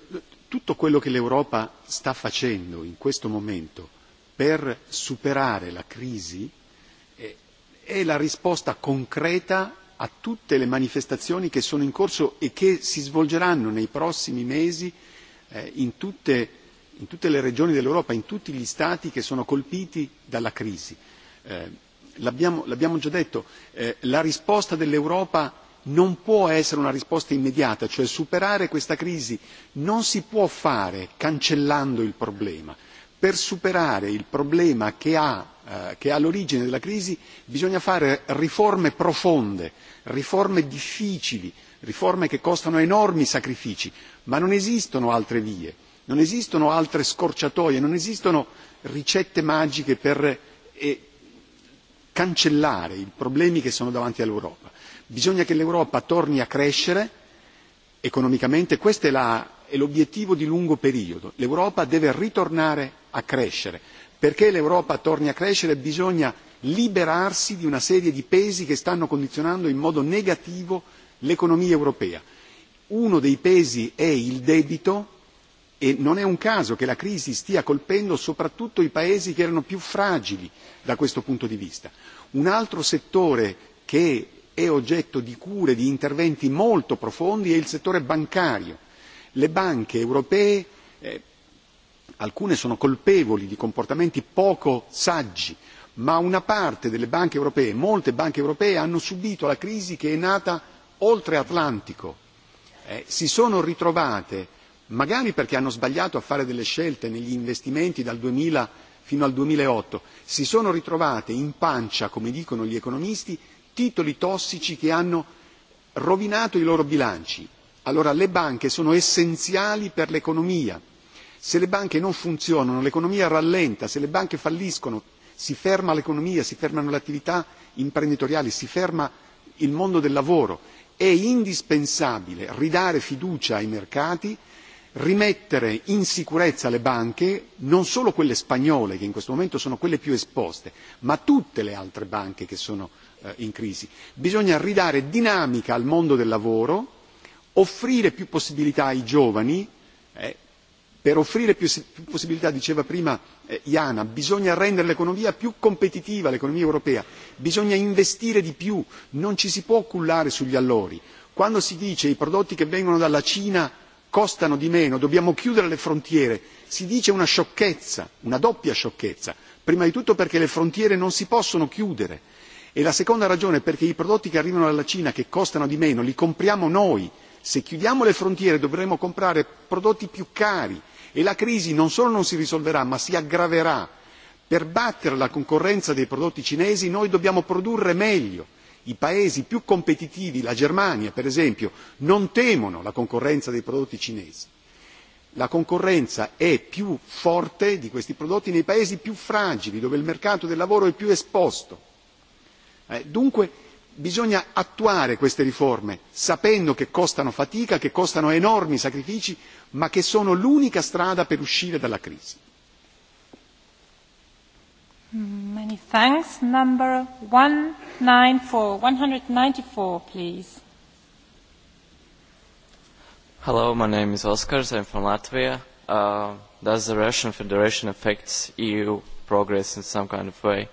tutto quello che l'Europa sta facendo in questo momento per superare la crisi è, è la risposta concreta a tutte le manifestazioni che sono in corso e che si svolgeranno nei prossimi mesi eh, in, tutte, in tutte le regioni dell'Europa, in tutti gli Stati che sono colpiti dalla crisi. Eh, l'abbiamo, l'abbiamo già detto, eh, la risposta dell'Europa non può essere una risposta immediata, cioè superare questa crisi non si può fare cancellando il problema. Per superare il problema che ha Eh, che è all'origine della crisi, bisogna fare riforme profonde, riforme difficili, riforme che costano enormi sacrifici, ma non esistono altre vie, non esistono altre scorciatoie, non esistono ricette magiche per eh, cancellare i problemi che sono davanti all'Europa. Bisogna che l'Europa torni a crescere economicamente, questo è, la, è l'obiettivo di lungo periodo. L'Europa deve ritornare a crescere perché l'europa torni a crescere bisogna liberarsi di una serie di pesi che stanno condizionando in modo negativo l'economia europea. uno dei pesi è il debito e non è un caso che la crisi stia colpendo soprattutto i paesi che erano più fragili da questo punto di vista. un altro settore che è oggetto di cure di interventi molto profondi è il settore bancario. le banche europee eh, alcune sono colpevoli di comportamenti poco saggi, ma una parte delle banche europee, molte banche europee, hanno subito la crisi che è nata oltre Atlantico. Eh, si sono ritrovate, magari perché hanno sbagliato a fare delle scelte negli investimenti dal 2000 fino al 2008, si sono ritrovate in pancia, come dicono gli economisti, titoli tossici che hanno rovinato i loro bilanci. Allora le banche sono essenziali per l'economia, se le banche non funzionano l'economia rallenta se le banche falliscono si ferma l'economia si fermano le attività imprenditoriali si ferma il mondo del lavoro è indispensabile ridare fiducia ai mercati rimettere in sicurezza le banche non solo quelle spagnole che in questo momento sono quelle più esposte ma tutte le altre banche che sono eh, in crisi bisogna ridare dinamica al mondo del lavoro offrire più possibilità ai giovani eh, per offrire più, più possibilità, diceva prima eh, Iana, eh, bisogna rendere l'economia più competitiva, l'economia europea, bisogna investire di più, non ci si può cullare sugli allori. Quando si dice che i prodotti che vengono dalla Cina costano di meno, dobbiamo chiudere le frontiere, si dice una sciocchezza, una doppia sciocchezza, prima di tutto perché le frontiere non si possono chiudere e la seconda ragione è perché i prodotti che arrivano dalla Cina, che costano di meno, li compriamo noi. Se chiudiamo le frontiere dovremo comprare prodotti più cari e la crisi non solo non si risolverà ma si aggraverà. Per battere la concorrenza dei prodotti cinesi noi dobbiamo produrre meglio. I paesi più competitivi, la Germania per esempio, non temono la concorrenza dei prodotti cinesi. La concorrenza è più forte di questi prodotti nei paesi più fragili, dove il mercato del lavoro è più esposto. Eh, dunque, bisogna attuare queste riforme, sapendo che costano fatica, che costano enormi sacrifici, ma che sono l'unica strada per uscire dalla crisi. Many thanks. Number 194, 194, please. Hello, my name is Oskar, I'm from Latvia. Uh, does the Russian Federation affect EU progress in some kind of way?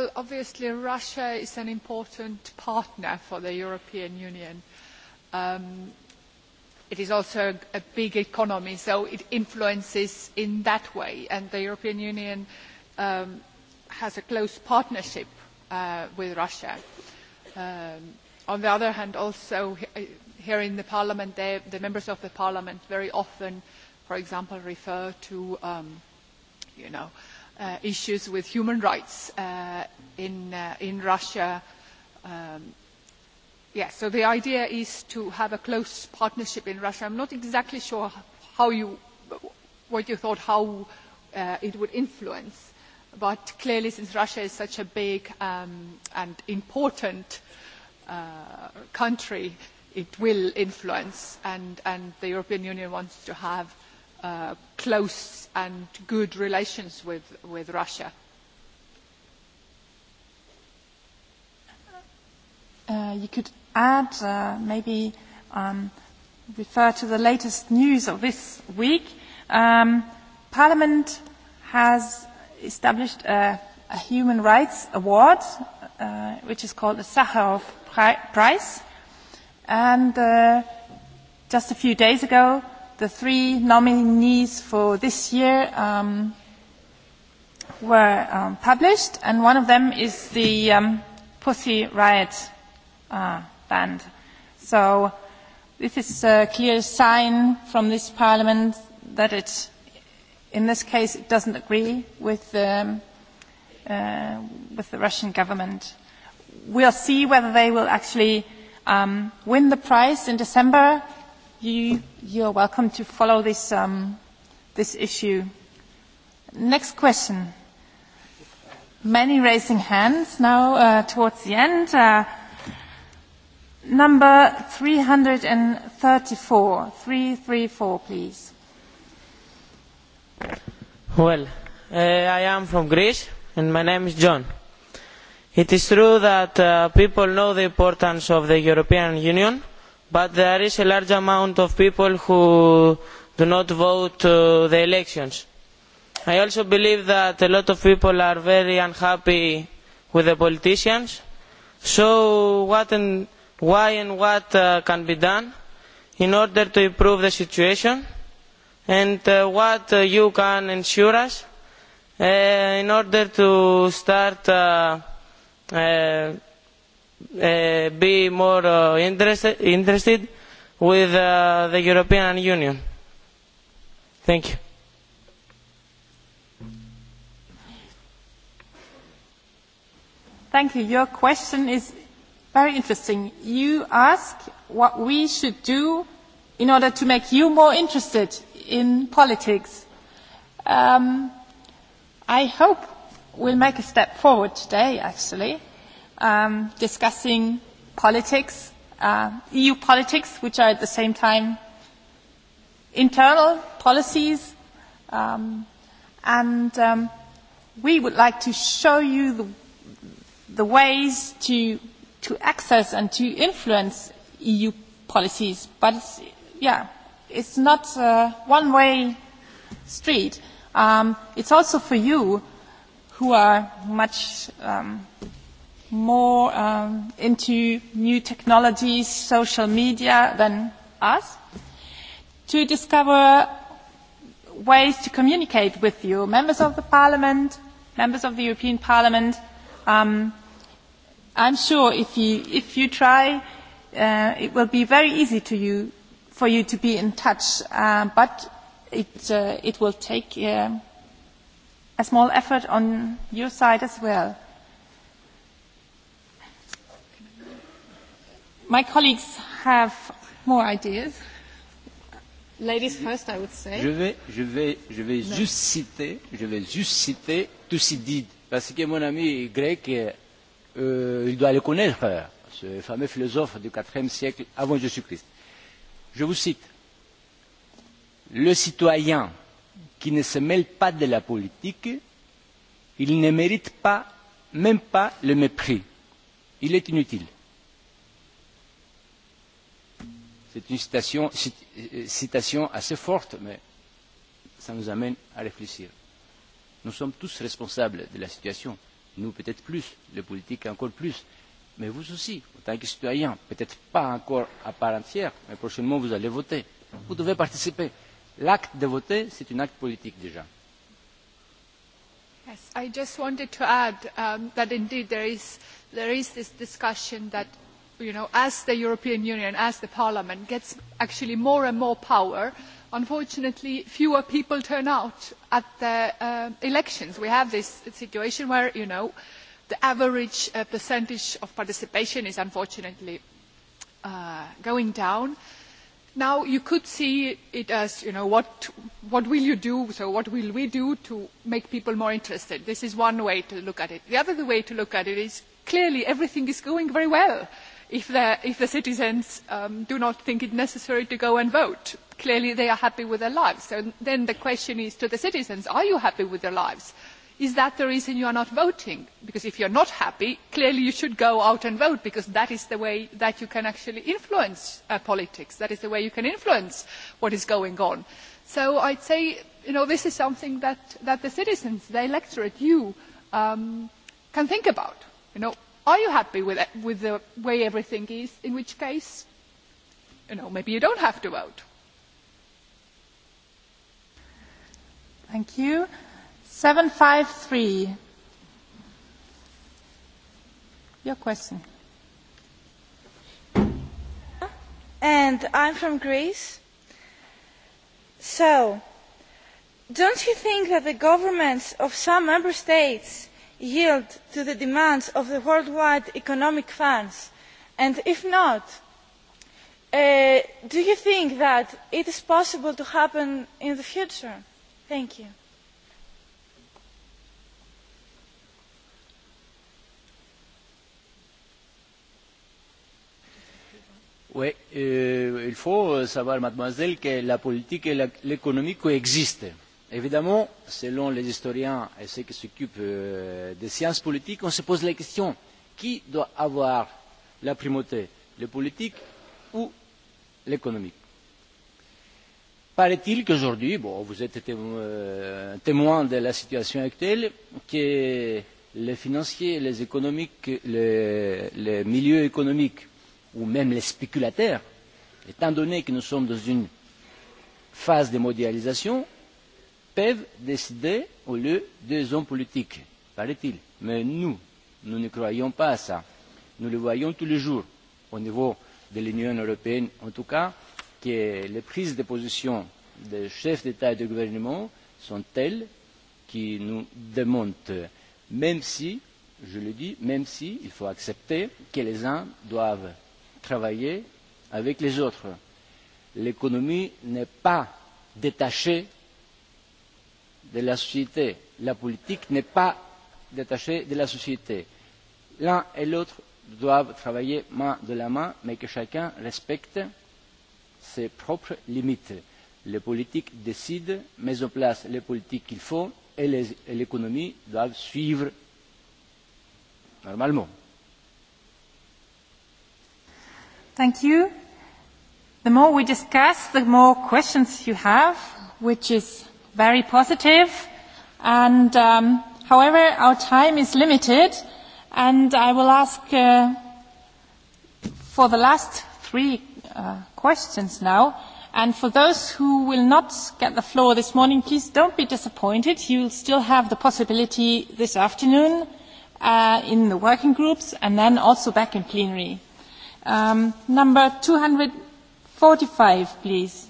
Well, obviously, Russia is an important partner for the European Union. Um, it is also a, a big economy, so it influences in that way. And the European Union um, has a close partnership uh, with Russia. Um, on the other hand, also here in the Parliament, they, the members of the Parliament very often, for example, refer to, um, you know, uh, uh, issues with human rights uh, in, uh, in Russia. Um, yes, yeah, so the idea is to have a close partnership in Russia. I'm not exactly sure how you, what you thought, how uh, it would influence, but clearly since Russia is such a big um, and important uh, country, it will influence, and, and the European Union wants to have Uh, close and good relations with, with Russia. Uh, you could add, uh, maybe um, refer to the latest news of this week. Um, Parliament has established a, a human rights award, uh, which is called the Sakharov Prize. And uh, just a few days ago, the three nominees for this year um, were um, published, and one of them is the um, Pussy Riot uh, Band. So this is a clear sign from this Parliament that it, in this case, it doesn't agree with the, um, uh, with the Russian government. We'll see whether they will actually um, win the prize in December you you are welcome to follow this um, this issue. Next question. Many raising hands now uh, towards the end. Uh, number 334, 334, please. Well, uh, I am from Greece and my name is John. It is true that uh, people know the importance of the European Union but there is a large amount of people who do not vote to uh, the elections. I also believe that a lot of people are very unhappy with the politicians. So what and why and what uh, can be done in order to improve the situation and uh, what uh, you can ensure us uh, in order to start uh, uh, uh, be more uh, interested, interested with uh, the European Union. Thank you. Thank you. Your question is very interesting. You ask what we should do in order to make you more interested in politics. Um, I hope we'll make a step forward today, actually um, discussing politics, uh, EU politics, which are at the same time internal policies. Um, and um, we would like to show you the, the ways to, to access and to influence EU policies. But it's, yeah, it's not a uh, one way street. Um, it's also for you who are much um, more um, into new technologies, social media than us, to discover ways to communicate with you, members of the parliament, members of the european parliament. Um, i'm sure if you, if you try, uh, it will be very easy to you, for you to be in touch, uh, but it, uh, it will take uh, a small effort on your side as well. My colleagues have more ideas. Ladies first, I would say. Je vais, je vais, je vais no. juste citer, je vais juste citer Thucydide, parce que mon ami grec, euh, il doit le connaître, ce fameux philosophe du IVe siècle avant Jésus-Christ. Je vous cite. Le citoyen qui ne se mêle pas de la politique, il ne mérite pas, même pas le mépris. Il est inutile. C'est une citation, euh, citation assez forte, mais ça nous amène à réfléchir. Nous sommes tous responsables de la situation, nous peut-être plus, les politiques encore plus, mais vous aussi, en tant que citoyen, peut-être pas encore à part entière, mais prochainement vous allez voter. Vous devez participer. L'acte de voter, c'est un acte politique déjà. Yes, I just wanted to add um, that indeed there is, there is this discussion that you know, as the European Union, as the Parliament, gets actually more and more power, unfortunately, fewer people turn out at the uh, elections. We have this situation where, you know, the average uh, percentage of participation is unfortunately uh, going down. Now, you could see it as, you know, what, what will you do, so what will we do to make people more interested? This is one way to look at it. The other way to look at it is clearly everything is going very well if, if the citizens um, do not think it necessary to go and vote. Clearly, they are happy with their lives. So then the question is to the citizens are you happy with your lives? Is that the reason you are not voting? Because if you're not happy, clearly you should go out and vote because that is the way that you can actually influence uh, politics. That is the way you can influence what is going on. So I'd say, you know, this is something that, that the citizens, the electorate, you um, can think about. You know, are you happy with, it, with the way everything is? In which case, you know, maybe you don't have to vote. Thank you. 753. Your question. And I'm from Greece. So, don't you think that the governments of some member states yield to the demands of the worldwide economic funds and if not uh, do you think that it is possible to happen in the future? thank you. Oui, euh, il faut euh, savoir, mademoiselle, que la politique et l'économie coexistent évidemment, selon les historiens et ceux qui s'occupent euh, des sciences politiques, on se pose la question qui doit avoir la primauté, le politique ou l'économique Paraît-il qu'aujourd'hui, bon, vous êtes euh, témoin de la situation actuelle, que les financiers, les économiques, les, les milieux économiques ou même les spéculateurs, étant donné que nous sommes dans une phase de mondialisation, peuvent décider au lieu des hommes politiques, paraît-il. Mais nous, nous ne croyons pas à ça. Nous le voyons tous les jours, au niveau de l'Union européenne en tout cas, que les prises de position des chefs d'État et de gouvernement sont telles qui nous démontent, même si, je le dis, même si il faut accepter que les uns doivent travailler avec les autres. L'économie n'est pas détachée de la société. La politique n'est pas détachée de la société. L'un et l'autre doivent travailler main dans la main, mais que chacun respecte ses propres limites. Les politiques décident, mettent en place les politiques qu'il faut et l'économie doit suivre normalement. Thank you. The more we discuss, the more questions you have, which is very positive. And um, however, our time is limited, and I will ask uh, for the last three uh, questions now. And for those who will not get the floor this morning, please don't be disappointed. You'll still have the possibility this afternoon uh, in the working groups and then also back in plenary. Um, number 245, please.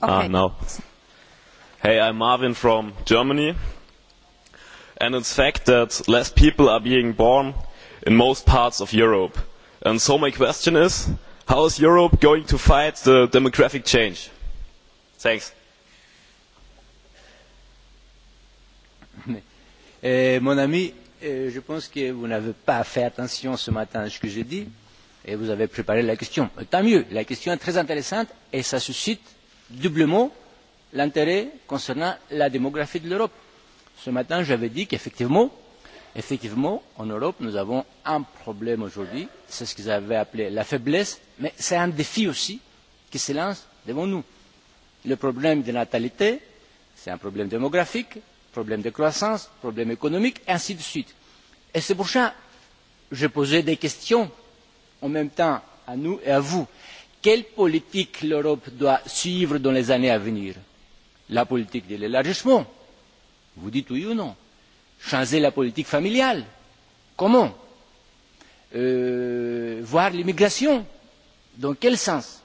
Ah, no. hey i 'm Marvin from Germany, and it 's fact that less people are being born in most parts of Europe, and so my question is, how is Europe going to fight the demographic change? Thanks. Eh, mon ami, eh, je pense que vous n'avez pas fait attention ce matin à ce que j'ai dit et vous avez préparé la question. Tant mieux, la question est très intéressante et ça suscite doublement l'intérêt concernant la démographie de l'Europe. Ce matin, j'avais dit qu'effectivement, effectivement, en Europe, nous avons un problème aujourd'hui, c'est ce qu'ils avaient appelé la faiblesse, mais c'est un défi aussi qui s'élance devant nous. Le problème de natalité, c'est un problème démographique, problème de croissance, problème économique, et ainsi de suite. Et c'est pour ça que j'ai posé des questions en même temps à nous et à vous. Quelle politique l'Europe doit suivre dans les années à venir La politique de l'élargissement Vous dites oui ou non Changer la politique familiale Comment euh, Voir l'immigration Dans quel sens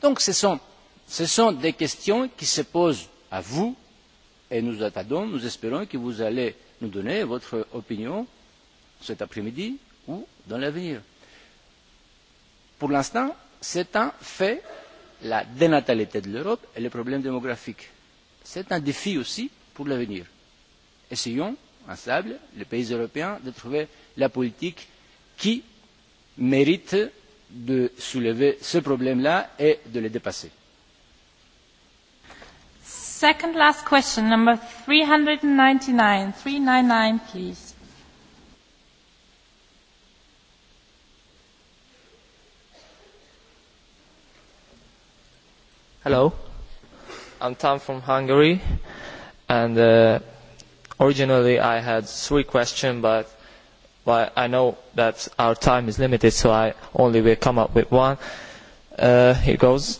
Donc ce sont, ce sont des questions qui se posent à vous et nous attendons, nous espérons que vous allez nous donner votre opinion cet après-midi ou dans l'avenir. Pour l'instant, c'est un fait, la dénatalité de l'Europe et les problèmes démographiques. C'est un défi aussi pour l'avenir. Essayons, ensemble, les pays européens, de trouver la politique qui mérite de soulever ce problème-là et de le dépasser. Second last question, number 399, 399, please. Hello. I'm Tom from Hungary. And uh, originally I had three questions, but well, I know that our time is limited, so I only will come up with one. Uh, here goes.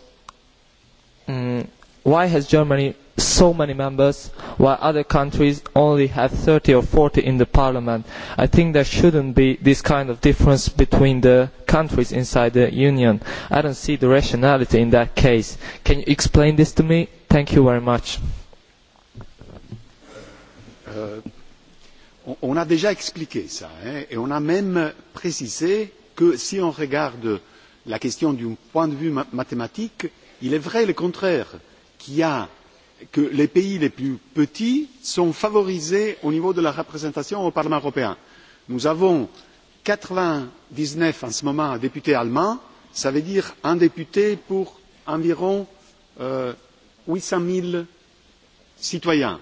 Mm, why has Germany so many members while other countries only have 30 or 40 in the parliament. I think there shouldn't be this kind of difference between the countries inside the union. I don't see the rationality in that case. Can you explain this to me? Thank you very much. Euh, on a déjà expliqué ça hein, et on a même précisé que si on regarde la question d'un point de vue mathématique, il est vrai le contraire qu'il y a que les pays les plus petits sont favorisés au niveau de la représentation au parlement européen. nous avons quatre vingt dix neuf en ce moment députés allemands cela veut dire un député pour environ euh, huit cents zéro citoyens.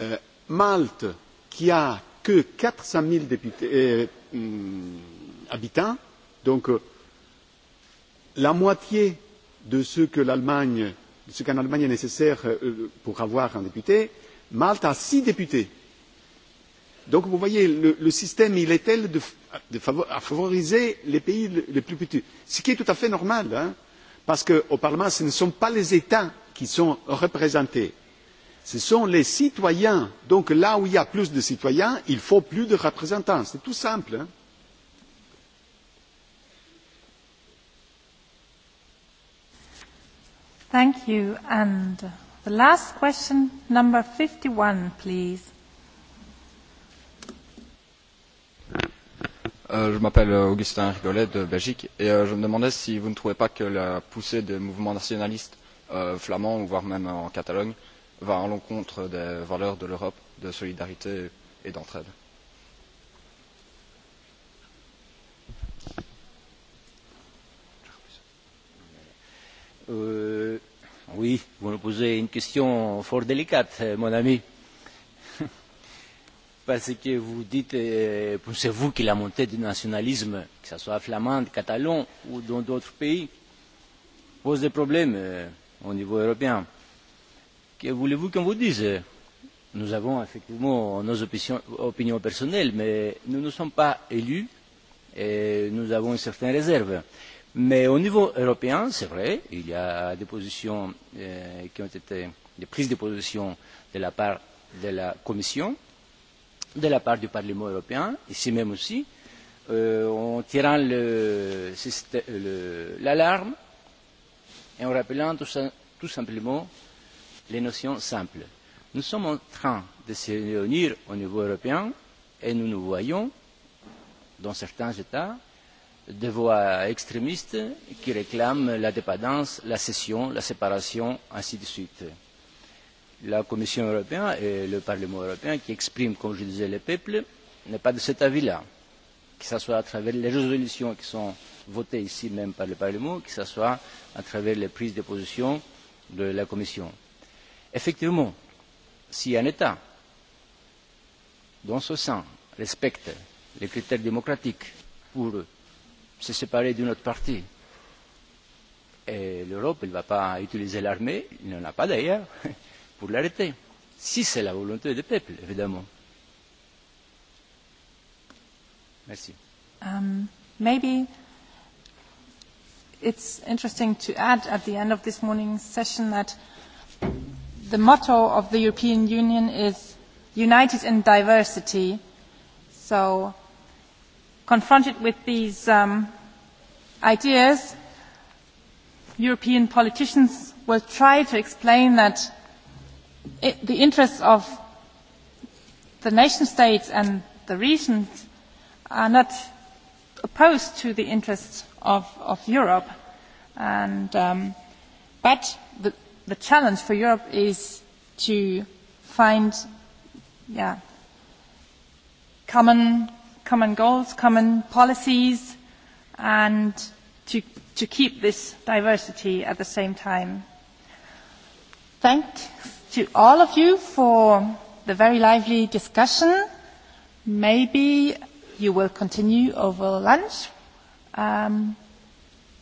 Euh, malte qui n'a que quatre cents zéro euh, hmm, habitants donc la moitié de ce que l'allemagne ce qu'en Allemagne est nécessaire euh, pour avoir un député, Malte a six députés. Donc vous voyez, le, le système, il est tel de, de favor, à favoriser les pays les plus petits. Ce qui est tout à fait normal, hein, parce qu'au Parlement, ce ne sont pas les États qui sont représentés. Ce sont les citoyens. Donc là où il y a plus de citoyens, il faut plus de représentants. C'est tout simple. Hein. Thank you. And the last question, number 51, please. Euh, je m'appelle Augustin Rigolet de Belgique et euh, je me demandais si vous ne trouvez pas que la poussée des mouvements nationalistes euh, flamands, voire même en Catalogne, va à l'encontre des valeurs de l'Europe, de solidarité et d'entraide. Euh, oui, vous me posez une question fort délicate, euh, mon ami. (laughs) Parce que vous dites, euh, c'est vous qui la montée du nationalisme, que ce soit flamand, catalan ou dans d'autres pays, pose des problèmes euh, au niveau européen. Que voulez-vous qu'on vous dise Nous avons effectivement nos opinions, opinions personnelles, mais nous ne sommes pas élus et nous avons une certaine réserve. Euh, Mais au niveau européen, c'est vrai, il y a des positions euh, qui ont été des prises de position de la part de la Commission, de la part du Parlement européen, ici même aussi, euh, en tirant l'alarme et en rappelant tout, tout simplement les notions simples. Nous sommes en train de se réunir au niveau européen et nous nous voyons dans certains États des voix extrémistes qui réclament la dépendance, la cession, la séparation, ainsi de suite. La Commission européenne et le Parlement européen, qui expriment, comme je disais, les peuples, n'est pas de cet avis-là. Que ce soit à travers les résolutions qui sont votées ici même par le Parlement, que ce soit à travers les prises de position de la Commission. Effectivement, si un État, dans ce sens, respecte les critères démocratiques pour eux, se séparer d'une autre partie. Et l'Europe ne va pas utiliser l'armée, il n'en a pas d'ailleurs, (laughs) pour l'arrêter. Si c'est la volonté des peuples, évidemment. Merci. Um, maybe it's interesting to add at the end of this morning's session that the motto of the European Union is united in diversity. So confronted with these um, ideas, European politicians will try to explain that it, the interests of the nation states and the regions are not opposed to the interests of, of Europe. And, um, but the, the challenge for Europe is to find yeah, common common goals, common policies, and to, to keep this diversity at the same time. Thank to all of you for the very lively discussion. Maybe you will continue over lunch um,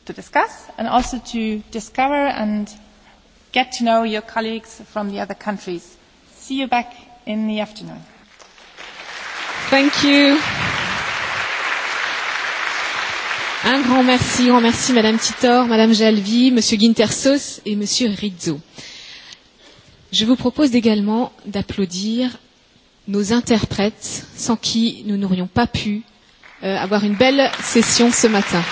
to discuss and also to discover and get to know your colleagues from the other countries. See you back in the afternoon. Thank you. Un grand merci. On remercie Madame Titor, Madame Jalvi, Monsieur Guintersos et Monsieur Rizzo. Je vous propose également d'applaudir nos interprètes sans qui nous n'aurions pas pu euh, avoir une belle session ce matin.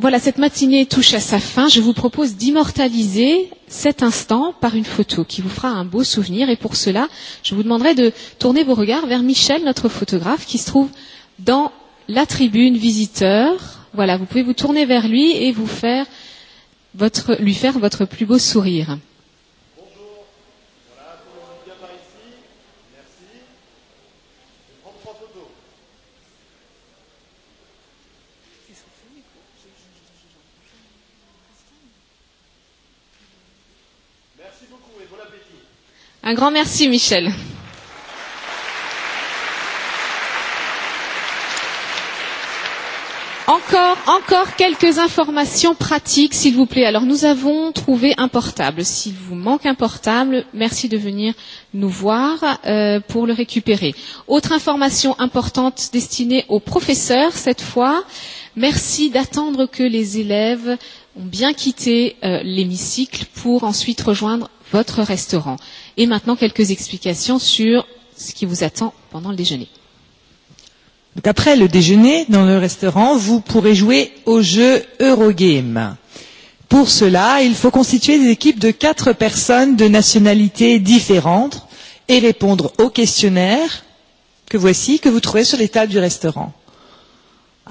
voilà, cette matinée touche à sa fin. Je vous propose d'immortaliser cet instant par une photo qui vous fera un beau souvenir. Et pour cela, je vous demanderai de tourner vos regards vers Michel, notre photographe, qui se trouve dans la tribune visiteur. Voilà, vous pouvez vous tourner vers lui et vous faire votre, lui faire votre plus beau sourire. Un grand merci, Michel. Encore, encore quelques informations pratiques, s'il vous plaît. Alors, nous avons trouvé un portable. S'il vous manque un portable, merci de venir nous voir euh, pour le récupérer. Autre information importante destinée aux professeurs, cette fois. Merci d'attendre que les élèves ont bien quitté euh, l'hémicycle pour ensuite rejoindre votre restaurant. Et maintenant, quelques explications sur ce qui vous attend pendant le déjeuner. Donc après le déjeuner dans le restaurant, vous pourrez jouer au jeu Eurogame. Pour cela, il faut constituer des équipes de quatre personnes de nationalités différentes et répondre aux questionnaires que voici, que vous trouvez sur les tables du restaurant.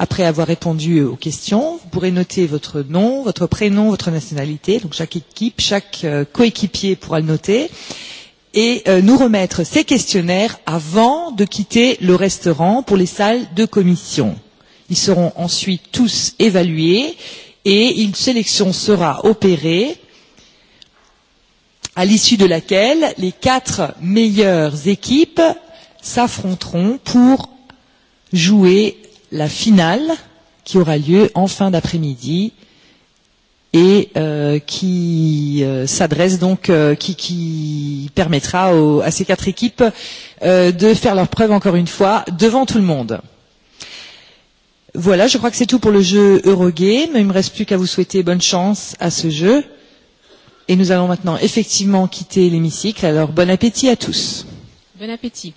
Après avoir répondu aux questions, vous pourrez noter votre nom, votre prénom, votre nationalité. Donc chaque équipe, chaque euh, coéquipier pourra le noter et euh, nous remettre ces questionnaires avant de quitter le restaurant pour les salles de commission. Ils seront ensuite tous évalués et une sélection sera opérée à l'issue de laquelle les quatre meilleures équipes s'affronteront pour jouer la finale qui aura lieu en fin d'après-midi et euh, qui euh, s'adresse donc, euh, qui, qui permettra aux, à ces quatre équipes euh, de faire leur preuve encore une fois devant tout le monde. Voilà, je crois que c'est tout pour le jeu Eurogame. Il ne me reste plus qu'à vous souhaiter bonne chance à ce jeu. Et nous allons maintenant effectivement quitter l'hémicycle. Alors bon appétit à tous. Bon appétit.